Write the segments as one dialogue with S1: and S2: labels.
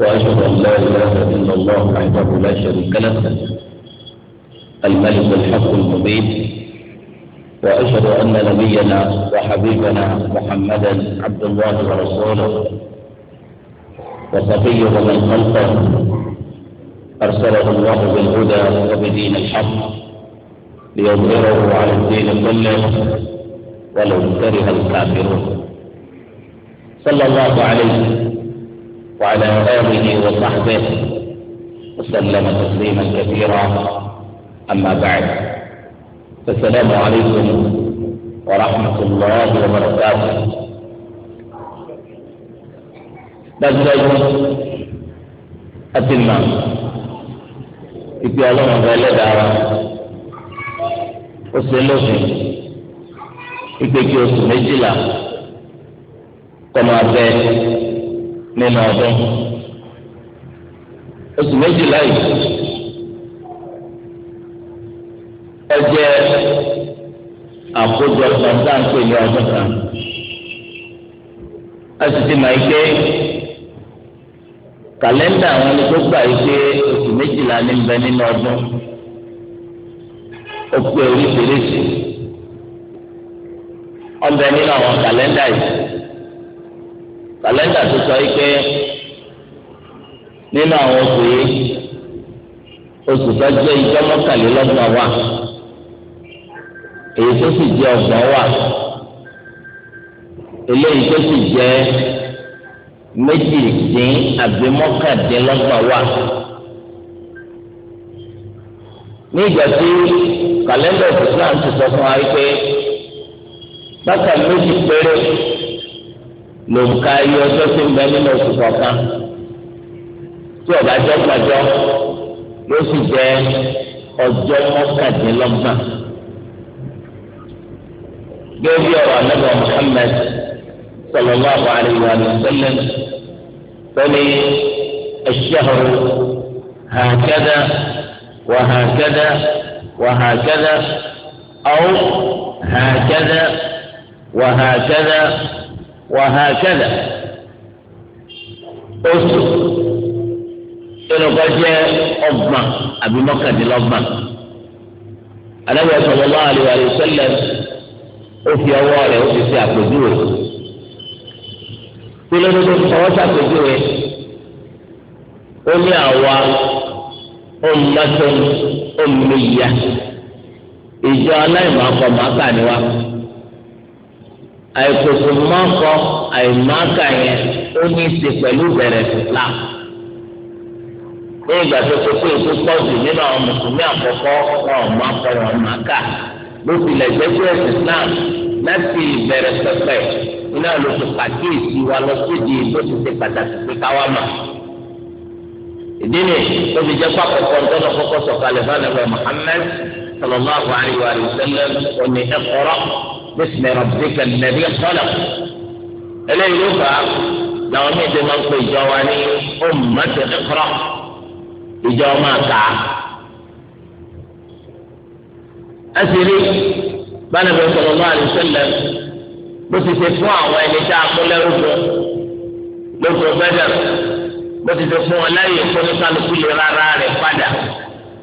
S1: وأشهد أن لا إله إلا الله وحده لا شريك له الملك الحق المبين وأشهد أن نبينا وحبيبنا محمدا عبد الله ورسوله وصفيه من خلقه أرسله الله بالهدى وبدين الحق ليظهره على الدين كله ولو كره الكافرون صلى الله عليه وعلى آله وصحبه وسلم تسليما كثيرا أما بعد فالسلام عليكم ورحمة الله وبركاته
S2: دجاج أتمام إبي الله من غير دارا
S3: وسلوفي
S2: إبي كيوس كما بيت nínú ọdún oṣù méjìlá yìí ẹ jẹ àkójọ gbàgbàǹpé ní ọdún kan
S1: a sì ti máa ké kàlẹ́ndà àwọn ẹni tó gbà yìí pé oṣù méjìlá ní bẹ nínú ọdún ó pé oríṣiríṣi ọbẹ̀ nínú àwọn kàlẹ́ndà yìí kàlẹ́ndà tó sọ yìí pé
S2: nínú àwọn oṣù yìí oṣù tó jẹ́ ìjọ mọ́kànlélọ́gbọ̀n wà èyí tó sì jẹ́ ọgbọ̀n wà eléyìí tó sì jẹ́
S1: méjìdín àbí mọ́kàndínlọ́gbọ̀n wà ní ìgbà tí kàlẹ́ndà òṣìṣẹ́ àti sọ fún wa yìí pé bákan méjì péré
S2: lòǹkà iye ọjọ́ tó ń bẹ nínú oṣù kọ̀ọ̀kan
S1: tí ọ̀gá jẹ́ gbàjọ́ ló sì jẹ́ ọjọ́ mọ́kàndínlọ́gbọ̀n.
S2: gẹ́gẹ́ bí ọ̀rọ̀ anábọ̀ Muhammad sallallahu alayhi wa sallam fẹ́mi ash-shahru hakada wa hakada wa hakada aw hakada wa hakada wàhákẹ́dà oṣù tẹnukọ jẹ ọgbọ̀n àbí mọ́kàndínlọ́gbọ̀n
S1: alábẹ sọlọlá àlùwàlù sẹlẹ ó fi ọwọ́ rẹ̀ ó fi ṣe àpèjúwe kílódé fọwọ́ ṣàpèjúwe ó ní àwa ọmọdé
S2: ọmọ ìyá ìjọ aláìmọ̀ akọ màkà ni wa àìkòsòmọ́kọ àìmọ́kà yẹn ó ní í ṣe pẹ̀lú bẹ̀rẹ̀ fìlà
S1: ní ìgbà tó ṣe pé ètò pọ̀jù nínú àwọn mùsùlùmí àkọ́kọ́ wọn ò má kọ wọn má kà ló tilẹ̀ jẹ́ pé ẹ̀sìn Islam láti ìbẹ̀rẹ̀ pẹ̀pẹ̀ iná ló ti pàkíyèsí wa lọ síbi bó ti ṣe pàtàkì pé káwá mà. ìdí ni tó fi jẹ́ pàkọ́kọ́ ntọ́nà kọ́kọ́ sọ̀kalẹ̀ fún àlẹ́ Muhammad sallallahu alaihi wa sallam òní ẹ̀kọ́rọ́ bísí rabbika alladhi khalaq eléyìí ló fà á làwọn méje máa ń pe ìjọ wa ní ummatul iqra ìjọ máa kà á.
S2: asiri bánabẹ sallallahu alaihi wasallam bó ti ṣe fún àwọn ẹni tá a kó lẹrúgbọ lóko bẹdẹ bó ti ṣe fún wọn lẹ́yìn fún kálukú lè rárá rẹ padà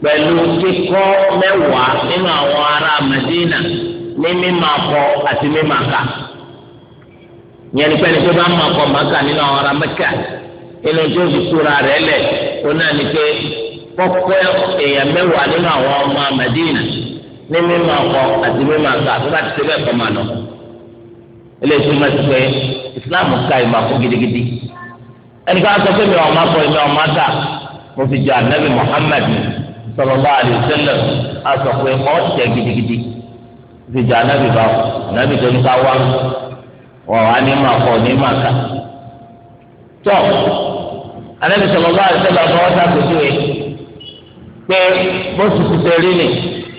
S2: pẹ̀lú kíkọ mẹ́wàá nínú àwọn ará Madina
S1: ní mímà kọ àti mímà kà
S2: yẹn ní pẹ́ni tó bá mà kọ mà kà nínú àwọn
S1: ará mẹ́kà inú tó fi kúra rẹ̀ lẹ̀ ó náà ní pé kọ́kọ́ èèyàn mẹ́wàá nínú àwọn ọmọ Madina ní mímà kọ àti mímà kà tó bá ti ṣe bẹ́ẹ̀ kọ́ mà nọ
S3: eléyìí tó máa ti pé Islam ka ìmà kọ
S1: gidigidi
S2: ẹnì kan sọ pé mi ò má kọ mi ò mo fi jọ anabi Muhammad sallallahu alaihi wasallam asọ pé ọ tẹ gidigidi
S1: ìdíje anábì bá wò anábì tó ní ká wá mú
S2: wọn wá ní mà kọ ní mà ká tó anábì sọlọ bá àti sọlọ bá wọn sàkóso yẹ
S1: pé bóṣù ti tẹ̀lé ni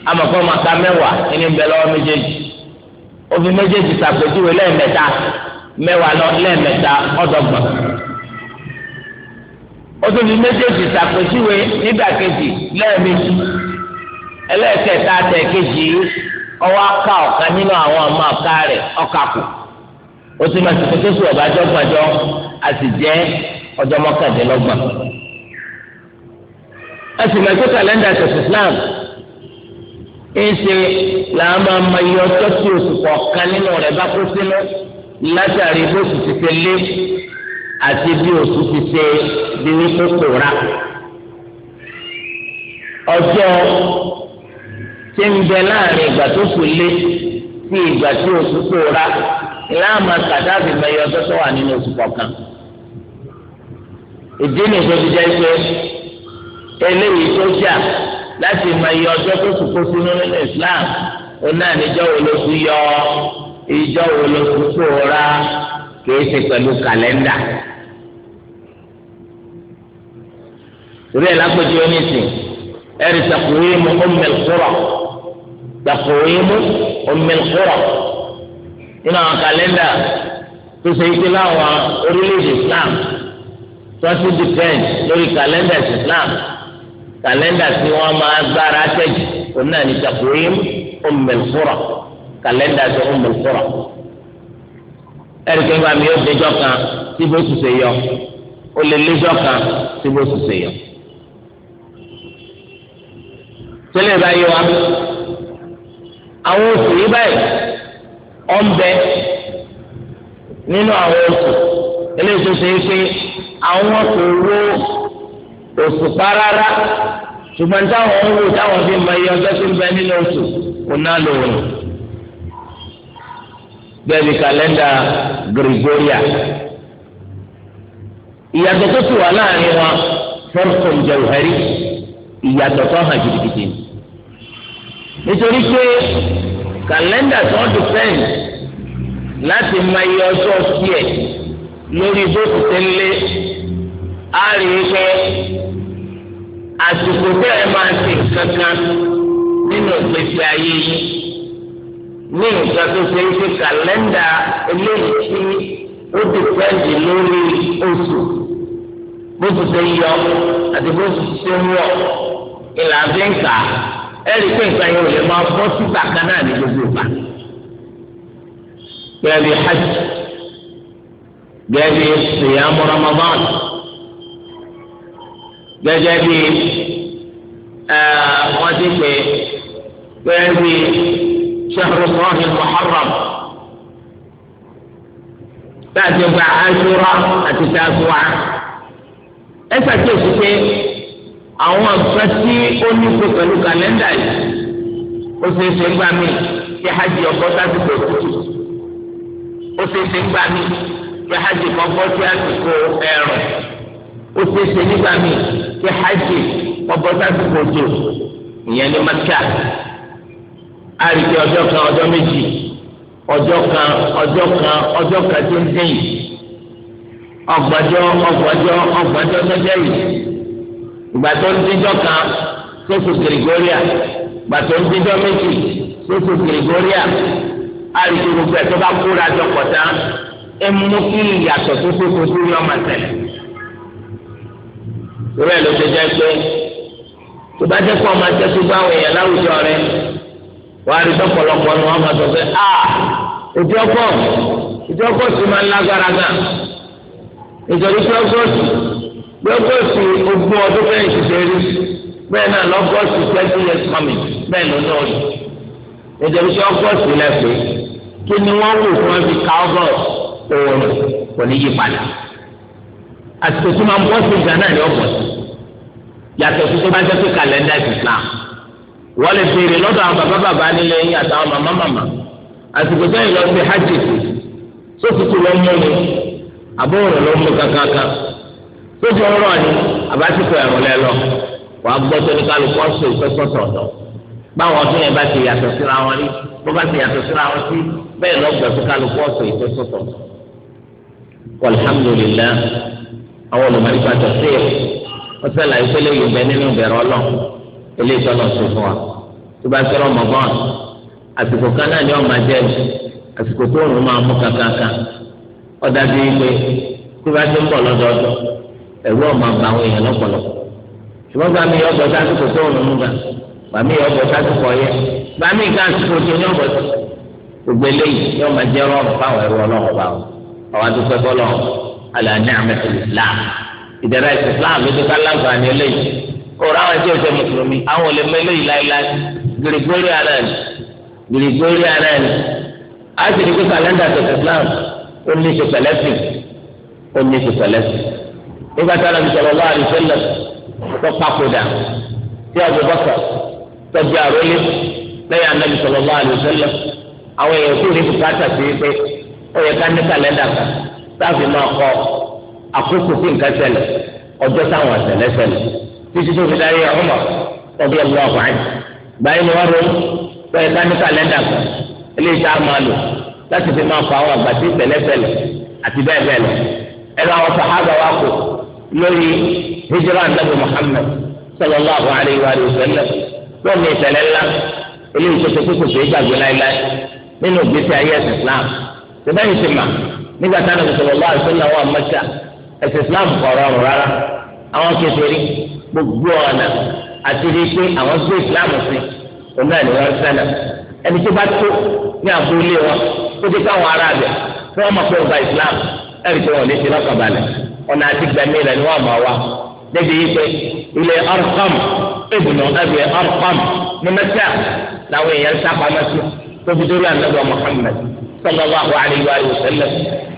S1: amakọ́ ma ká mẹ́wàá ẹni ń bẹ lọ́wọ́ méjèèjì òfin méjèèjì sàkóso lẹ́ẹ̀mẹ́ta mẹ́wàá lọ lẹ́ẹ̀mẹ́ta ọ̀dọ́gbọ̀n
S2: òtún fi méjèèjì sàkóso nígbà kejì lẹ́ẹ̀mejì ẹlẹ́ẹ̀kẹta tẹ̀ kejì yìí ọwọ́ aká ọ̀kan nínú
S1: àwọn ọmọ ọ̀ká rẹ̀ ọ̀ka kù
S2: ó sì máa tètè tó sùn ọ̀bá jọ́gbàjọ́ a sì jẹ́ ọjọ́ mọ́kàndínlọ́gbọ̀n.
S1: a sì máa tó kàlẹ́ndà tẹ̀sán Islam
S2: ńṣe làá máa ma iye ọjọ́ tí oṣù kọ̀ọ̀kan nínú rẹ̀ bá kó sínú látàrí bó sì ti fi lé àti bí oṣù ti ṣe di wípé kò rà
S1: ọjọ́ tí ń bẹ láàrin ìgbà tó kù lé sí ìgbà tí oṣù pòórá ìlànà kàdáàfì mẹyọ tọ́tọ́ wà nínú oṣù kọ̀ọ̀kan.
S2: ìdí nìyí tó ti jẹ́ pé eléyìí tó jà láti mẹyọ ọjọ́ tó kù kó sínú nínú Islam òun náà níjọ́ wo ló fi yọ ìjọ́ wo ló fi pòórá kìí ṣe pẹ̀lú kàlẹ́ndà.
S1: torí ẹ̀ lápẹ̀jọ́ ẹ̀rì sàkúrú mu ọmọ ẹ̀kúrọ̀ dàkọ̀wéémù ọ̀mẹ́lẹ́kọ̀rọ̀ nínú àwọn kàlẹ́ndà tó ṣe ike láwọn orílẹ̀-èdè Islam twenty depend lórí kàlẹ́ndà Islam kàlẹ́ndà tí wọ́n máa gbára tẹ̀jù òun náà ní dàkọ̀wéémù ọ̀mẹ́lẹ́kọ̀rọ̀ kàlẹ́ndà tó ọ̀mẹ́lẹ́kọ̀rọ̀ ẹ̀ríkẹ́ bá mi yóò déjọ́ kan tí bó tù ṣe yọ ó lè léjọ́ kan tí bó tù ṣe yọ. tẹ́lẹ̀ báyìí wá àwọn oṣù yìí báyìí ọ̀nbẹ nínú àwọn oṣù eléyìí tó ṣe é pé àwọn kò wo oṣù pa rárá ṣùgbọ́n táwọn ń wò táwọn fi mọ iye ọjọ́ tó ń bẹ nínú oṣù kò náà lò wọ́n
S3: bẹ́ẹ̀ni kàlẹ́ndà Gregoria
S1: ìyàtọ̀ tó ti wà láàrin wọn fẹ́ràn jẹ̀wẹ̀rí ìyàtọ̀ tó hàn gidigidi ni nítorí pé kàlẹ́ndà tó ń dùpẹ́ǹd láti máa yẹ ọjọ́ sí ẹ̀ lórí bóòtù tẹ́lẹ̀ á rí i pé àsìkò bẹ́ẹ̀ máa ti kankan nínú ìgbésí ayé yìí ní nǹkan tó ṣe é ṣe kàlẹ́ndà eléyìí tí
S2: ó dùpẹ́ǹd lórí oṣù bóòtù tẹ́ yọ àti bóòtù tẹ́ wọ̀ ìlànà ń kà á ẹ rí i pé nǹkan yẹn ò lè máa bọ́ síta kan náà ní gbogbo ìgbà
S1: gẹ́gẹ́ hajj gẹ́gẹ́ siyamu ramadan gẹ́gẹ́ bí wọ́n ti pè
S2: gẹ́gẹ́ bí shahru muharram láti gba àṣúra àti tàṣùwà ẹ ṣàkíyèsí pé
S1: àwọn nǹkan tí ó ní kó pẹ̀lú kàlẹ́ndà yìí
S2: ó ṣe é ṣe ń gbà mí kí hajj ọgbọ́n sásìkò òtútù ó ṣe é ṣe ń gbà mí kí hajj kan bọ́ sí àsìkò ẹ̀rùn ó
S1: ṣe é ṣe nígbà mí kí hajj kan sásìkò òjò ìyẹn ní Mẹ́kà
S2: á rí i ọjọ́ kan ọjọ́ méjì
S1: ọjọ́ kan ọjọ́ kan ọjọ́ kan tó ń dẹ́yìn ọgbọ̀njọ́ ọgbọ̀njọ́ ọgbọ̀njọ́ tó dẹ́yìn ìgbà tó ń díjọ́ kan sóso gregoria ìgbà tó ń díjọ́ méjì sóso gregoria àìsí gbogbo ẹ̀ tó bá kóra jọ pọ̀tá ẹ mú kí ìyàtọ̀ tó sóso tó yọ ọmọ
S2: tẹ̀lẹ̀. ìrọ̀ ẹ̀ ló ṣe jẹ́ pé tó bá jẹ́ kó ọmọ tẹ́ tó bá àwọn èèyàn láwùjọ rẹ̀ wọ́n á rí tọ́pọ̀lọpọ̀ ni wọ́n máa sọ pé a ìdí ọkọ̀ ìdí ọkọ̀ sì máa ń lágbára gan
S1: nítorí pé ọkọ̀ sì gbẹgbẹsì ogún ọdún bẹ́ẹ̀ ṣiṣẹ́ rí bẹ́ẹ̀ náà lọgọsì twenty years coming bẹ́ẹ̀ ló náà rí nítorí pé ọgọsì lẹfẹ kí ni wọn wò fún ẹbí cowgirl òòrùn kò ní yí padà àsìkò tí máa ń bọ́ sí ìgbà náà ní ọgọsì yàtọ̀ sí tó bá jẹ́ pé kàlẹ́ndà Islam wọ́n lè béèrè lọ́dọ̀ àwọn bàbá bàbá nílé yín àtàwọn màmá màmá àsìkò tẹ́yìn lọ sí hajj
S2: sófin tó lọ́ mú mi àbúrò lọ́ mú kankan kan tó fi ń rọ ni àbátìkọ ẹ̀rùn lẹ lọ wàá gbọ́ tó ní kálukú
S1: ọ̀sẹ̀ ìfẹ́sọ̀tọ̀ ọ̀dọ̀ báwọn ọdún yẹn bá ti yàtọ̀ síra wọn rí bó bá ti yàtọ̀ síra wọn sí bẹ́ẹ̀ lọ́gbà tó kálukú ọ̀sẹ̀ ìfẹ́sọ̀tọ̀ alhamdulillah
S2: àwọn olùmọ̀lẹ́gbà tó sí ẹ̀
S1: wọ́n sẹ́la ìpele yìí bẹ nínú ìbẹ̀rẹ̀ ọlọ́ eléyìí tó lọ sí fún wa tó bá sọ̀rọ̀ mọ̀gbọ́n àsìkò kan náà ni wọ́n máa jẹ́ àsìkò tó òun máa mú kankan kan ọ̀dà bíi pé tó bá ti ń bọ̀ lọ́dọọdún ẹ̀rú ọ̀ma ba àwọn èèyàn lọ́pọ̀lọpọ̀ ṣùgbọ́n bá mi yọ ọ̀bọ̀ sásìkò tó ń nù gbà bá mi yọ ọ̀bọ̀ sásìkò ọ̀yẹ bá mi ká àsìkò tó ní ọ̀bọ̀ sí gbogbo eléyìí yọ ọ̀ma jẹ́ rọrùn fáwọn ẹ̀rú ọlọ́run bá wọn àwọn adúpẹ́ bọ́lọ̀ àlà ní àmẹ́tẹ̀ Islam ìdẹ̀ra ẹ̀sìn Islam ló ti ká láǹfààní eléyìí òòrùn àwọn ẹ̀jẹ̀ ọ̀sẹ̀ mùsùlùmí àwọn ò lè
S2: mọ nígbà tí anabi sallallahu alaihi wasallam tó papòdà tí Abubakar tọjú àrólé lẹ́yìn anabi sallallahu alaihi wasallam àwọn èèyàn
S1: kúrò ní bùkátà sí wípé ó yẹ ká ní kàlẹ́ndà kan táàfin máa kọ àkókò sí nǹkan ṣẹlẹ̀ ọjọ́ táwọn àṣẹlẹ̀ ṣẹlẹ̀ títí tó fi dárí ọmọ tọ́jú ẹgbẹ́ ọkùnrin gbáyé ni wọ́n ronú ó yẹ ká ní kàlẹ́ndà kan eléyìí tá a máa lò láti fi máa kọ àwọn àgbàtí tẹ̀lẹ́tẹ̀lẹ̀ àti bẹ́ẹ̀ bẹ́ẹ̀ lọ ẹnu àwọn sàhábà wa kò lórí hijira anabi muhammed sallallahu alayhi wa sallam lórí ìṣẹ̀lẹ̀ ńlá eléyìí tó ti kókò sí ìgbàgbé láéláé nínú ìgbésí ayé ẹsẹ islam sẹbẹyìn ti mà nígbà tí anabi sallallahu alayhi wa sallam wà mẹta ẹsẹ islam kọrọ ọrùn rárá àwọn kékeré gbogbo ọ̀nà àti rí pé àwọn gbé islam sí òun náà ni wọ́n ẹni tó bá tó ní àbúlé wọn tó dé káwọn ará fún ọmọ pé ọba islam ẹ̀rí pé wọn ní ti lọ́kàn balẹ̀ ọ̀nà àti gbẹ̀mí rẹ̀ ni wọ́n máa wá débi ipe ilé Arqam ibùnà ẹbí Arqam ní mẹ́tíà làwọn èèyàn sápamọ́ sí tóbi dórí ànágbà Muhammad
S2: sallallahu alaihi wa sallam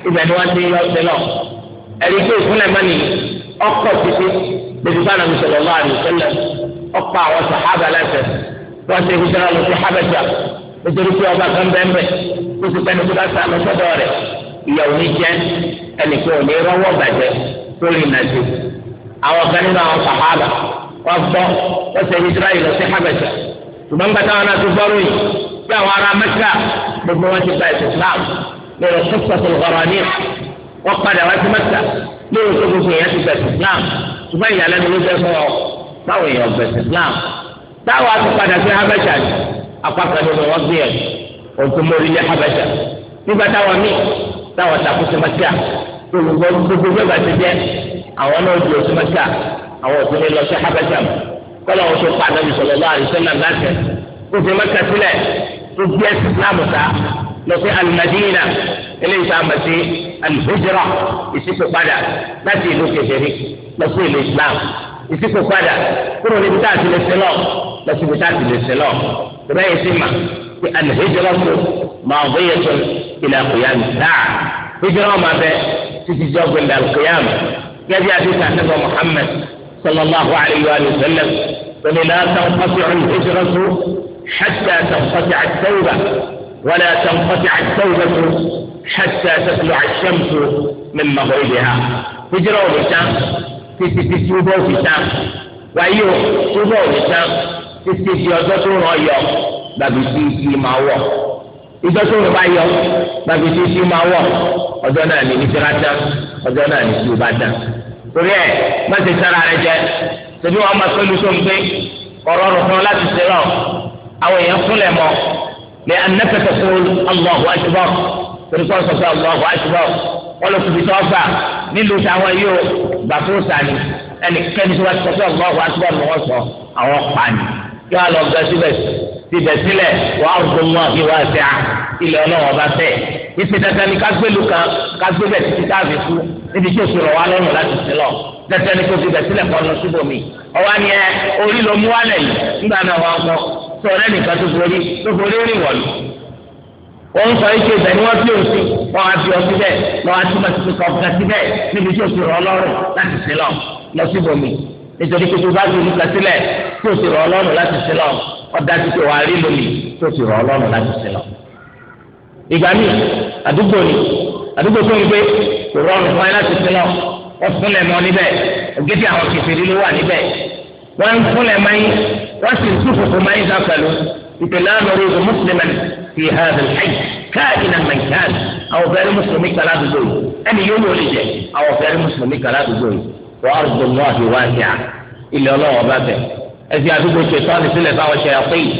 S2: ibẹ̀ ni wọ́n ti yọ ọ́sẹ̀ náà ẹ̀rí pé ìfúnlẹ̀ mọ́ni ọkọ̀ títí bẹ́ẹ̀ fi sẹ́wọ́n lọ
S1: sí Habasha nítorí pé ọba ẹnìkan ò ní rọwọ́ bàjẹ́
S2: lórí nàìjú àwọn kan nínú àwọn sàhábà wọn gbọ́ wọn ṣe israẹli lọ sí habẹsẹ ṣùgbọ́n gbàtà wọn àti gbọrọ yìí bí àwọn
S1: ará mẹsà gbogbo wọn ti gba ẹsẹ islam lórí kókòtò ọ̀rọ̀ ní wọn padà wá sí mẹsà lórí tó gbogbo yẹn ti gba ẹsẹ islam ṣùgbọ́n ìyàlẹ́nu ló jẹ fún ọ báwo yẹn ọgbẹ ẹsẹ islam
S3: táwọn àti padà sí habẹsẹ apákan nínú wọn
S1: gbìyànjú òtún mórí ní habẹsẹ nígbà táwọn míì táwọn takùsí mẹsà olùkọ́ gbogbo bẹ́ẹ̀ ti jẹ́ àwọn náà di oṣù mẹ́ta àwọn òfin ní lọ sí habẹ́sà kọ́lá wọn tó pa anábì sọ̀rọ̀ lọ́wọ́ àdìsẹ́lẹ̀ láti òfin mẹ́ta sílẹ̀
S2: tó gbé ìsìlámù ta
S1: lọ sí alimadina eléyìí tá a mọ̀ sí alihijra ìṣípòpadà láti ìlú kejìlí lọ sí ìlú islam ìṣípòpadà kúrò níbi tá a ti lè ṣe lọ lọ síbi tá a ti lè ṣe lọ rẹ́yìn sí ma pé alihijra kù màá bẹ́yẹ̀ hijira ọmọ abẹ títí jọ gbẹndà alukiyam gẹbi àdìsá nígbà muhammed sallallahu alayhi wa sallam tóní náà sanfasi ọ̀hún hijira tó
S2: xata sanfasi àtẹwà wàlẹ sanfasi àtẹwà tó xata sanfasi àtẹwà tó mímà hóyè ha
S1: hijira ọmọ tán títí títí bó fi tán wáyé o tó bó fi tán títí di ọjọ́ tó rọ̀ yọ bàbí tí ì máa wọ̀. ìjọsọrọ bá yọ gbàgbé tí tí máa wọ ọjọ́ náà ní nífẹ̀ẹ́ rájà ọjọ́ náà ní tí o bá dá torí ẹ má ti sára rẹ jẹ tẹbi wọn máa pẹ̀lú tó ń gbé ọ̀rọ̀ ọ̀rọ̀ fún ọ láti ṣe rọ àwọn èèyàn fúnlẹ mọ
S2: lẹ anẹpẹtẹ fún Allahu akbar torí kọ́ sọ pé Allahu wọn lọ fìbí tó gbà nílùú táwọn
S1: yìí ó gbà fún sani ẹnikẹ́ni tó bá sọ pé Allahu akbar
S2: kí wọ́n lọ bẹ síbẹ̀ síbẹ̀ sílẹ̀ wọ́n á gbọ́ mọ́ àfi wá sí à ilẹ̀ ọlọ́wọ́ bá fẹ́ ìsìn dandan ni kágbélu kan kágbébẹ̀ títí káàfin fún níbi tí òṣèlú wa
S1: lọ́rùn láti sí lọ dandan ni kò fi bẹ̀ sílẹ̀ kọ́ lọ síbòmí ọwọ́ ni ẹ orí ló mú wálẹ̀ yìí nígbà náà wọ́n kọ́ sọ̀rọ̀ nìkan tó forí tó forí rìn wọ̀lú
S3: wọ́n sọ ike ibẹ̀ ni wọ́n fi òsì wọ́n á fi ọtí bẹ́ẹ̀ lọ́wọ́ á ti máa ti kọ̀ọ̀kan síbẹ̀ níbi tí
S1: òsì rọ̀ ọlọ́run láti sí lọ lọ síbòmí nítorí pé tó bá ju olùkà sílẹ̀ tó sì rọ ọlọ́run láti sí lọ ọ̀dà ti pè wá rí lónìí tó sì rọ ọlọ́run láti sí lọ. ìgbà míì àdúgbò ni àdúgbò tó ń gbé kò rọrùn fún ẹ láti sí lọ wọ́n fúnlẹ̀ mọ́ níbẹ̀ ògidì àwọn kìfìrí ló wà níbẹ̀
S2: wọ́n ń fúnlẹ̀ mọ́yìn
S1: wọ́n sì ń túfòfò mọ́yìn sá pẹ̀lú ìpìlẹ̀ àmọ́rò ìlú mùsùlùmí fi hàn áyì káàdìnà mẹ̀káàdì àwọn وأرض الله واسعة إلا الله وبابه أزي أدوك الشيطان سلة فهو شياطين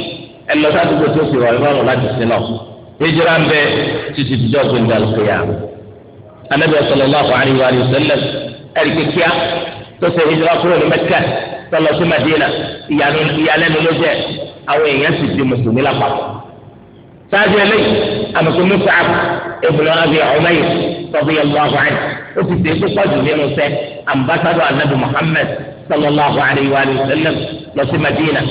S1: إلا تدوك توسي والإمام ولا تسنو هجرا به تتجوز عند القيامة النبي صلى الله عليه وآله وسلم الكتيا توسي هجرا كل مكة صلى الله مدينة ìyàlẹ́nu ló jẹ́ àwọn èèyàn sì di mùsùlùmí lápapọ̀. sáájú ẹlẹ́yìn àmùsùlùmí sàb ibùdó àbí ọ̀mẹ́yìn sọ̀bí ọlọ́hu àyè ó ti tẹ̀sí pọ̀jù nínú sẹ́ ambassadọ̀ anabi muhammed sallallahu alayhi wa sallam lọ sí madina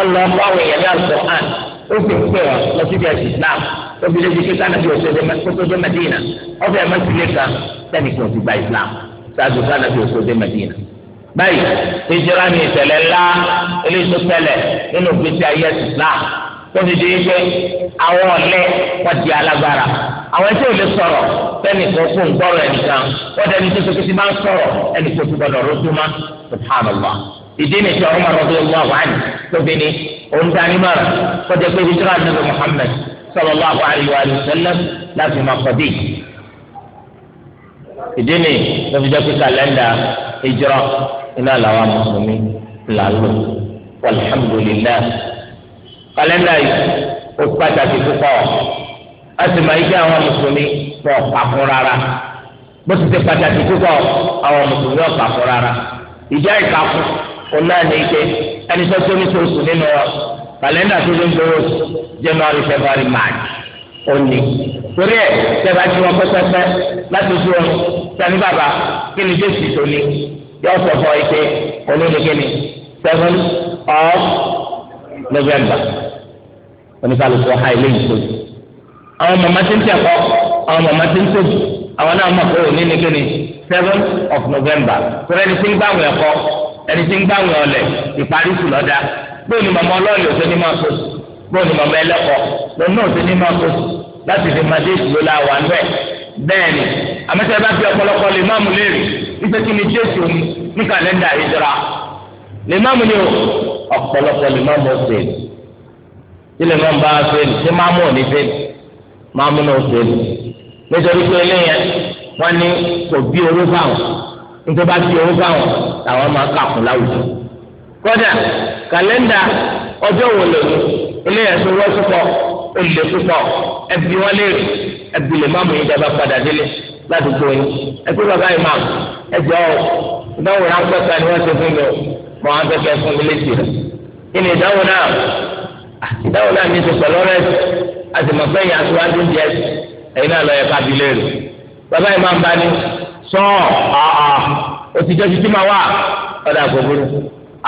S1: ọlọ́mọ àwọn èèyàn ní alukur'an ó fi pè wá lọ síbi ẹ̀sìn islam ó fi lébi kíkà nàbí òṣèlú madina ó fi ẹ̀mọ́ sílé kan sẹ́ni kò ti gba islam ṣáàtú ká nàbí òṣèlú madina báyìí hijira ni ìṣẹ̀lẹ̀ ńlá eléyìí tó ṣẹlẹ̀ nínú gbèsè ayé ẹ̀sìn islam tó ti di pé àwọn ọ̀lẹ́ wọ́n di alágbára àwọn ẹṣẹ́ ò lè sọ̀rọ̀ fẹmi kan fún ntọrọ ẹnìkan wọn dẹni tó sọkè tí máa ń sọ̀rọ̀ ẹnì tó ti gbọ́dọ̀ rọdún má subhanallah ìdí ni tí ọmọ rọdún ọmọ àwọn àyè tóbi ni òun dání kó kọjá pé hijira nabi muhammed àwọn alayhi wa sẹ́lẹ̀ láti máa dé.
S2: ìdí ni fi jẹ pé kàlẹ́ndà ìjọ
S1: iná làwọn mùsùlùmí là ń lò walhamdulillah kàlẹ́ndà yìí ó pàtàkì púpọ̀. a sì máa yí àwọn mùsùlùmí pọ̀ pàkún rárá bó ti ṣe pàtàkì púpọ̀ àwọn mùsùlùmí ọ̀ pàkún rárá ìjà ìkàkùn òun náà ní ike ẹni tó tó nítorí nínú ọ kàlẹ́ndà tó ló ń gbowó January February March òní torí ẹ tẹ́lá tí wọ́n pẹ́ pẹ́pẹ́ láti fún ọ sani bàbá kí ni tó sì tóní yọ sọ fọ ike olóńgbéni seven of November oníkàlùkù ọ̀há ilé ìtòjú àwọn màmá tí ń tẹ̀kọ́ àwọn màmá tí ń tóbi àwọn náà mọ̀ pé òní ni kíni seven of November tó ẹni tí ń gbàwé ẹ̀kọ́ ẹni tí ń gbàwé ọ̀lẹ̀ ìparí sùn lọ́dà bóyá ni màmá ọlọ́ọ̀lẹ̀ òṣè ní máa tóbi bóyá ni màmá ẹlẹ́kọ̀ọ́ lọ́nà òṣè ní máa tóbi láti fi máa dé La làwọn àgbẹ̀ bẹ́ẹ̀ ni àmọ́tẹ́ bá fi ọ̀pọ̀lọpọ̀ lè máàmù léèrè wípé kí ni jésù ní
S2: ní kàlẹ́ndà ìjọra
S1: lè máàmù ni o ọ̀pọ̀lọpọ̀ lè máàmù ọ̀sẹ̀ ni tí lè máàmù bá fẹ́ ni tí máàmù ò ní fẹ́ ni máa múná oṣù èlò nítorí pé eléyẹn wọn ní kò bí owó fáwọn nítorí bá bí owó fáwọn làwọn máa kà fún láwùjọ. kódà kàlẹ́ndà ọjọ́ wo lè ní eléyẹn tó wọ́ púpọ̀ olè púpọ̀ ẹbí wọn léèrè ẹbí lè má mú yín dábàá padà délé ládùúgbò yín ẹbí bàbá yìí máa ẹjọ́ ìdánwò ráńpẹ́ kan ni wọ́n ti fún mi o mọ àwọn akẹ́kẹ́ fún mi létí rẹ̀ kí ni ìdánwò náà ah, ìdánwò náà ní ti pẹ̀lú ọ̀rẹ́ àtìmọ̀fẹ́ yẹn aṣáájú ń jẹ
S2: ẹ̀yin náà lọ yẹ ká bilé rè bàbá yìí máa ń bá ní sọ́ọ̀ àà òtijọ́ ti tí máa wà ọ̀dà gbogbo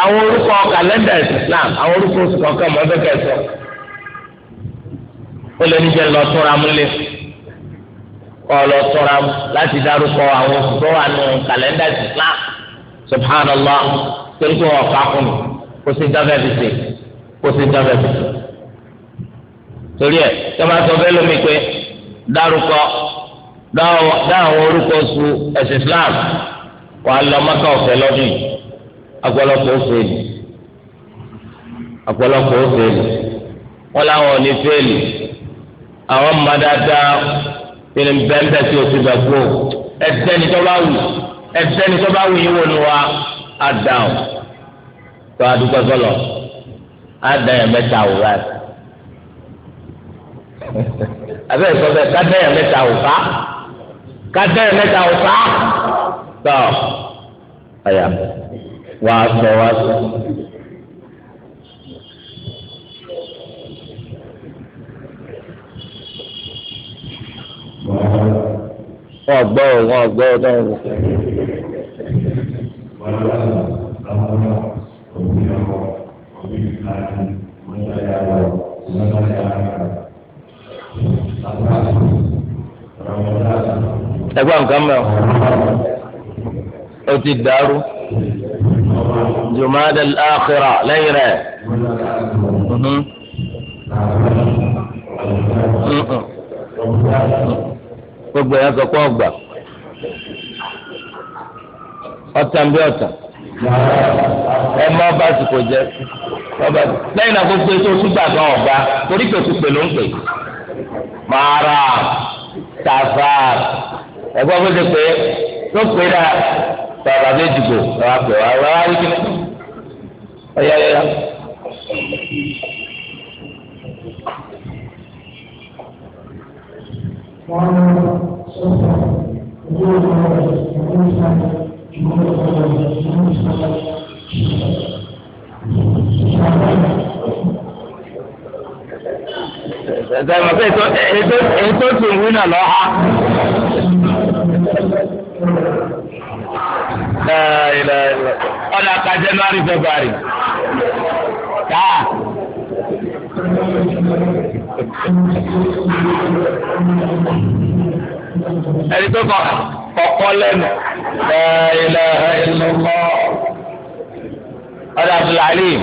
S2: àwọn orúkọ kàlẹ́ndà Islam àwọn orúkọ oṣù kọ̀ọ̀kan mọ́ bẹ́ẹ̀ kẹsọ̀
S1: ó lè níjẹ́ lọ túnra mú kọ́ lọ túnra mú láti dárúkọ àwọn oṣù tó wà nù kàlẹ́ndà Islam subhanallah torí pé wọn kà á kún kó sì dábẹ́ fi kó sì dábẹ́ fi torí ẹ tọ́ba sọ fẹ́ lómi pé dárúkọ dá àwọn orúkọ su ẹ̀sìn Islam wà á lọ mọ́kà ọ̀fẹ́ lọ́dún yìí ọ̀pọ̀lọpọ̀ ó fèlì ọ̀pọ̀lọpọ̀ ó fèlì wọn làwọn ò ní fèlì àwọn ọmọ dáadáa ìlú bẹ́ńbẹ́ tí o ti bẹ̀ kú ẹ̀sẹ̀ni tọ́ba wù ẹ̀sẹ̀ni tọ́ba wù yín wò ni wa á dáhùn tó a dúpẹ́ á dáhùn mẹ́ta wù láti abẹ́ ìsọ bẹ́ẹ̀ kádẹ́yà mẹ́ta ò kádẹ́yà mẹ́ta ò tọ́ ọ̀yà wà á sọ wà á sọ. wọ́n gbọ́ wọ́n gbọ́ náà. ẹgbẹ́ nǹkan mẹ́ o ó ti dàrú jùmọ́dé àkìrà lẹ́yìn rẹ̀ mm-hmm. Mm-hmm. gbogbo yẹn sọ pé ọgbà ọtàn bí ọtàn ẹ má bá àsìkò jẹ ọba lẹ́yìn náà gbogbo ètò òtúgbà náà ọba torí pé òtúgbè ń pè
S2: mara tafar ẹ̀gbọ́n bó ṣe pé tó pé dá bàbá bẹ́ẹ̀ dìbò bàbá pè wá wá rí kí ọ̀yá yẹra. Thank you ẹ̀sẹ̀mọ̀ pé ètò tó wí náà lọ ha. ọ̀nà ka January February káà. ẹni tó kọ kọkọ lẹ́nu ilẹ̀ ìlú kọ́
S1: ọ̀dà Abdulhalim.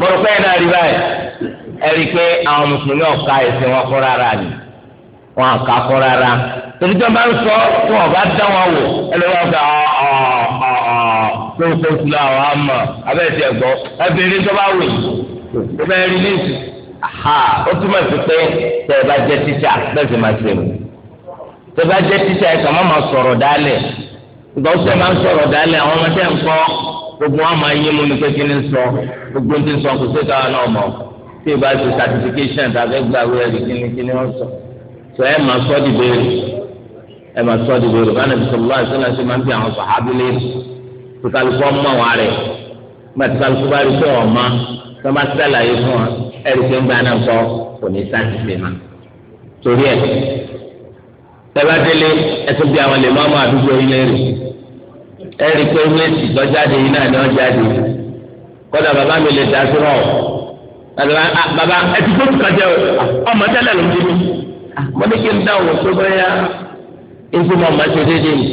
S1: mọ̀rọ̀ pé ẹ̀ náà rí báyìí ẹ rí i pé àwọn mùsùlùmí ọ̀ka ẹ̀sìn wọn kọ́ rárá ni
S2: wọn àka kọ́ rárá torí tí wọn bá ń sọ wọn ọba dá wọn wò ẹlẹ́wọ̀n gba ọ̀ọ̀ tó tó bá wù
S1: yìí tó bá rí níìsì ó túmọ̀ sí pé tẹ̀ ẹ bá jẹ́ tíṣà bẹ́ẹ̀ sì máa ṣe mú tẹ̀ bá jẹ́ tíṣà ẹ̀ kàn má ọmọdé ń gbogbo wọn máa yé mu ní pé kí ni sọ gbogbo ti sọ kò sí káwọn náà mọ tí ìbá ti certification tàbí gbàgbé ẹ̀rí kí ni kí ni wọ́n sọ sọ ẹ máa sọ di béèrè ẹ máa sọ di béèrè báyìí sọlá ìṣẹ̀lẹ̀ ṣe máa ń fi àwọn sàhábí léèrè tí kálukú ọmọ wa rẹ nígbà tí kálukú bá rí sọ ọmọ tó bá sàlàyé fún wa ẹ̀rí kí ń gbà sọ kò ní sátìsì mà torí ẹ
S2: tẹ bá délé ẹ tó bí àwọn lè má mọ àdúgbò yín léèrè
S1: ẹ̀rí pé méjì lọ́jáde yìí náà ni wọ́n jáde kọ́dà bàbá mi lè dá sí rọ̀ bàbá ẹtí tó kàn jẹ ah, ọmọ tẹ́lẹ̀ ló ń dé mi ah, mo ní kí n dá òun tó bẹ́yà ètò mọ̀ ọmọ tó dédé mi.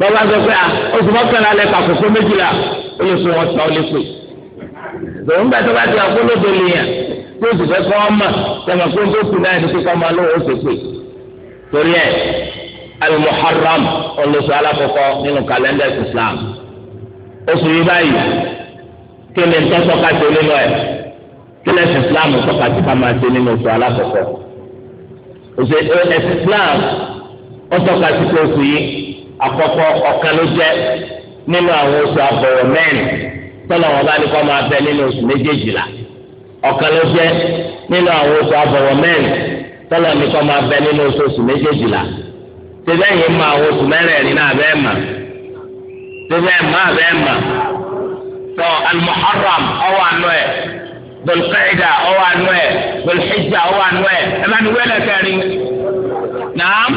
S1: bàbá sọ pé ah, oṣù mọ́kànlá lẹ kà kókó méjìlá ó lè fún wọn ta ó lè pè.
S2: lòun gbà tó bá ti àpò lóde lè yàn
S1: tí oṣù fẹ́ kọ́ ọmọ tẹ̀mọ̀ pé ń tó kù náà ní kíkọ́ máa lówó ó ṣe pè. torí ẹ̀ al-muharram olùsọ alákọ̀ọ́kọ́ nínú kàlẹ́ndà islam oṣù yìí báyìí kí ni tó tọ́ka sí nínú ẹ̀ kí ni ẹ̀sìn islam tọ́ka sí ká máa ṣe nínú oṣù alákọ̀ọ́kọ́ oṣù ẹ̀sìn islam ó tọ́ka sí pé oṣù yìí àkọ́kọ́ ọ̀kan ló jẹ́ nínú àwọn oṣù àbọ̀wọ̀ mẹ́rin tọ́lọ̀ wọn bá ní kọ́ máa bẹ nínú oṣù méjèèjìlá ọ̀kan ló jẹ́ nínú àwọn oṣù àbọ̀wọ̀ mẹ́rin tọ́lọ̀ ní kọ́ máa bẹ nínú oṣù méjèèjìlá tẹ́lẹ̀ yìí mọ àwọn oṣù mẹ́rẹ̀ẹ̀rin náà bẹ́ẹ̀ mà tẹ́lẹ̀ mà bẹ́ẹ̀ mà
S2: tọ́ al-muharram ọwọ́ àánú ẹ̀
S1: dọ̀lùkẹ́ẹ̀dà ọwọ́ àánú ẹ̀ dọ̀lùhijja ọwọ́ àánú ẹ̀ ẹ̀ máa ní wẹ́lẹ̀ kẹrin
S2: naam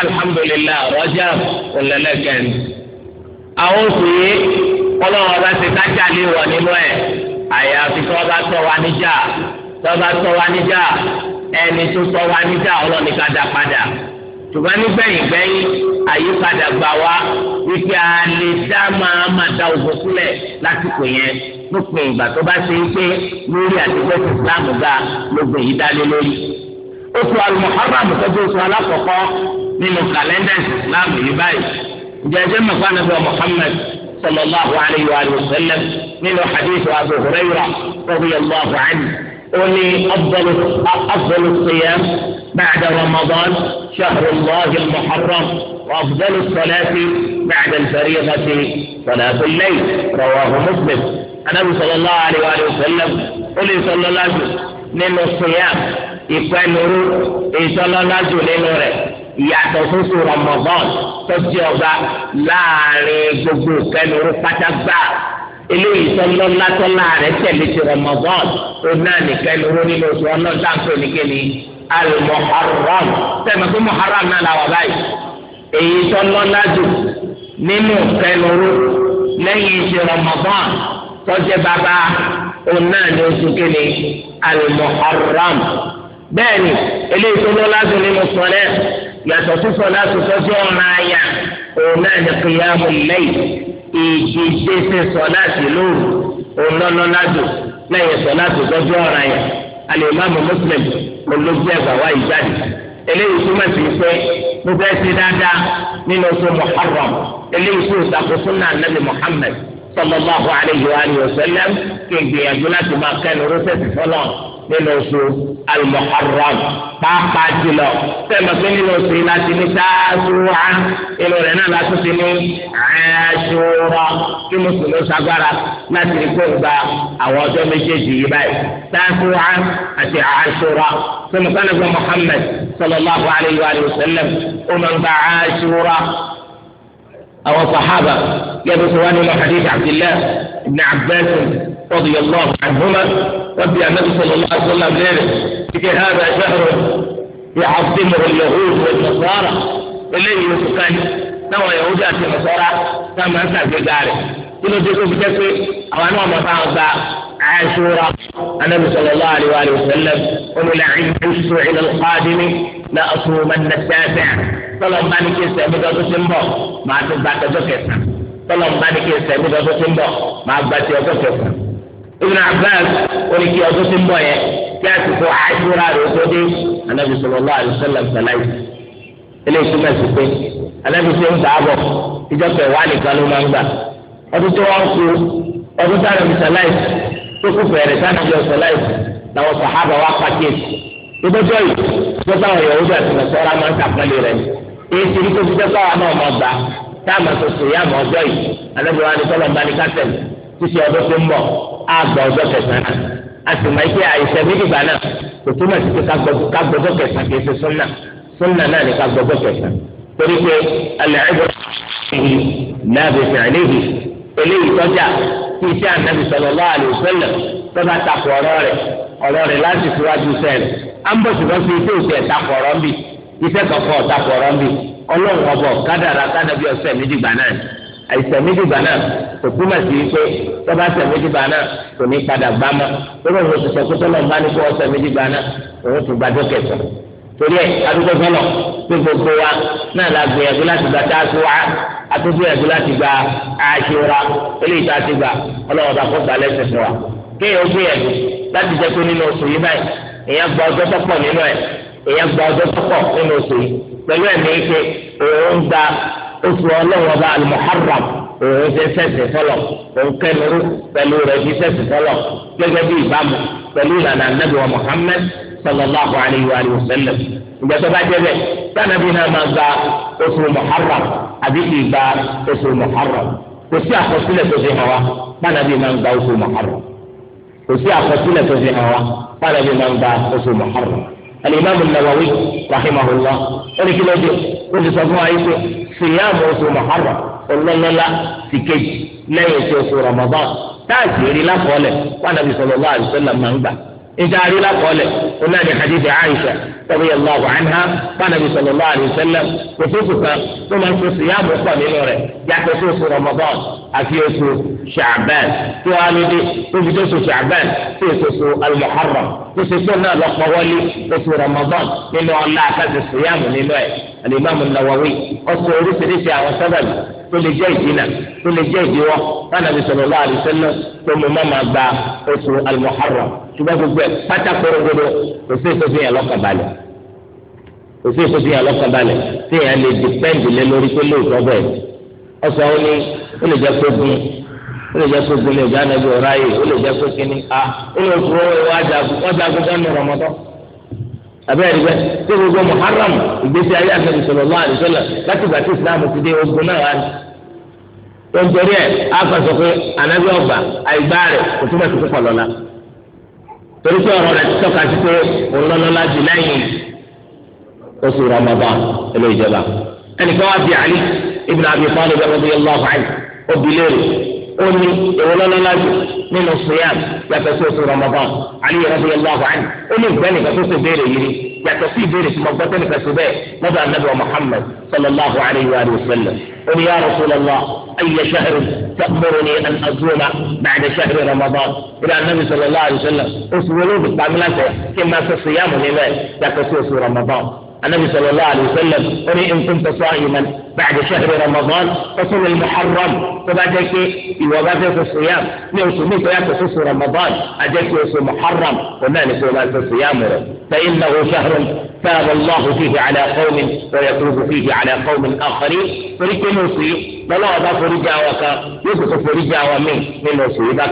S2: alhamdulilah rọjà
S1: ọlẹlẹ kẹrin àwọn oṣù yìí ọlọ́wọ́ ti kájà lé wọ nínú ẹ̀ àyàfi tí wọ́n bá tọ́ wa níjà tí bá tọ́ wa níjà ẹni tó tọ́ wa níjà ọlọ́ni ká dá padà ṣùgbọ́n nígbẹ̀yìngbẹ̀yìn àyípadà gbà wá wípé a lè dá máa máa da òfò sílẹ̀ lásìkò yẹn lópin ìgbà tó bá ṣe é pé lórí àtijọ́ ti Ìsìláàmù ga lóògùn yìí dálé lórí. oṣù alùmọ̀háràmù tọ́jú oṣù alákọ̀ọ́kọ́ nínú kàlẹ́ndà Ìsìláàmù yìí báyìí. ìjẹ́jẹ́ mọ̀fá nàbẹ́ Muhammad sallallahu alayhi wa sallam nínú hadith Abu Hurairah radiyallahu أولي أفضل أفضل الصيام بعد رمضان شهر الله المحرم وأفضل الصلاة بعد الفريضة صلاة الليل رواه مسلم النبي صلى الله عليه وآله وسلم أولي صلى الله عليه وسلم من الصيام يقنر صلى الله عليه وسلم ìyàtọ̀ sóso Ramadan tó jẹ́ ọba láàrin eléyìí sọlọ látọlá rẹ tẹ̀lé ti Ramadan ó náà nìkan lóró nínú oṣù ọlọ́dà ń pè ní kéde al-Muharram tẹ̀mẹ̀ fún Muharram náà làwọn báyìí èyí sọlọ lájú nínú kẹlóró lẹ́yìn ti Ramadan tọ́jú bàbá ó náà oṣù kéde al-Muharram eléyìí sọlọ lájú nínú sọlẹ́ yàtọ̀ sí sọlá tuntun sí ọ̀ràn àyà òun náà ní kìyàmù lẹ́yìn
S2: ìṣiṣẹ́ sí sọlá sí lóru òun lọ́nà ládùn lẹ́yìn sọlá tuntun sí ọ̀ràn àyà alimami muslim olóògbé
S1: ẹgbà wa ìjáde eléyìí túmọ̀ sí pé mo fẹ́ ṣe dáadáa nínú oṣù muharram eléyìí tó ṣàkóso náà nàbì muhammed sallallahu alayhi wa sallam kí n gbìyànjú láti máa kẹ́nu rọ́ṣẹ́sì fọlọ́ọ̀ nínú oṣù al-Muharram pàápàá jùlọ sẹ́mi pé nínú oṣù yìí láti ní Tasu'a inú rẹ̀ náà láti ti ní Ashura kí mùsùlùmí sagbára láti rí kó gba àwọn ọjọ́ méjèèjì yìí báyìí Tasu'a àti Ashura sẹ́mi pé nàgbà Muhammad sallallahu alayhi wa sallam ó máa ń gba Ashura
S3: àwọn sàhábà yẹ́n tó sọ wá nínú hadith Abdullah ibn Abbas.
S2: رضي الله عنهما ودي النبي صلى الله عليه وسلم ليله في هذا شهر يعظمه اليهود والنصارى اللي يسكن نوى
S1: يهود في النصارى كما انت في ذلك كل جزء بكسر او انواع مفاوضة عاشورة النبي صلى الله عليه وآله وسلم قل لعن الشوع الى القادم لاصومن التاسع طلب مالك يستعمل هذا الشمبو ما تبقى تزكي طلب مالك يستعمل هذا الشمبو ما تبقى تزكي Ibn Abbas oníkì ọdún tó ń bọ̀ yẹn kí àsìkò àìsíra rẹ̀ tó dé anabi sallallahu alaihi wasallam sàlàyé eléyìí túmọ̀ sí pé anabi tó ń gbà á
S2: bọ̀ ìjọba ìwà nìkan ló máa ń gbà ọdún tó wọn kú ọdún tó anabi sàlàyé tó kú fẹ̀rẹ̀ sànàbí ọ̀sàlàyé làwọn sàhábà wà pàkíyèsí ìgbẹ́jọ́
S1: yìí tó táwọn yòówù bẹ̀ tó máa ń sàpẹ́lẹ̀ rẹ̀ èyí ti rí tó fi dẹ́kọ̀ àwọn náà máa gbà àtòsí yá mọ́ ọjọ́ yìí anabi wa ni sọ́lọ́ títí ọdún tó ń bọ̀ á gba ọjọ́ kẹsàn-án a sì máa ṣe àìsàn méjìgbà náà kò túmọ̀ sí pé ká gbọ́dọ̀ kẹsàn-án kì í ṣe súnà súnà náà ni ká gbọ́dọ̀ kẹsàn-án torí pé alẹ́ ẹ̀gbọ́n ìhì láàbì fìhànìhì eléyìí tọ́jà tí iṣẹ́ ànábì sallallahu alaihi wasallam tọ́ba takò ọ̀rọ̀ rẹ̀ ọ̀rọ̀ rẹ̀ láti síwájú sẹ́ẹ̀lì àìsàmídìgbà náà kò túmọ̀ sí pé tọ́ba sàmídìgbà náà kò ní padà gbá mọ́ lọ́wọ́ ìwé tuntun kó tọ́lọ̀ ń bá ní kó wọ́n sàmídìgbà náà òun ti gbàdọ́ kẹsàn. torí ẹ adúgbò sọlọ pé gbogbo wa náà la gbìyànjú láti gba dáàsù wa àtúgbìyànjú láti gba àṣìwòrán eléyìí tá a ti gbà ọlọ́wọ́ bá kó gbalẹ̀ sẹ̀sẹ̀ wa. kéèyàn gbìyànjú láti jẹ́ pé nínú oṣù yìí báyìí èèyàn gba ọjọ́ tó pọ̀ nínú ẹ̀ èèyàn gba ọjọ́ tó pọ̀ nínú oṣù yìí pẹ̀lú ẹ̀mí ike òun gba oṣù ọlọ́wọ́ bá al-muharram òun ṣe sẹ́sì sọ́lọ̀ òun kẹ́nuru pẹ̀lú rẹ̀ fi sẹ́sì sọ́lọ̀ gẹ́gẹ́ bí ìbámu pẹ̀lú ìlànà anabi wa muhammed sallallahu alayhi wa sallam ìgbà tó bá jẹ́ bẹ́ẹ̀ sanabi náà máa gba oṣù muharram àbí kì í gba oṣù muharram kò sí àkọsílẹ̀ tó fi hàn wá sanabi máa gba oṣù muharram kò sí àkọsílẹ̀ tó fi hàn wá sanabi máa gba oṣù muharram alimami nawawi rahimahullah ó ní kí ló dé ó ti sọ fún wa yìí pé síyàmù oṣù mọ̀hárà ọlọ́lọ́lá ti kejì lẹ́yìn oṣù oṣù rọ̀mọ́bọ́n táàsì rí lákọọ́lẹ̀ wànàbí sallallahu alaihi wasallam máa ń gbà níta rí lákọọ́lẹ̀ onáni hadithi aisha radiyallahu anha wànàbí sallallahu alaihi wasallam kò sóṣù kan tó máa ń tó síyàmù pọ̀ nínú rẹ̀ yàtọ̀ sí oṣù rọ̀mọ́bọ́n àti oṣù ṣàbẹ́n tó wà lóde tó fi tó oṣù ṣàbẹ́n sí kó ṣe sọ́nà lọ́pọ̀ wọlé oṣù Ramadan nínú ọlá àtàkùn síyàmù nínú ẹ̀ Al-Imam An-Nawawi ọ̀sẹ̀ oríṣiríṣi àwọn sábàbí tó lè jẹ́ ìdínà tó lè jẹ́ ìdíwọ́ lánàbí sallallahu alaihi wasallam gba oṣù Al-Muharram gbogbo ẹ̀ pátákórógodo kò sí èso fi hàn lọ́kàn balẹ̀ kò sí èso fi hàn lọ́kàn balẹ̀ tí èèyàn lè dìpẹ́ǹdì lé lórí pé lóòótọ́ ó lè jẹ́ pé gbélé ìjà nàbí ọ̀rá yìí ó lè jẹ́ pé kíní a ah, ó lè fún ọwọ́ ajagun ọjagun sánú rọmọtọ́ abẹ́rẹ́ bẹ́ẹ̀ tí gbogbo muharram ìgbésí ayé àtẹ̀lẹ́ sọ̀rọ̀ lọ́wọ́ àdìsọ́lẹ̀ láti gbà tí islam ti dé ogun náà wá ní. tó ń torí ẹ̀ á kàn sọ pé ànábì ọgbà àìgbá rẹ̀ kò túmọ̀ sí púpọ̀ lọ́la torí pé ọ̀rọ̀ rẹ̀ ti tọ́ka sí pé òun lọ́lọ́lá jù lẹ́yìn قولي يقول لنا من الصيام يتسوس رمضان علي رضي الله عنه قولي ذلك تسوس بيري يري يتسوس بيري ثم بطن كسباء مضى النبي محمد صلى الله عليه وآله وسلم قل يا رسول الله أي شهر تأمرني أن أصوم بعد شهر رمضان إلى النبي صلى الله عليه وسلم أصولوا بالتعملات كما في الصيام لله يتسوس رمضان النبي صلى الله عليه وسلم قل إن كنت صائما بعد شهر رمضان فصل المحرم فبعدك يوابات الصيام نوصي منك يا رمضان أجاك يوصي محرم ومالك ومالك الصيام فإنه شهر تاب الله فيه على قوم ويتوب فيه على قوم آخرين فلك نوصي فلا أضاف رجع وكا يوسف رجع ومن من نوصي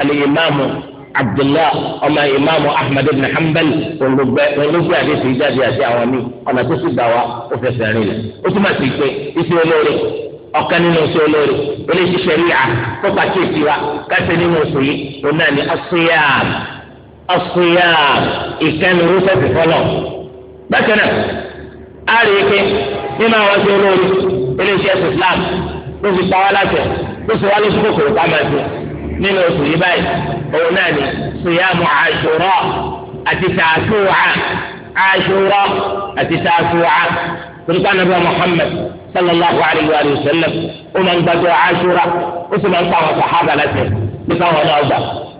S1: الإمام abdullah ọmọ imaamu ahmed ibn hanbal olùgbé àdéhùn ìjáde àti àwọn míì ọ̀nà tó sì gbà wá ó fẹsẹ̀ rìn lẹ̀ ó túmọ̀ sí pé iṣẹ́ olóore ọ̀kan nínú oṣù olóore eléyìí ṣẹ̀ríà tó pàkíyèsí wa káṣẹ́ nínú oṣù yìí òun náà ni asiyam asiyam ìkànnì rúfẹ́sì fọlọ́ bákan náà a rí pé nínú àwọn oṣù olóore eléyìí islam ló fi pa wá láṣẹ ló fi wá lóṣù nínú oṣù yìí báyìí òun náà ni sùyàmù àṣùrà àti tààtùwà
S3: àṣùrà àti tààtùwà tolukpa nabi wa muhammed sallallahu alayhi wa sallam ó máa ń gbàdúrà àṣùrà ó sì máa ń pa àwọn sàhábà láti nípa àwọn náà gbà.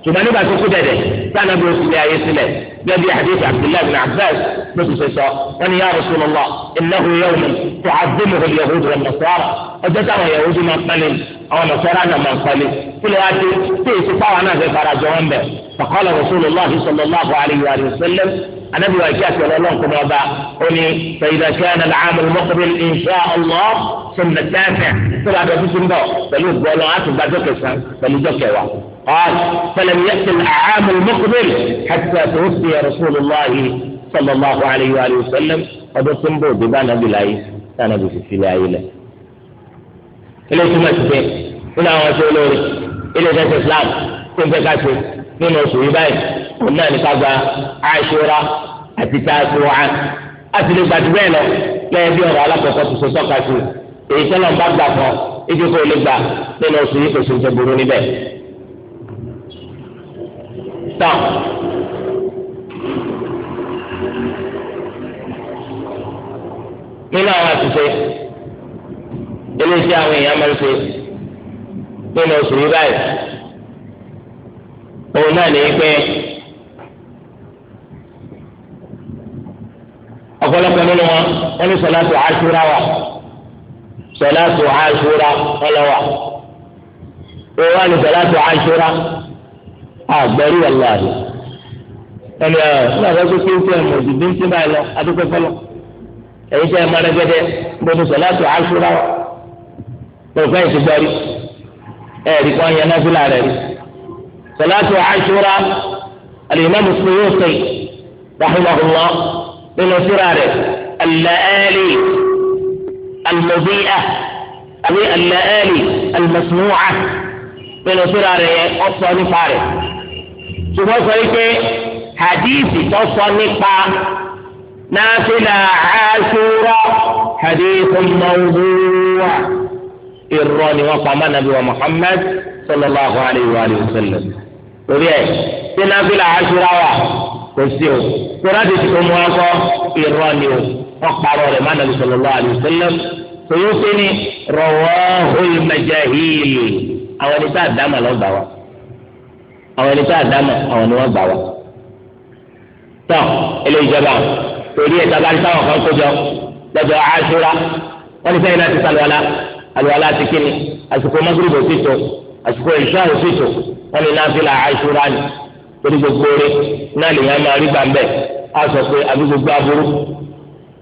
S1: ṣùgbọ́n nígbà tó kú dẹ̀dẹ̀ tí anabi oṣù lé ayé sílẹ̀ bẹ́ẹ̀ bí hadith abdullahi bin abbas ló ti sọ wọn ni ya rasulullah innahu yawmi tu'azzimuhu al-yahud wa nasara ọjọ́ táwọn yahudu máa pálí àwọn nasara náà máa pálí kílẹ̀ wá dé tí èsì táwọn náà fẹ́ fara jọ wọn bẹ̀ faqala rasulullah sallallahu alayhi wa sallam anabi wa kíyàsí ọlọ́run kò máa bá ó ní fẹ̀yìdà al-aam muqbil insha allah sọ̀nà tẹ́tẹ̀ tó bá dọ̀ tuntun bọ̀ pẹ̀lú gbọ́lọ́ àtúgbàjọ́ kẹsàn-án pẹ̀lú jọ́kẹ̀wàá. قال فلم يأت العام المقبل حتى توفي رسول الله صلى الله عليه وآله وسلم قد سنبو ببان أبي العيس كان أبي في العيلة إلى سمسك إلى وسولوري إلى ذات الإسلام كنت كاسي من وسوي باي قلنا لكذا عاشورة أتتاسوعة أتلو باتبينه لا يبيعه على قصة سوسوكاسي إيه سلام بابدا فو إيه كو لبا من وسوي كسنتبروني باي
S3: dáhùn.
S2: nínú àwọn àṣìṣe
S1: eléyìí àwọn èèyàn máa ń ṣe nínú oṣù yìí báyìí òun náà ní pé ọ̀pọ̀lọpọ̀ nínú wọn wọ́n ní sọ̀láṣù àṣúra wà
S2: sọ̀láṣù àṣúra ọlọ́wà òun wà ní sọ̀láṣù àṣúra.
S1: agbẹ̀rù wà láàyè ẹni ẹ nígbà tó kí n tẹ mọ òdìdí ń tẹ́lẹ̀ lọ adúgbò fọlọ èyí tẹ ẹ mọ ẹrẹgẹdẹ gbọdọ sọláàtù àṣúra olùkọ́ yìí ti gbẹ́rí ẹ ẹ̀rí kan yẹn náà fúlà rẹ̀ rí sọláàtù àṣúra alìmọ́ mùsùlùmí yóò sèé rahimahulọ́ nínú fúra rẹ̀ alẹ́ẹ̀lì almọ́bíà àbí alẹ́ẹ̀lì almọ́sùnúwà nínú fúra rẹ̀ yẹn ọ̀sán nípa rẹ̀. ṣùgbọ́n sọ wípé hadithi tó sọ nípa náfìlà àṣúrà hadithi mawdu'a irọ́ ni wọ́n pa mánàbí wa Muhammad sallallahu alayhi wa sallam torí ẹ̀ ṣé náfìlà àṣúrà wà kò sí o tóra ti ti omi wọn kọ irọ́ ni o wọ́n parọ́ rẹ̀ mánàbí sallallahu alayhi wa sallam tòyókè ni rawahu al-majahil àwọn ẹni tá a dá màlọ́ gbà wá àwọn ẹni tá a dámọ̀ àwọn ni wọ́n gbà wá. tọ́ eléyìí jọba torí ẹ̀ sábàrí táwọn kan kó jọ lọ́jọ́ àṣúra wọ́n ní sẹ́yìn náà ti sàlùwàlà àlùwàlà ti kíni àsìkò mọ́gírì kò sí tó àsìkò ìṣá ò sí tó wọ́n ní náà fi là àṣúra ni torí gbogbo rẹ̀ náà lè yàn máa rí gbàmbẹ́ á sọ pé àbí gbogbo aburú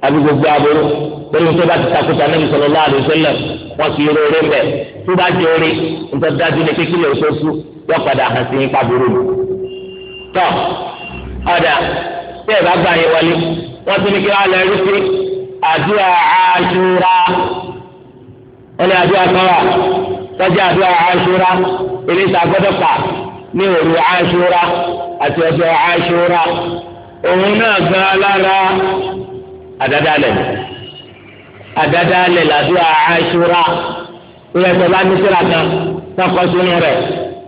S1: àbí gbogbo aburú torí wọn tó bá ti takuta níbi sọlọ lọ àdùsẹlẹ wọn sì rọrẹ mbẹ tó bá jẹ orí nǹkan dájú ní kékeré oṣooṣù yọ padà hàn sí ipa burú
S2: mi. tọ́ ọ̀dà tí ẹ̀ bá gbà yẹn wọlé
S1: wọ́n ti ní kí wọ́n lọ rí sí àdúrà àṣúra
S2: wọ́n ní àdúrà kọ́ra tọ́jú àdúrà àṣúra eléyìí àgbọ́dọ̀ kà ní òru
S1: àṣúra àti ọjọ́ àṣúra òun náà gan alára àdádálẹ̀ àdádálẹ̀ làdúrà àṣúra ìyá ìjọba bá ní síra kan tọkọ sínú rẹ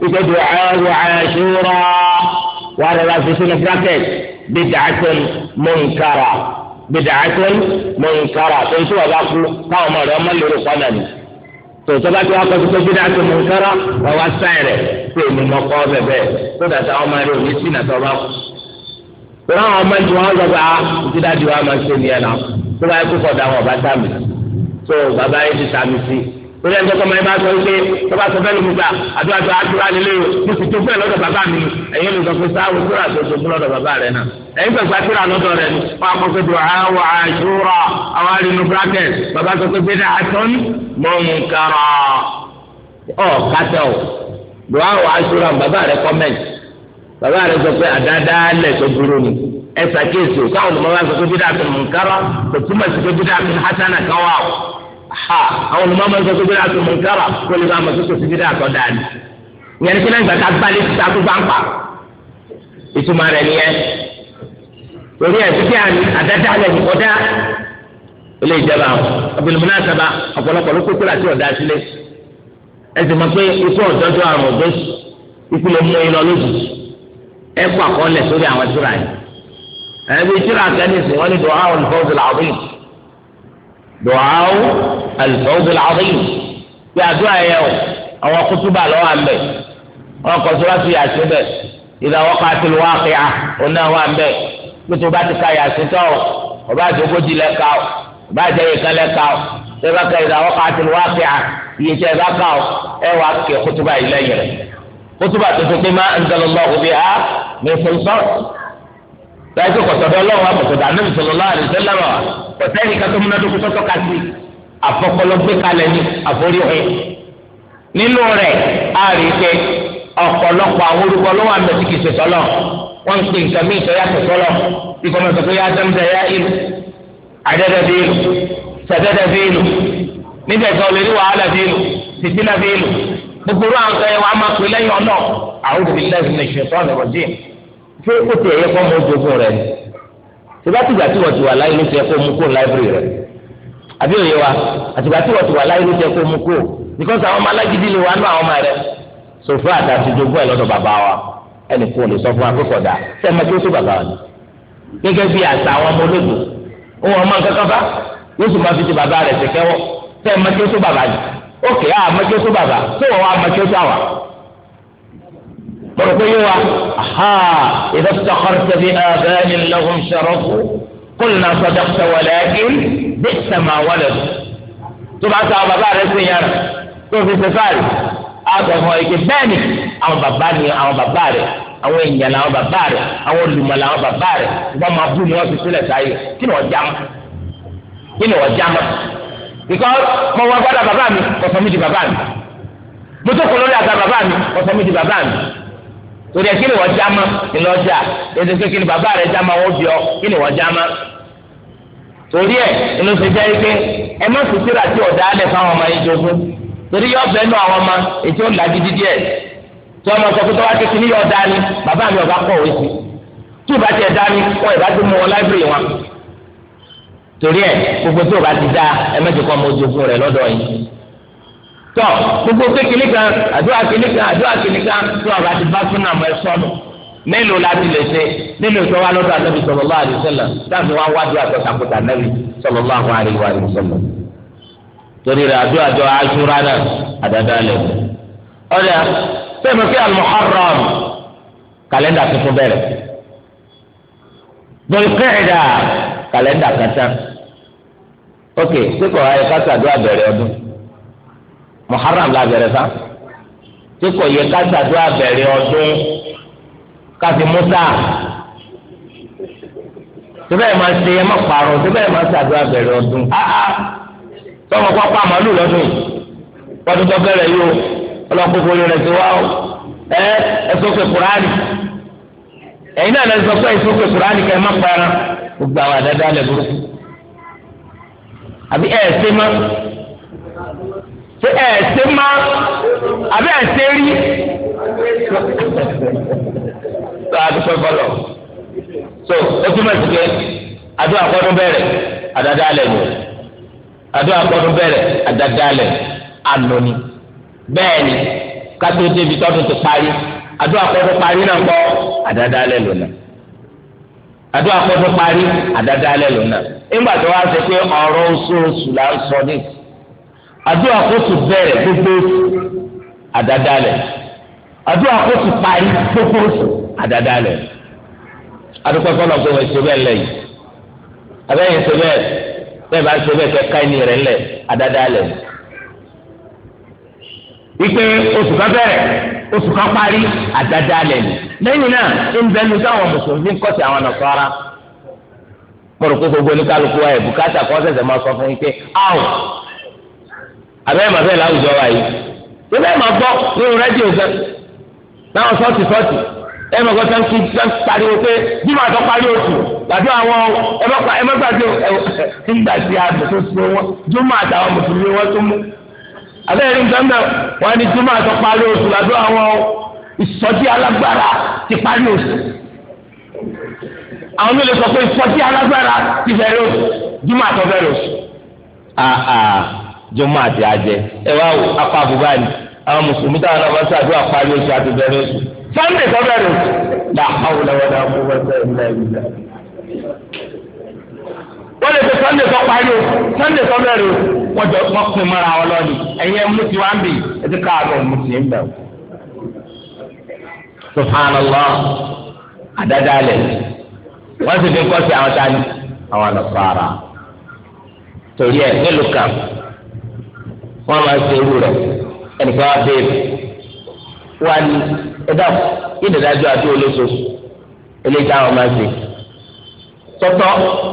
S1: ìtọ́jú ẹ̀rọ àṣírọ́ wà rẹ̀ láti sínú bracket bid'atun munkara bid'atun munkara tó ń sọ wàá bá kú káwọn ọmọ rẹ ọmọ lérò pọ́nà ni tòótọ́ bá ti wá kọ́sí pé bid'atun munkara wà wá sáyẹn rẹ̀ pé èmi mọ kọ́ bẹ̀bẹ̀ tó dàtà ọmọ rẹ òní sí nàtọ́ bá kú. ìran àwọn ọmọ ìjọba wọn sọ pé ah ìtìdájú wa máa ṣe nìyẹn náà tó bá yẹ kó kọ̀ lórí ẹjọ́ kọ́mọ ẹ bá sọ wípé ẹ bá sọ fẹ́ẹ́ gbà àdúrà tó àdúrà nílé o mo sì tó fẹ́ẹ́ lọ́dọ̀ bàbá mi ẹ̀yin ló sọ pé sáwọ́ sórí fún lọ́dọ̀ bàbá rẹ náà ẹ̀yin gbàgbà síra lọ́dọ̀ rẹ ni wọ́n á kọ́ pé dùn àwọ̀ àṣúrà àwọn arínú bracket bàbá sọ pé bẹ́ẹ̀ àtọ́n mọ̀ ń kàrà ọ̀ kátẹ́ o dùn àwọ̀ àṣúrà bàbá rẹ kọ́mẹ̀ntì bàbá rẹ sọ pé àdáadáa lẹ̀ tó dúró ni ẹ ṣàkíyèsí o káwọn ọmọ wa sọ pé bídà tó mọ̀ ń kò túmọ̀ sí pé bídà tó hásánà kan wà o ha àwọn olùmọ̀ọ́mọ sọ pé bídà tó mọ̀nkárà kó lè máa mọ̀ tó kò sí bídà tó dáa ni ìyẹn ní pé náà ìgbà tá a gbálẹ̀ ti ta tó bá ń pa ìtumọ̀ rẹ̀ nìyẹn torí ẹ̀ títí àdáda lẹ̀ ní kọjá ilé ìjọba ọ̀bìnrin náà sábà ọ̀pọ̀lọpọ̀ ló kókó láti ọ̀dà sílẹ̀ ẹ sì mọ̀ pé ikú ọ̀dọ́dọ́ àrùn ọ̀gbẹ́ ikú dùhàwù alifawùsùn àdéhùn pé àdúrà yẹn o àwọn kútúbà lọ́wọ́ àmbẹ̀ wọn kọ sọ́wọ́sì yàtí bẹ̀ ìdá wọn kà tìlú wọn kìá òun náà wà mbẹ̀ pété o bá ti ka yàtí tọ́ o ọba àjọgójì lẹ́ka o ọba àjẹyẹ̀kan lẹ́ka o sẹ́fà kà ìdá wọn kà tìlú wọn kìá iye tẹ́ ẹ bá kà o ẹ wà kẹ kútúbà yìí lẹ́yìn rẹ̀ kútúbà tuntun tí ma ń zọlọ́ lọ́kùnrin ha mi fún
S2: láyé tó kọ̀sọ̀dọ̀ ọlọ́run àbùkọ̀dọ̀ anábì sallallahu alaihi wasallam kọ̀sẹ́ni kátó
S1: múnádókò tó tọ́ka sí àfọkọlọ gbé kalẹ̀ ní àforí hẹ. nínú rẹ̀ a rí i pé ọ̀pọ̀lọpọ̀ àwọn orúkọ ló wà mẹ́tí kì í ṣe sọ́lọ̀ wọ́n ń pè nǹkan míì sọ́yà tó sọ́lọ̀ bí kò mọ̀tò pé yá sẹ́mùsẹ̀ yá ìlú
S2: àdẹ́dẹ́ bí ìlú sẹ́dẹ́dẹ́ bí ìlú níbẹ̀ tó lè rí wàhálà bí ìlú
S1: tìtìlà bí ìlú gbogbo àwọn kan yẹn wàá máa ṣé ó ti ẹ̀yẹ kọ́ mọ ojoogun rẹ ni tìbá tìgbà tí wọ́n ti wà láyé ló ti yẹ kó mú kó láìbírì rẹ àbí òye wa àtìgbà tí wọ́n ti wà láyé ló ti yẹ kó mú kó because àwọn ọmọ alágídí lè wà nù àwọn ọmọ rẹ sòfò àtàtì jogún ẹ lọ́dọ̀ bàbá wa ẹnì kó lè sọ fún wa kókò dà sẹ́mi tó sọ bàbá wa ni gẹ́gẹ́ bí àṣà àwọn ọmọ olóògbé
S2: òun ọmọ nǹkan kan bá
S1: yóò sì máa fi ti bàbá rẹ̀ ṣèkẹ́wọ́ sẹ́mi tó sọ bàbá ni sọ bàbá tó wọ́n wá mọ̀rọ̀ pé yé wa ha idha iftakharta bi aba'in lahum sharafu qulna sadaqta walakin bi'sa ma waladu tó bá sọ àwọn bàbá rẹ̀ sí yàrá tó fi ṣe fáàrí àtọ̀fọ̀ èké bẹ́ẹ̀ni àwọn bàbá ni àwọn bàbá rẹ̀ àwọn èèyàn làwọn bàbá rẹ̀ àwọn olùmọ̀ làwọn bàbá rẹ̀ wọ́n máa bú ni wọ́n fi sílẹ̀ sáyé kí ni wọ́n já mọ́ kí ni wọ́n já mọ́ torí ẹ kí ni wọ́n já ma kí ni wọ́n já ètò pé kí ni bàbá rẹ já ma wọ́n bí ọ kí ni wọ́n já ma torí ẹ inú ti jẹ́ ike ẹ má sì síra tí ọ̀dà alẹ̀ fáwọn ọmọ yìí jogún
S2: torí yọ bẹ́ẹ̀ nù àwọn ọmọ ètò ńlá gidi díẹ̀ tí ọmọ sọ pé tọ́wá kékeré yọ ọ̀dà ni bàbá mi ọ̀gá kọ̀ wé sí tí ò bá tiẹ̀ dá ni wọ́n ìbá ti mú wọn láìpẹ́ wọn
S1: torí ẹ gbogbo tí ò bá ti dá ẹ mẹ́jọ tọ gbogbo kékeré kan àdúrà kékeré kan àdúrà kékeré kan tó àbá ti bá súnà mọ ẹsọ nù mélòó la ti lè ṣe nínú ìtọ́ wa lọ́dọ̀ ànábì sallallahu alaihi wasallam dáàbò wa wájú àtọ́sàkóta ànábì sallallahu alaihi wasallam torí rẹ̀ àdúrà jọ Àṣúrà náà àdàdà lẹ̀
S2: ọ̀dà sẹ́mi fi al-Muharram
S1: kàlẹ́ndà tuntun bẹ̀rẹ̀ Dhul-Qa'dah kàlẹ́ndà kàtà ok síkọ̀ ayé kásádùn àbẹ̀rẹ̀ ọdún muharram la bẹ̀rẹ̀ sa tí kò yẹ ká ṣàdúrà bẹ̀rẹ̀ ọdún káfí mùsà síbẹ̀ máa ṣe ẹ má parọ́ síbẹ̀ máa ṣàdúrà bẹ̀rẹ̀ ọdún
S2: áá tọmọ kọ́ pa màálù lọ́dún yìí
S1: wọ́n tó bẹ̀rẹ̀ yìí o ọlọ́kókó rẹ̀ ti wá o ẹ ẹ sọ́kè kúránì ẹ̀yin náà lọ sọ pé ẹ sọ́kè kúránì kẹ́ ẹ má para gbogbo àwọn àdáda lẹ̀
S2: burúkú àbí ẹ ẹ sẹ́ máa. ṣe ẹ ṣe ma àbí ẹ ṣe rí bọlọ
S1: so ó túmọ̀ sí pé àdúrà kọ́dún bẹ̀rẹ̀ àdáda alẹ̀ ni àdúrà kọ́dún bẹ̀rẹ̀ àdáda alẹ̀ ànọ́ni ni kátó débi tọ́dún ti parí àdúrà kọ́dún parí náà kọ́ adada alẹ̀ lona. àdúrà kọ́dún parí àdáda alẹ̀ lónà sọ àdúrà kó tù bẹ̀rẹ̀ gbogbo àdádálẹ̀ àdúrà kó tù parí gbogbo àdádálẹ̀ adúpẹ́ kọ́ lọ́gbọ́n wọn ṣe bẹ́ẹ̀ lẹ́yìn abẹ́yẹn ṣe bẹ́ẹ̀ bẹ́ẹ̀ bá ṣe bẹ́ẹ̀ kẹ́kẹ́ ní rẹ̀ lẹ̀ àdádálẹ̀ ìpè oṣù kan bẹ̀rẹ̀ oṣù kan parí àdádálẹ̀ lẹ́yìn náà ń bẹ́ẹ̀ nu sáwọn mùsùlùmí ń kọ́sí àwọn nàkọ́ra mọ̀rọ̀ kó gbogbo oníkálukú wa ẹ̀ bùkátà kọ́ sẹ̀sẹ̀ máa sọ fún yín pé áwò abẹ́rẹ́ màá bẹ́ẹ̀ láwùjọ wa yìí ṣé bẹ́ẹ̀ máa gbọ́ nínú rẹ́díò gan náà sọ́ọ̀tì sọ́ọ̀tì ẹ mọ̀ gbọ́dọ̀ tí ń pariwo pé bí màá tó parí oṣù làbí àwọn ẹmọ́gbàdì nígbà tí a tó so wọn júmọ̀ àtàwọn mùsùlùmí wọn tó mú. abẹ́rẹ́ nǹkan náà wọ́n ní júmọ̀ àtọ́ parí oṣù làbí àwọn ìsọjí alágbára ti parí oṣù.
S2: àwọn mi lè sọ pé ìsọjí alágbára ti bẹ̀rẹ̀ oṣù júmọ̀ àtọ́ bẹ̀rẹ̀ oṣù.
S1: Ah, ah jọmọ àti àjẹ ẹ wá wò apá àbúgbà ni àwọn mùsùlùmí táwọn náà bá ṣàdúrà parí oṣù àti bẹ̀rẹ̀ oṣù
S2: sunday tó bẹ̀rẹ̀ oṣù là áwò lọ́wọ́ náà kó wọ́n sẹ́yìn ní nàìjíríà. wọ́n lè fi sunday tó parí oṣù sunday tó bẹ̀rẹ̀ oṣù wọ́n jọ wọ́n pin mọ́ra wọn lọ́ni ẹ̀yin
S1: ẹ̀mú wá ń bì ẹ̀dí káàánú ọ̀mú ti ń bẹ̀.
S2: subhanallah àdádálẹ̀
S1: wọ́n sì fi kọ́ sí àwọn tani àwọn àlọ́ wọn máa ṣe irú rẹ̀ ẹnìkan wá béèrè wá ní ẹ̀dá kí ìdájọ àti olóso eléjà wọn máa ṣe tọtọ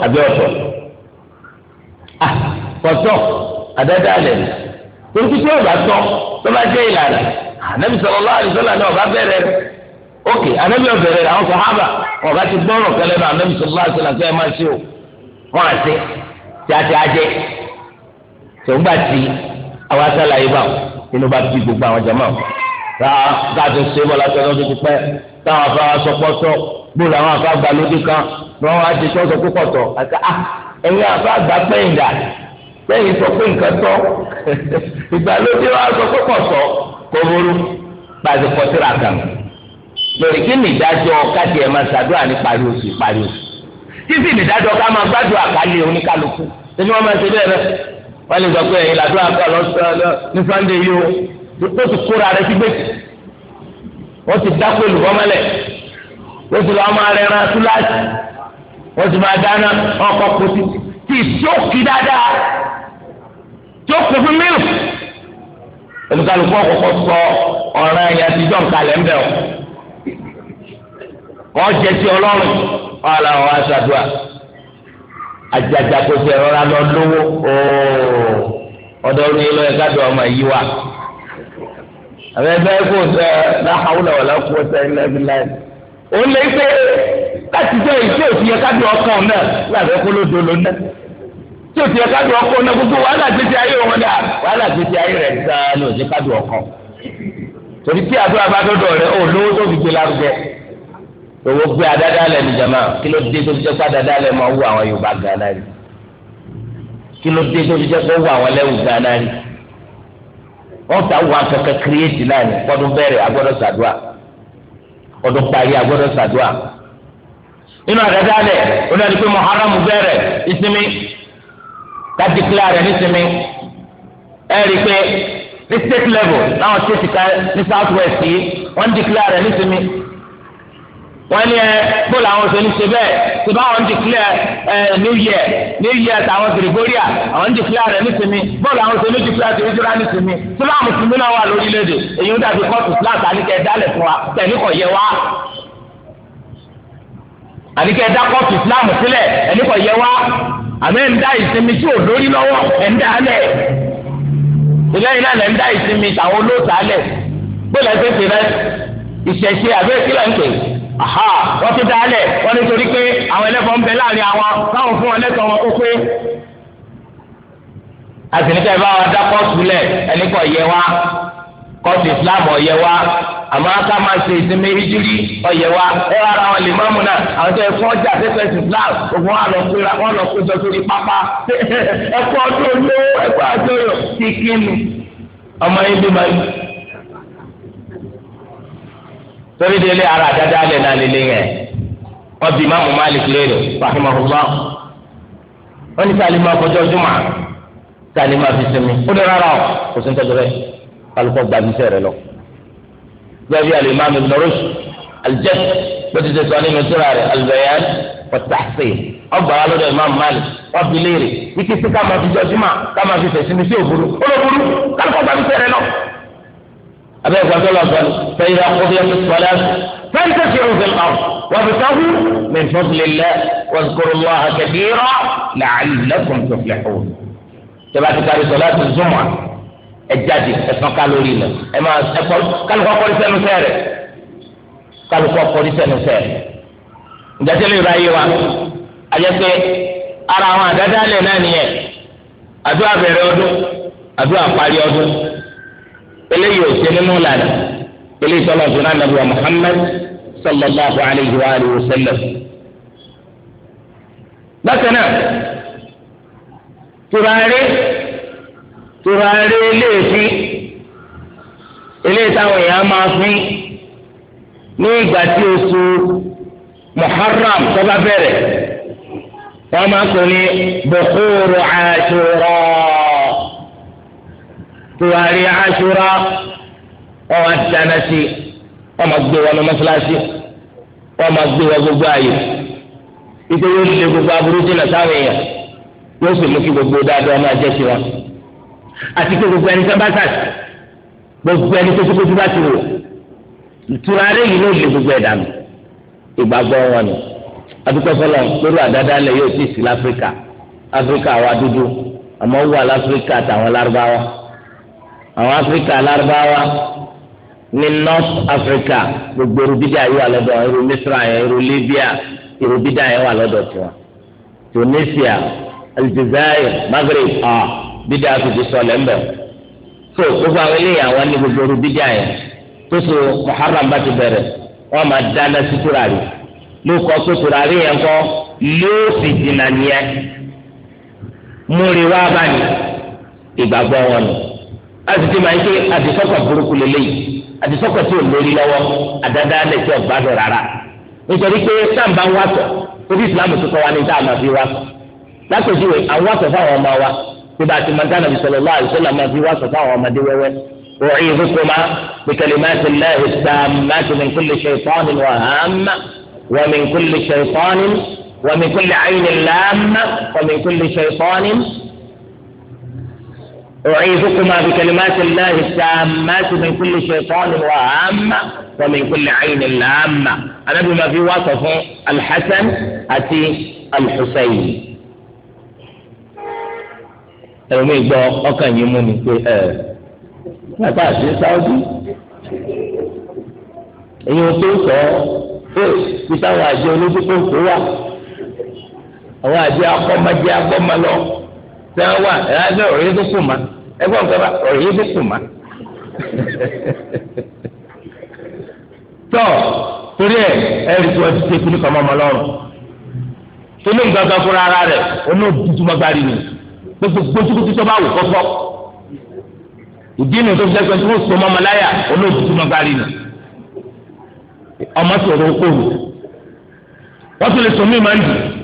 S1: àbí ọ̀tọ̀ ah tọtọ àdáda alẹ torí tí ọba tọ tọba jẹ ìlànà ànábì sọlọ lọ àdìsọlá náà ọba bẹ̀rẹ̀ rẹ̀ ok ànábì ọbẹrẹ rẹ̀ àwọn sàhábà ọba ti gbọrọ kẹlẹ náà ànábì sọlọ lọ àdìsọlá tó ẹ máa ṣe o wọn àti tí a ti ajẹ tó ń gbà tí àwọn asálàyé bá inú bá bí gbogbo àwọn jama rárá káàtó ṣe bọ́ láti ọdún tó ti pẹ́ táwọn afá sọpọ́tọ́ gbọ́dọ̀ àwọn afá gbà lóde kan ni wọ́n wá ti tọ́ sọ púpọ̀ tọ̀ àti à ah, ẹ̀yin afá gbà pẹ́yìn dà pẹ́yìn sọ pé nǹkan tọ́ ìgbàlódé wa sọ púpọ̀ tọ́ kò burú gbàdé pọ̀tìrà kan lórí kí ni ìdájọ́ káàdì ẹ̀ máa ṣàdúrà ní parí oṣù parí oṣù kí sì ni ìdájọ́ ká máa gbàdúrà kálí oníkálukú ẹni wọ́n máa ṣe bẹ́ẹ̀ bẹ́ẹ̀ wọ́n lè sọ pé ẹ̀yin làdúrà kọ́ lọ ní sunday yìí o ó ti kóra rẹ sí gbèsè wọ́n ti dákò olùkọ́mọ́lẹ̀ wọ́n ti lọ ọmọ rẹ ran túláàsì wọ́n ti máa dáná ọkọ̀ kò sí ti sókì dáadáa tó kù fún mílù olùkàlùkù ọ̀kọ̀ọ̀kọ̀ sọ ọ̀ràn ẹ̀yà àtijọ́ nkalẹ̀ ń bẹ̀ ọ̀jẹ̀ sí ọlọ́run ọ̀là ọ̀ àjàjà kò sí ẹ̀rọ lọ lówó ooo ọ̀dọ̀ ní ilé ẹ̀ka tó ọmọ yìí wà.
S2: àbẹ bẹ́ẹ̀ kò sẹ láhàúlà
S1: wà lákò sẹ ilé ẹbí láì.
S2: ó lé pé láti jẹ́ ìṣe òsì ẹ̀ka tó ọkàn náà lábẹ́ kó ló do ló ná. tí òsì ẹ̀ka tó ọkàn náà gbogbo wàhálà títí ayé wọn dà wàhálà títí ayé rẹ̀
S1: sáà ló ṣe ká tó ọkàn. torí tí àdúrà bá dọ̀dọ̀ rẹ̀ ó lówó tó fi gbé lárugẹ owó gbé adada lẹ ní jama kí ló dé tó fi jẹ pé adada lẹ máa wú àwọn Yorùbá gánà rí kí ló dé tó fi jẹ pé wú àwọn lẹwù gánà rí wọn ta wà kankan kírẹ́ẹ̀tì náà ní ọdún bẹ̀rẹ̀ agbọ́dọ̀ ṣàdúà ọdún parí agbọ́dọ̀ ṣàdúà nínú àdáda lẹ onáni pé Muharram bẹ̀rẹ̀ ìsinmi kájí kílá nísinmi
S3: ẹ rí i pé ní state level láwọn state ká ní south west yìí wọ́n ń di kílá nísinmi
S1: wọ́n ní ẹ bó làwọn ṣe ń ṣe bẹ́ẹ̀ ṣe báwọn dìklẹ́ ẹ new year new year tàwọn gregoria àwọn dìklẹ́ rẹ̀ nísìmí bó làwọn ṣe ní dìklẹ́ ti ìjọba nísìmí ṣé báwọn mùsùlùmí náà wà lórílẹ̀‐èdè èyí ń dàbí kóòtù flat àníkẹ́ dálẹ̀ fún wa tẹ̀lé kọ̀ yẹ wá.
S2: àníkẹ́ dá kóòtù Islam sílẹ̀ ẹ̀ní kọ̀ yẹ wá
S1: àmì ẹ̀ ń dá ìsinmi tí ò lórí lọ́wọ́ ẹ̀ ń dá alẹ̀ ìlẹ́yìn náà ẹ̀ ń dá ìsinmi tàwọn olóòtú alẹ̀ gbọ́dọ̀ ẹ̀ fẹ́ fẹ́ rẹ ìṣẹ̀ṣe àbẹ́ kílẹ̀ ń pè é aha wọ́n ti dá alẹ̀ wọ́n ní torí pé àwọn ẹlẹ́fọ̀ọ́ ń bẹ láàrin àwọn báwọn fún wọn lẹ́tọ̀ọ́
S2: wọn kó pé àtìníkà ẹ bá wa dá kóòtù lẹ̀ ẹni kò yẹ wa kóòtù islam ọ̀yẹ wa àmọ́ ká máa ṣe ìsinmi ìjírí
S1: ọ̀yẹ̀ wa ẹ wá ra wọn lè máàmù náà àwọn tó yẹ fún ọjà tẹ́tẹ́ islam òun wà lọ pé wọn lọ pé jọ sórí pápá ẹ̀kọ́ ọdún olówó ẹ̀kọ́ àjọyọ̀ kíkí ni ọmọ yín bí máa torí délé ara dáadáa lẹ̀ náà lélẹ̀ yẹn wọ́n bí imáàmù Malik léèrè rahimahullah
S3: wọ́n ní sàlẹ̀ máa fọjọ́ jùmọ̀
S1: sàlẹ̀ máa fi sinmi ó lè rárá o kò sí ní tọ́jú rẹ̀ kálukọ́ gba abisẹ́ rẹ lọ. gbẹ́bí alimami nọ́rọ́sù aljẹ́t bẹ́tí tẹ sọ nínú síra rẹ̀ albayan pọtàṣe ọgbà wa lọ́dọ̀ imam Malik wọ́n léèrè wíkí ká máa fi jọ jùmọ̀ ká máa fi fẹ̀sìn sí òbúrú ó lọ
S2: أبي أقول الله فإذا قضيت الصلاة فانتشروا
S1: في الأرض وابتغوا من فضل الله واذكروا الله كثيرا لعلكم تفلحون تبعت كاري صلاة الجمعة الجدي اسمه كالوري له اما اقول قالوا قولي سنو سيري قالوا قولي سنو سيري جاتي لي رايي وان اجاتي ara wọn àdáda lè náà nìyẹn àdúrà bẹ̀rẹ̀ ọdún àdúrà eléyìí ò ṣe nínú lànà eléyìí sọlá fún anabi wa muhammad sallallahu alayhi wa alihi wa sallam. bákan náà tùràrí tùràrí eléyìí eléyìí táwọn èèyàn máa fi ní ìgbà tí oṣù muharram tó bẹ̀rẹ̀ wọ́n máa ń pè ní bukuru ashura tiwari aṣura wọn wá dáná sí wọn máa gbé wọn lọ mọ́ṣáláṣí wọn máa gbé wọn gbogbo ààyè ìpè yóò ṣe gbogbo aburú jìnnà sáwọn èèyàn yóò sì mú kí gbogbo dáadáa máa jẹ́ tiwọn àti pé gbogbo ẹni sábà sàṣì gbogbo ẹni tó tó kótó bá ti wò ìturarẹ yìí ló lè gbogbo ẹ̀dá mi ìgbàgbọ́ wọn ni adúpẹ́ fọlọ́ lórí àdáda lẹ̀ yóò ti sí láfíríkà áfíríkà wa dúdú àmọ́ wà láfíríkà àtàwọn lárúbáwá àwọn áfíríkà lárúbáwá ní north africa gbogbo erubidà yìí wà lọ́dọ̀ irú misra yẹn irú libya erubidà yẹn wà lọ́dọ̀ tiwọn tunisia aljazair maghreb a bidà fìdí sọlẹ mbẹ so gbogbo àwọn eléyìí àwọn ní gbogbo erubidà yẹn tó so muharram bá ti bẹ̀rẹ̀ wọn máa dáná sí turari ló kọ pé turari yẹn kọ yóò sì dìnnà nìyẹn múri wá bá ní ìgbàgbọ́ wọn nù àtìtì máa ń ké àdìsọ́kọ̀ burúkú lélẹ́yìí àdìsọ́kọ̀ tí ò lórí lọ́wọ́ àdáda lè tí ọba dùn rárá nítorí pé sáǹbà ń wàtọ̀ torí ìsìlámù tó kọ́ wa ní tá a máa fi wàtọ̀ látòjúwe àwọn wàtọ̀ fáwọn ọmọ wa bí bá a ti máa dáná bisọ̀lọ̀ lọ́wọ́ fi wàtọ̀ fáwọn ọmọdé wẹ́wẹ́ أعيذكما بكلمات الله التامات من كل شيطان وهامة ومن كل شيطان ومن كل عين لامة ومن كل شيطان أعيذكما بكلمات الله التامات من كل شيطان وهامة ومن كل عين لامة أنا بما في وصف الحسن أتي الحسين ẹlòmíì gbọ́ ọkàn yìí mú mi pé ẹ
S2: nígbà àti sáwọ́dí
S1: èyí ò tó sọ pé peter wà jẹ olójúkó kó wà àwọn àjẹ akọ́mọdé akọ́mọlọ tẹ́ wà ẹ̀ ẹ́ lọ́ọ̀rẹ́ tó kù máa ẹgbọn nkaba ọ̀rọ̀ yìí bí kùmà tọ torí ẹ ẹrí tí wọn ti ṣe kíní kọmọ ọmọlọ́run tóní nǹkan fúnra ara rẹ onú òtútùmọgbàrí ni gbogbo gbójúkútú tó bá wù kọfọ ìdí nu tó fi dẹgbẹ tí wọn sọ ọmọ ọmọláyà onú òtútùmọgbàrí ni ọmọ sọ̀rọ̀ okòwò wọn tún lè sọ mí máa ń dùn.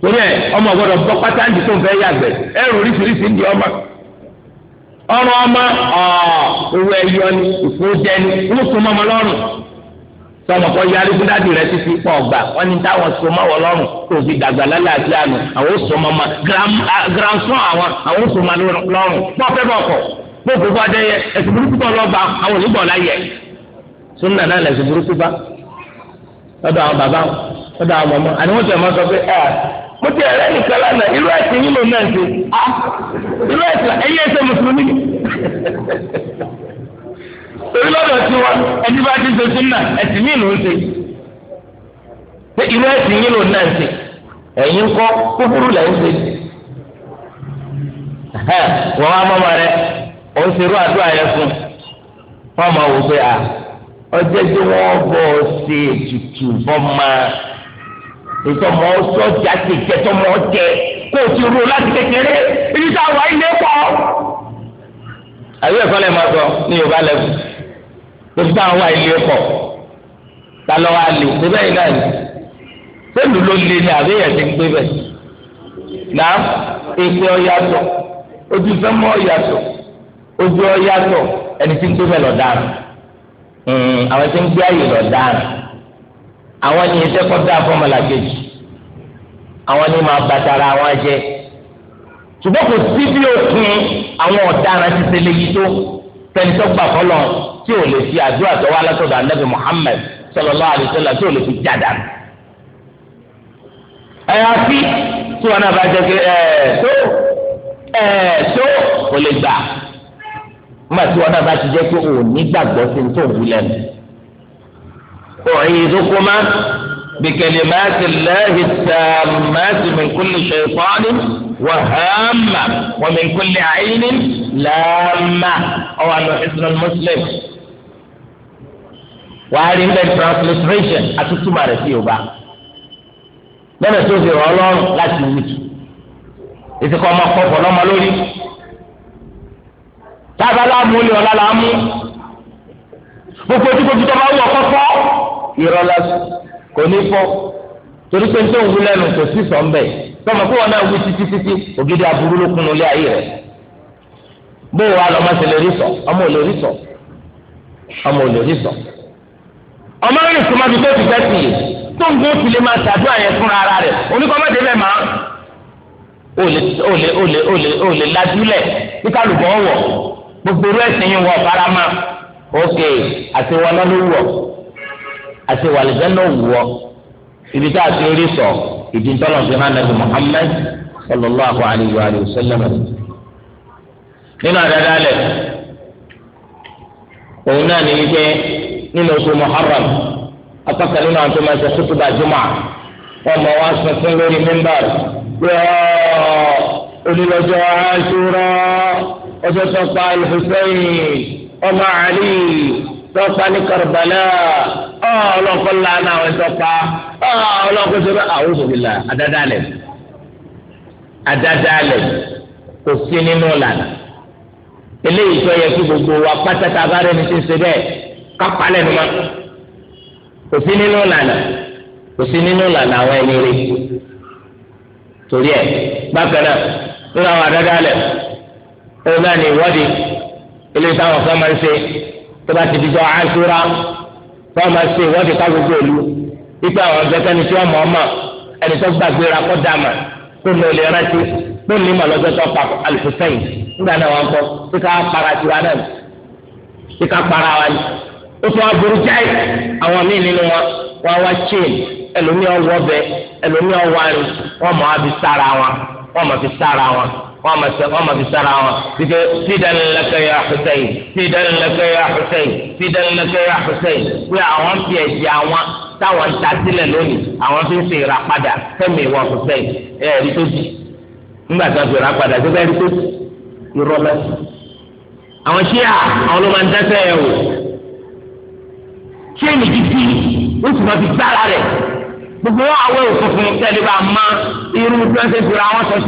S1: torí ẹ ọmọ gbọ́dọ̀ bọ pátá ń tó ń fẹ́ yàgbẹ́ ẹrù oríṣiríṣi ń di ọmọ ọrùn ọmọ owó ẹyọ ni ìfowópamọ́ ni wọn ọmọ lọ́rùn tọmọ kọ yarí fún rẹ títí pọ ọgbà wọn táwọn dàgbà àti àná àwọn sọmọ àwọn àwọn sọmọ pọ fẹ bọ ọkọ pọ òkú burúkú ọmọ mo ti ẹ̀rẹ́ nìkan lánàá irú ẹ̀sìn yín ló náà ṣe á ah, irú ẹ̀sìn ẹ̀yìn ẹ̀sẹ̀ mùsùlùmí torí lọ́dọ̀ tí wọn ẹni bá ti ṣe na
S2: ẹ̀sìn yín ló ń ṣe pé irú ẹ̀sìn yín ló náà ṣe ẹ̀yin
S1: kọ́ kúkúrú là ń ṣe. wọ́n wá mọ́mọ́ rẹ ó ń ṣerú àdúrà yẹn fún wọ́n wò pé à ọjọ́ tí ṣe ìtọ́mọ sọ́jà ti jẹ́tọ́mọ jẹ kó o ti ro láti kékeré ibi tá a wà ilé pọ̀. àbí ẹ̀fọ́ lè máa sọ ní yorùbá lẹ́wù ibi tá a wà ilé pọ̀ ta lọ́ wa lè síbẹ̀ yìí náà ni sẹ́lù ló lé ní àbí ẹ̀yẹ̀ ti ń gbé bẹ̀. náà èpè ọ̀yàtọ̀ ojú fẹ́mọ́ ọ̀yàtọ̀ ojú ọ̀yàtọ̀ ẹni tí ń gbé bẹ̀ lọ hmm, àwọn tí ń gbé àyè lọ àwọn ni iṣẹ́ kọ́ dá fọmọlàkejì àwọn ni máa bàtàrà àwọn jẹ ṣùgbọ́n kò sí bí òkun àwọn ọ̀daràn ti tẹ̀lé yìí tó tẹ̀lé tó gbà fọlọ́ tí ò lè fi àdúrà tó wá látọ̀dọ̀ anábì Muhammad sallallahu alaihi wasallam tí ò lè fi jáda
S2: àyàfi tí wọn náà bá jẹ pé ẹ tó ẹ tó kò lè gbà nígbà tí wọn náà bá ti jẹ
S1: pé òun nígbàgbọ́ sí ní tó wù lẹ́nu. أعيذكما بكلمات الله التامات من كل شيطان وهامة ومن كل عين لامة أو أن حسن المسلم وهذه هي transliteration أتتما رسيوبا lọ́nà tó fi rọ̀ ọ́ lọ́rùn láti wù tù ètò kọ́ ọmọ kọ́ fọlọ́mọ lórí
S2: tábàlá mú lé ọ̀la là á mú
S1: gbogbo ojúkojú tó bá wù ọ́ kọ́kọ́ irọ́ lásán kò ní fọ́ torí pé tó ń wí lẹ́nu kò sí sọ̀ ńbẹ̀ tọmọ fún wọn náà wí títí títí ògidì aburú ló kunu lé ayé rẹ bó wa lọ ọmọ sì lè rí sọ ọmọ ò lè rí sọ ọmọ ò lè rí sọ ọmọ rìn kúmọ bí tó ti fẹ́ sí i tó ń gbó tilé máa ṣàdúrà yẹn fúnra ara rẹ oníkọ́mọ́dé bẹ́ẹ̀ máa ò lè ò lè ò lè ò lè ò lè lajúlẹ̀ bí kálukọ́ wọ̀
S2: gbogbo rẹ̀ sìn yín wọ̀ fara máa ókè àti wọn náà ló
S1: wọ̀ àti wàlìjẹ́ náà wù ọ́ ibi tá a ti rí sọ ìdí tọ́lọ̀ fi hàn nàbì Muhammad sallallahu alayhi wa sallam nínú àdáda lẹ̀ òun náà ní wípé nínú oṣù Muharram apáta nínú àwọn tó máa ṣe kútùbà jùmọ̀ ọmọ wa sọ̀tún lórí mímbàr yọ̀ọ́ onílọ́jọ́ Àṣúrà ọjọ́ tó pa al ọmọ àlì lọ́pàá ní Karbala ọlọ́kọ́ lánàá àwọn ìtọ́pa ọlọ́kọ́ sọ́dọ̀ àwọn òṣèlú àdádálẹ̀ àdádálẹ̀ kò sí nínú ìlànà eléyìí tó yẹ kí gbogbo wa pátákó abárẹ́ ní ti ń bẹ́ẹ̀ kápálẹ̀ ni ma kò sí nínú ìlànà kò sí nínú ìlànà àwọn ẹni rí torí ẹ bákan náà nínú àwọn àdádálẹ̀ ó náà ní ìwọ́de eléyìí táwọn kan máa ń ṣe tó bá ti di jọ àṣúra tó máa ṣe ìwọ́de ká gbogbo ìlú ipa àwọn ọ̀gbẹ́kẹ́ni tí wọ́n mọ̀ ọ́mọ̀ ẹni tó gbàgbéra kó dàmà tó ní olè rántí tó ní ìmọ̀ lọ́jọ́ tó pa àlùfẹ́sẹ̀yìn nígbà náà wọ́n kọ́ tí ká para tiwa náà tí ká para wa ni ó tún aburú jáì àwọn míì nínú wọn wọn wá chain ẹlòmíì ọwọ́ bẹ ẹlòmíì ọwọ́ àrùn wọn mọ̀ á fi sára wọn wọn mọ̀ fi sára wọn wọn ma sẹ wọn ma fi sára wọn wípé fidan lẹkẹ ya Hussein fidan lẹkẹ ya Hussein fidan lẹkẹ ya Hussein pé àwọn fi ẹ̀jẹ̀ àwọn táwọn ń ta sílẹ̀ lónìí àwọn fi ń fi ra padà fẹ́mi ìwọ Hussein ẹ ẹ̀rí tó di nígbà tó fi ra padà tó bẹ́ẹ̀ rí tó di irọ́ lẹ́sìn. àwọn ṣíà àwọn ló máa ń dẹ́sẹ̀ ẹ̀ wò
S2: ṣé ní títí ó sì máa fi gbára rẹ̀ gbogbo àwọn òfófó tẹ́lẹ̀ bá má irú tí wọ́n ṣe fi ra àwọn sọ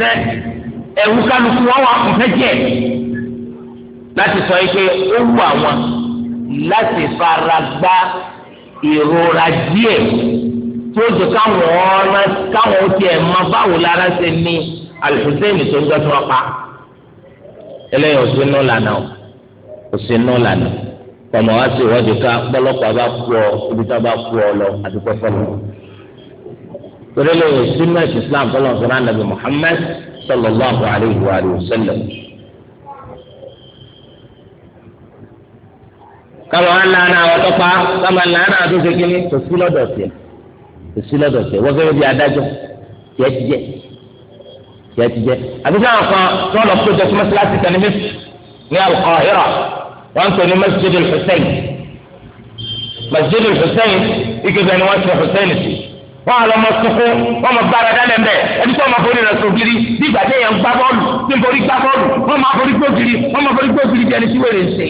S2: ẹ̀rù kálukú wọn wà kún fẹ́jẹ̀
S1: láti sọ yìí pé ó wù àwọn láti fara gbá ìrora díẹ̀ tó dùn káwọn ọ̀nà káwọn ó tiẹ̀ mọ báwo lára ṣe ní alùpùpù tó ń gbọ́ tó ń pa eléyìí ò lànà ò lànà ọmọ wa sì wọ́dù ká pọ́lọ́pàá bá kú ọ ibi tá a bá kú ọ lọ àdúgbò fọlọ́ torí lóyún sínú ẹ̀sìn Islam tọ́lọ̀ fún anabi Muhammad sallallahu alayhi wa sallam. kama wọn lana àwọn tọpa kama lana àwọn tó ṣe kínní kò sí lọ́dọ̀ tiẹ̀ kò sí lọ́dọ̀ tiẹ̀ wọn fẹ́ẹ́ bí adájọ́ tiẹ̀ ti jẹ tiẹ̀ ti jẹ àbí sáwọn kan tí wọn lọ pé jọ sí mọ́sálásí kan ní mẹsì ní Al-Qahira wọn tó ní Masjid al-Husayn Masjid al-Husayn ìgbésẹ̀ ni wọn ti Husayn sí wọn àlọ ọmọ sunkún wọn mọ bára dálẹ mbẹ ẹni tó ọmọ forí rẹ sògiri bí ìgbà tí èèyàn gbá bọ́ọ̀lù tí nborí gbá bọ́ọ̀lù wọn máa forí gbógiri wọn máa forí gbógiri bí ẹni tí wèrè ń ṣe.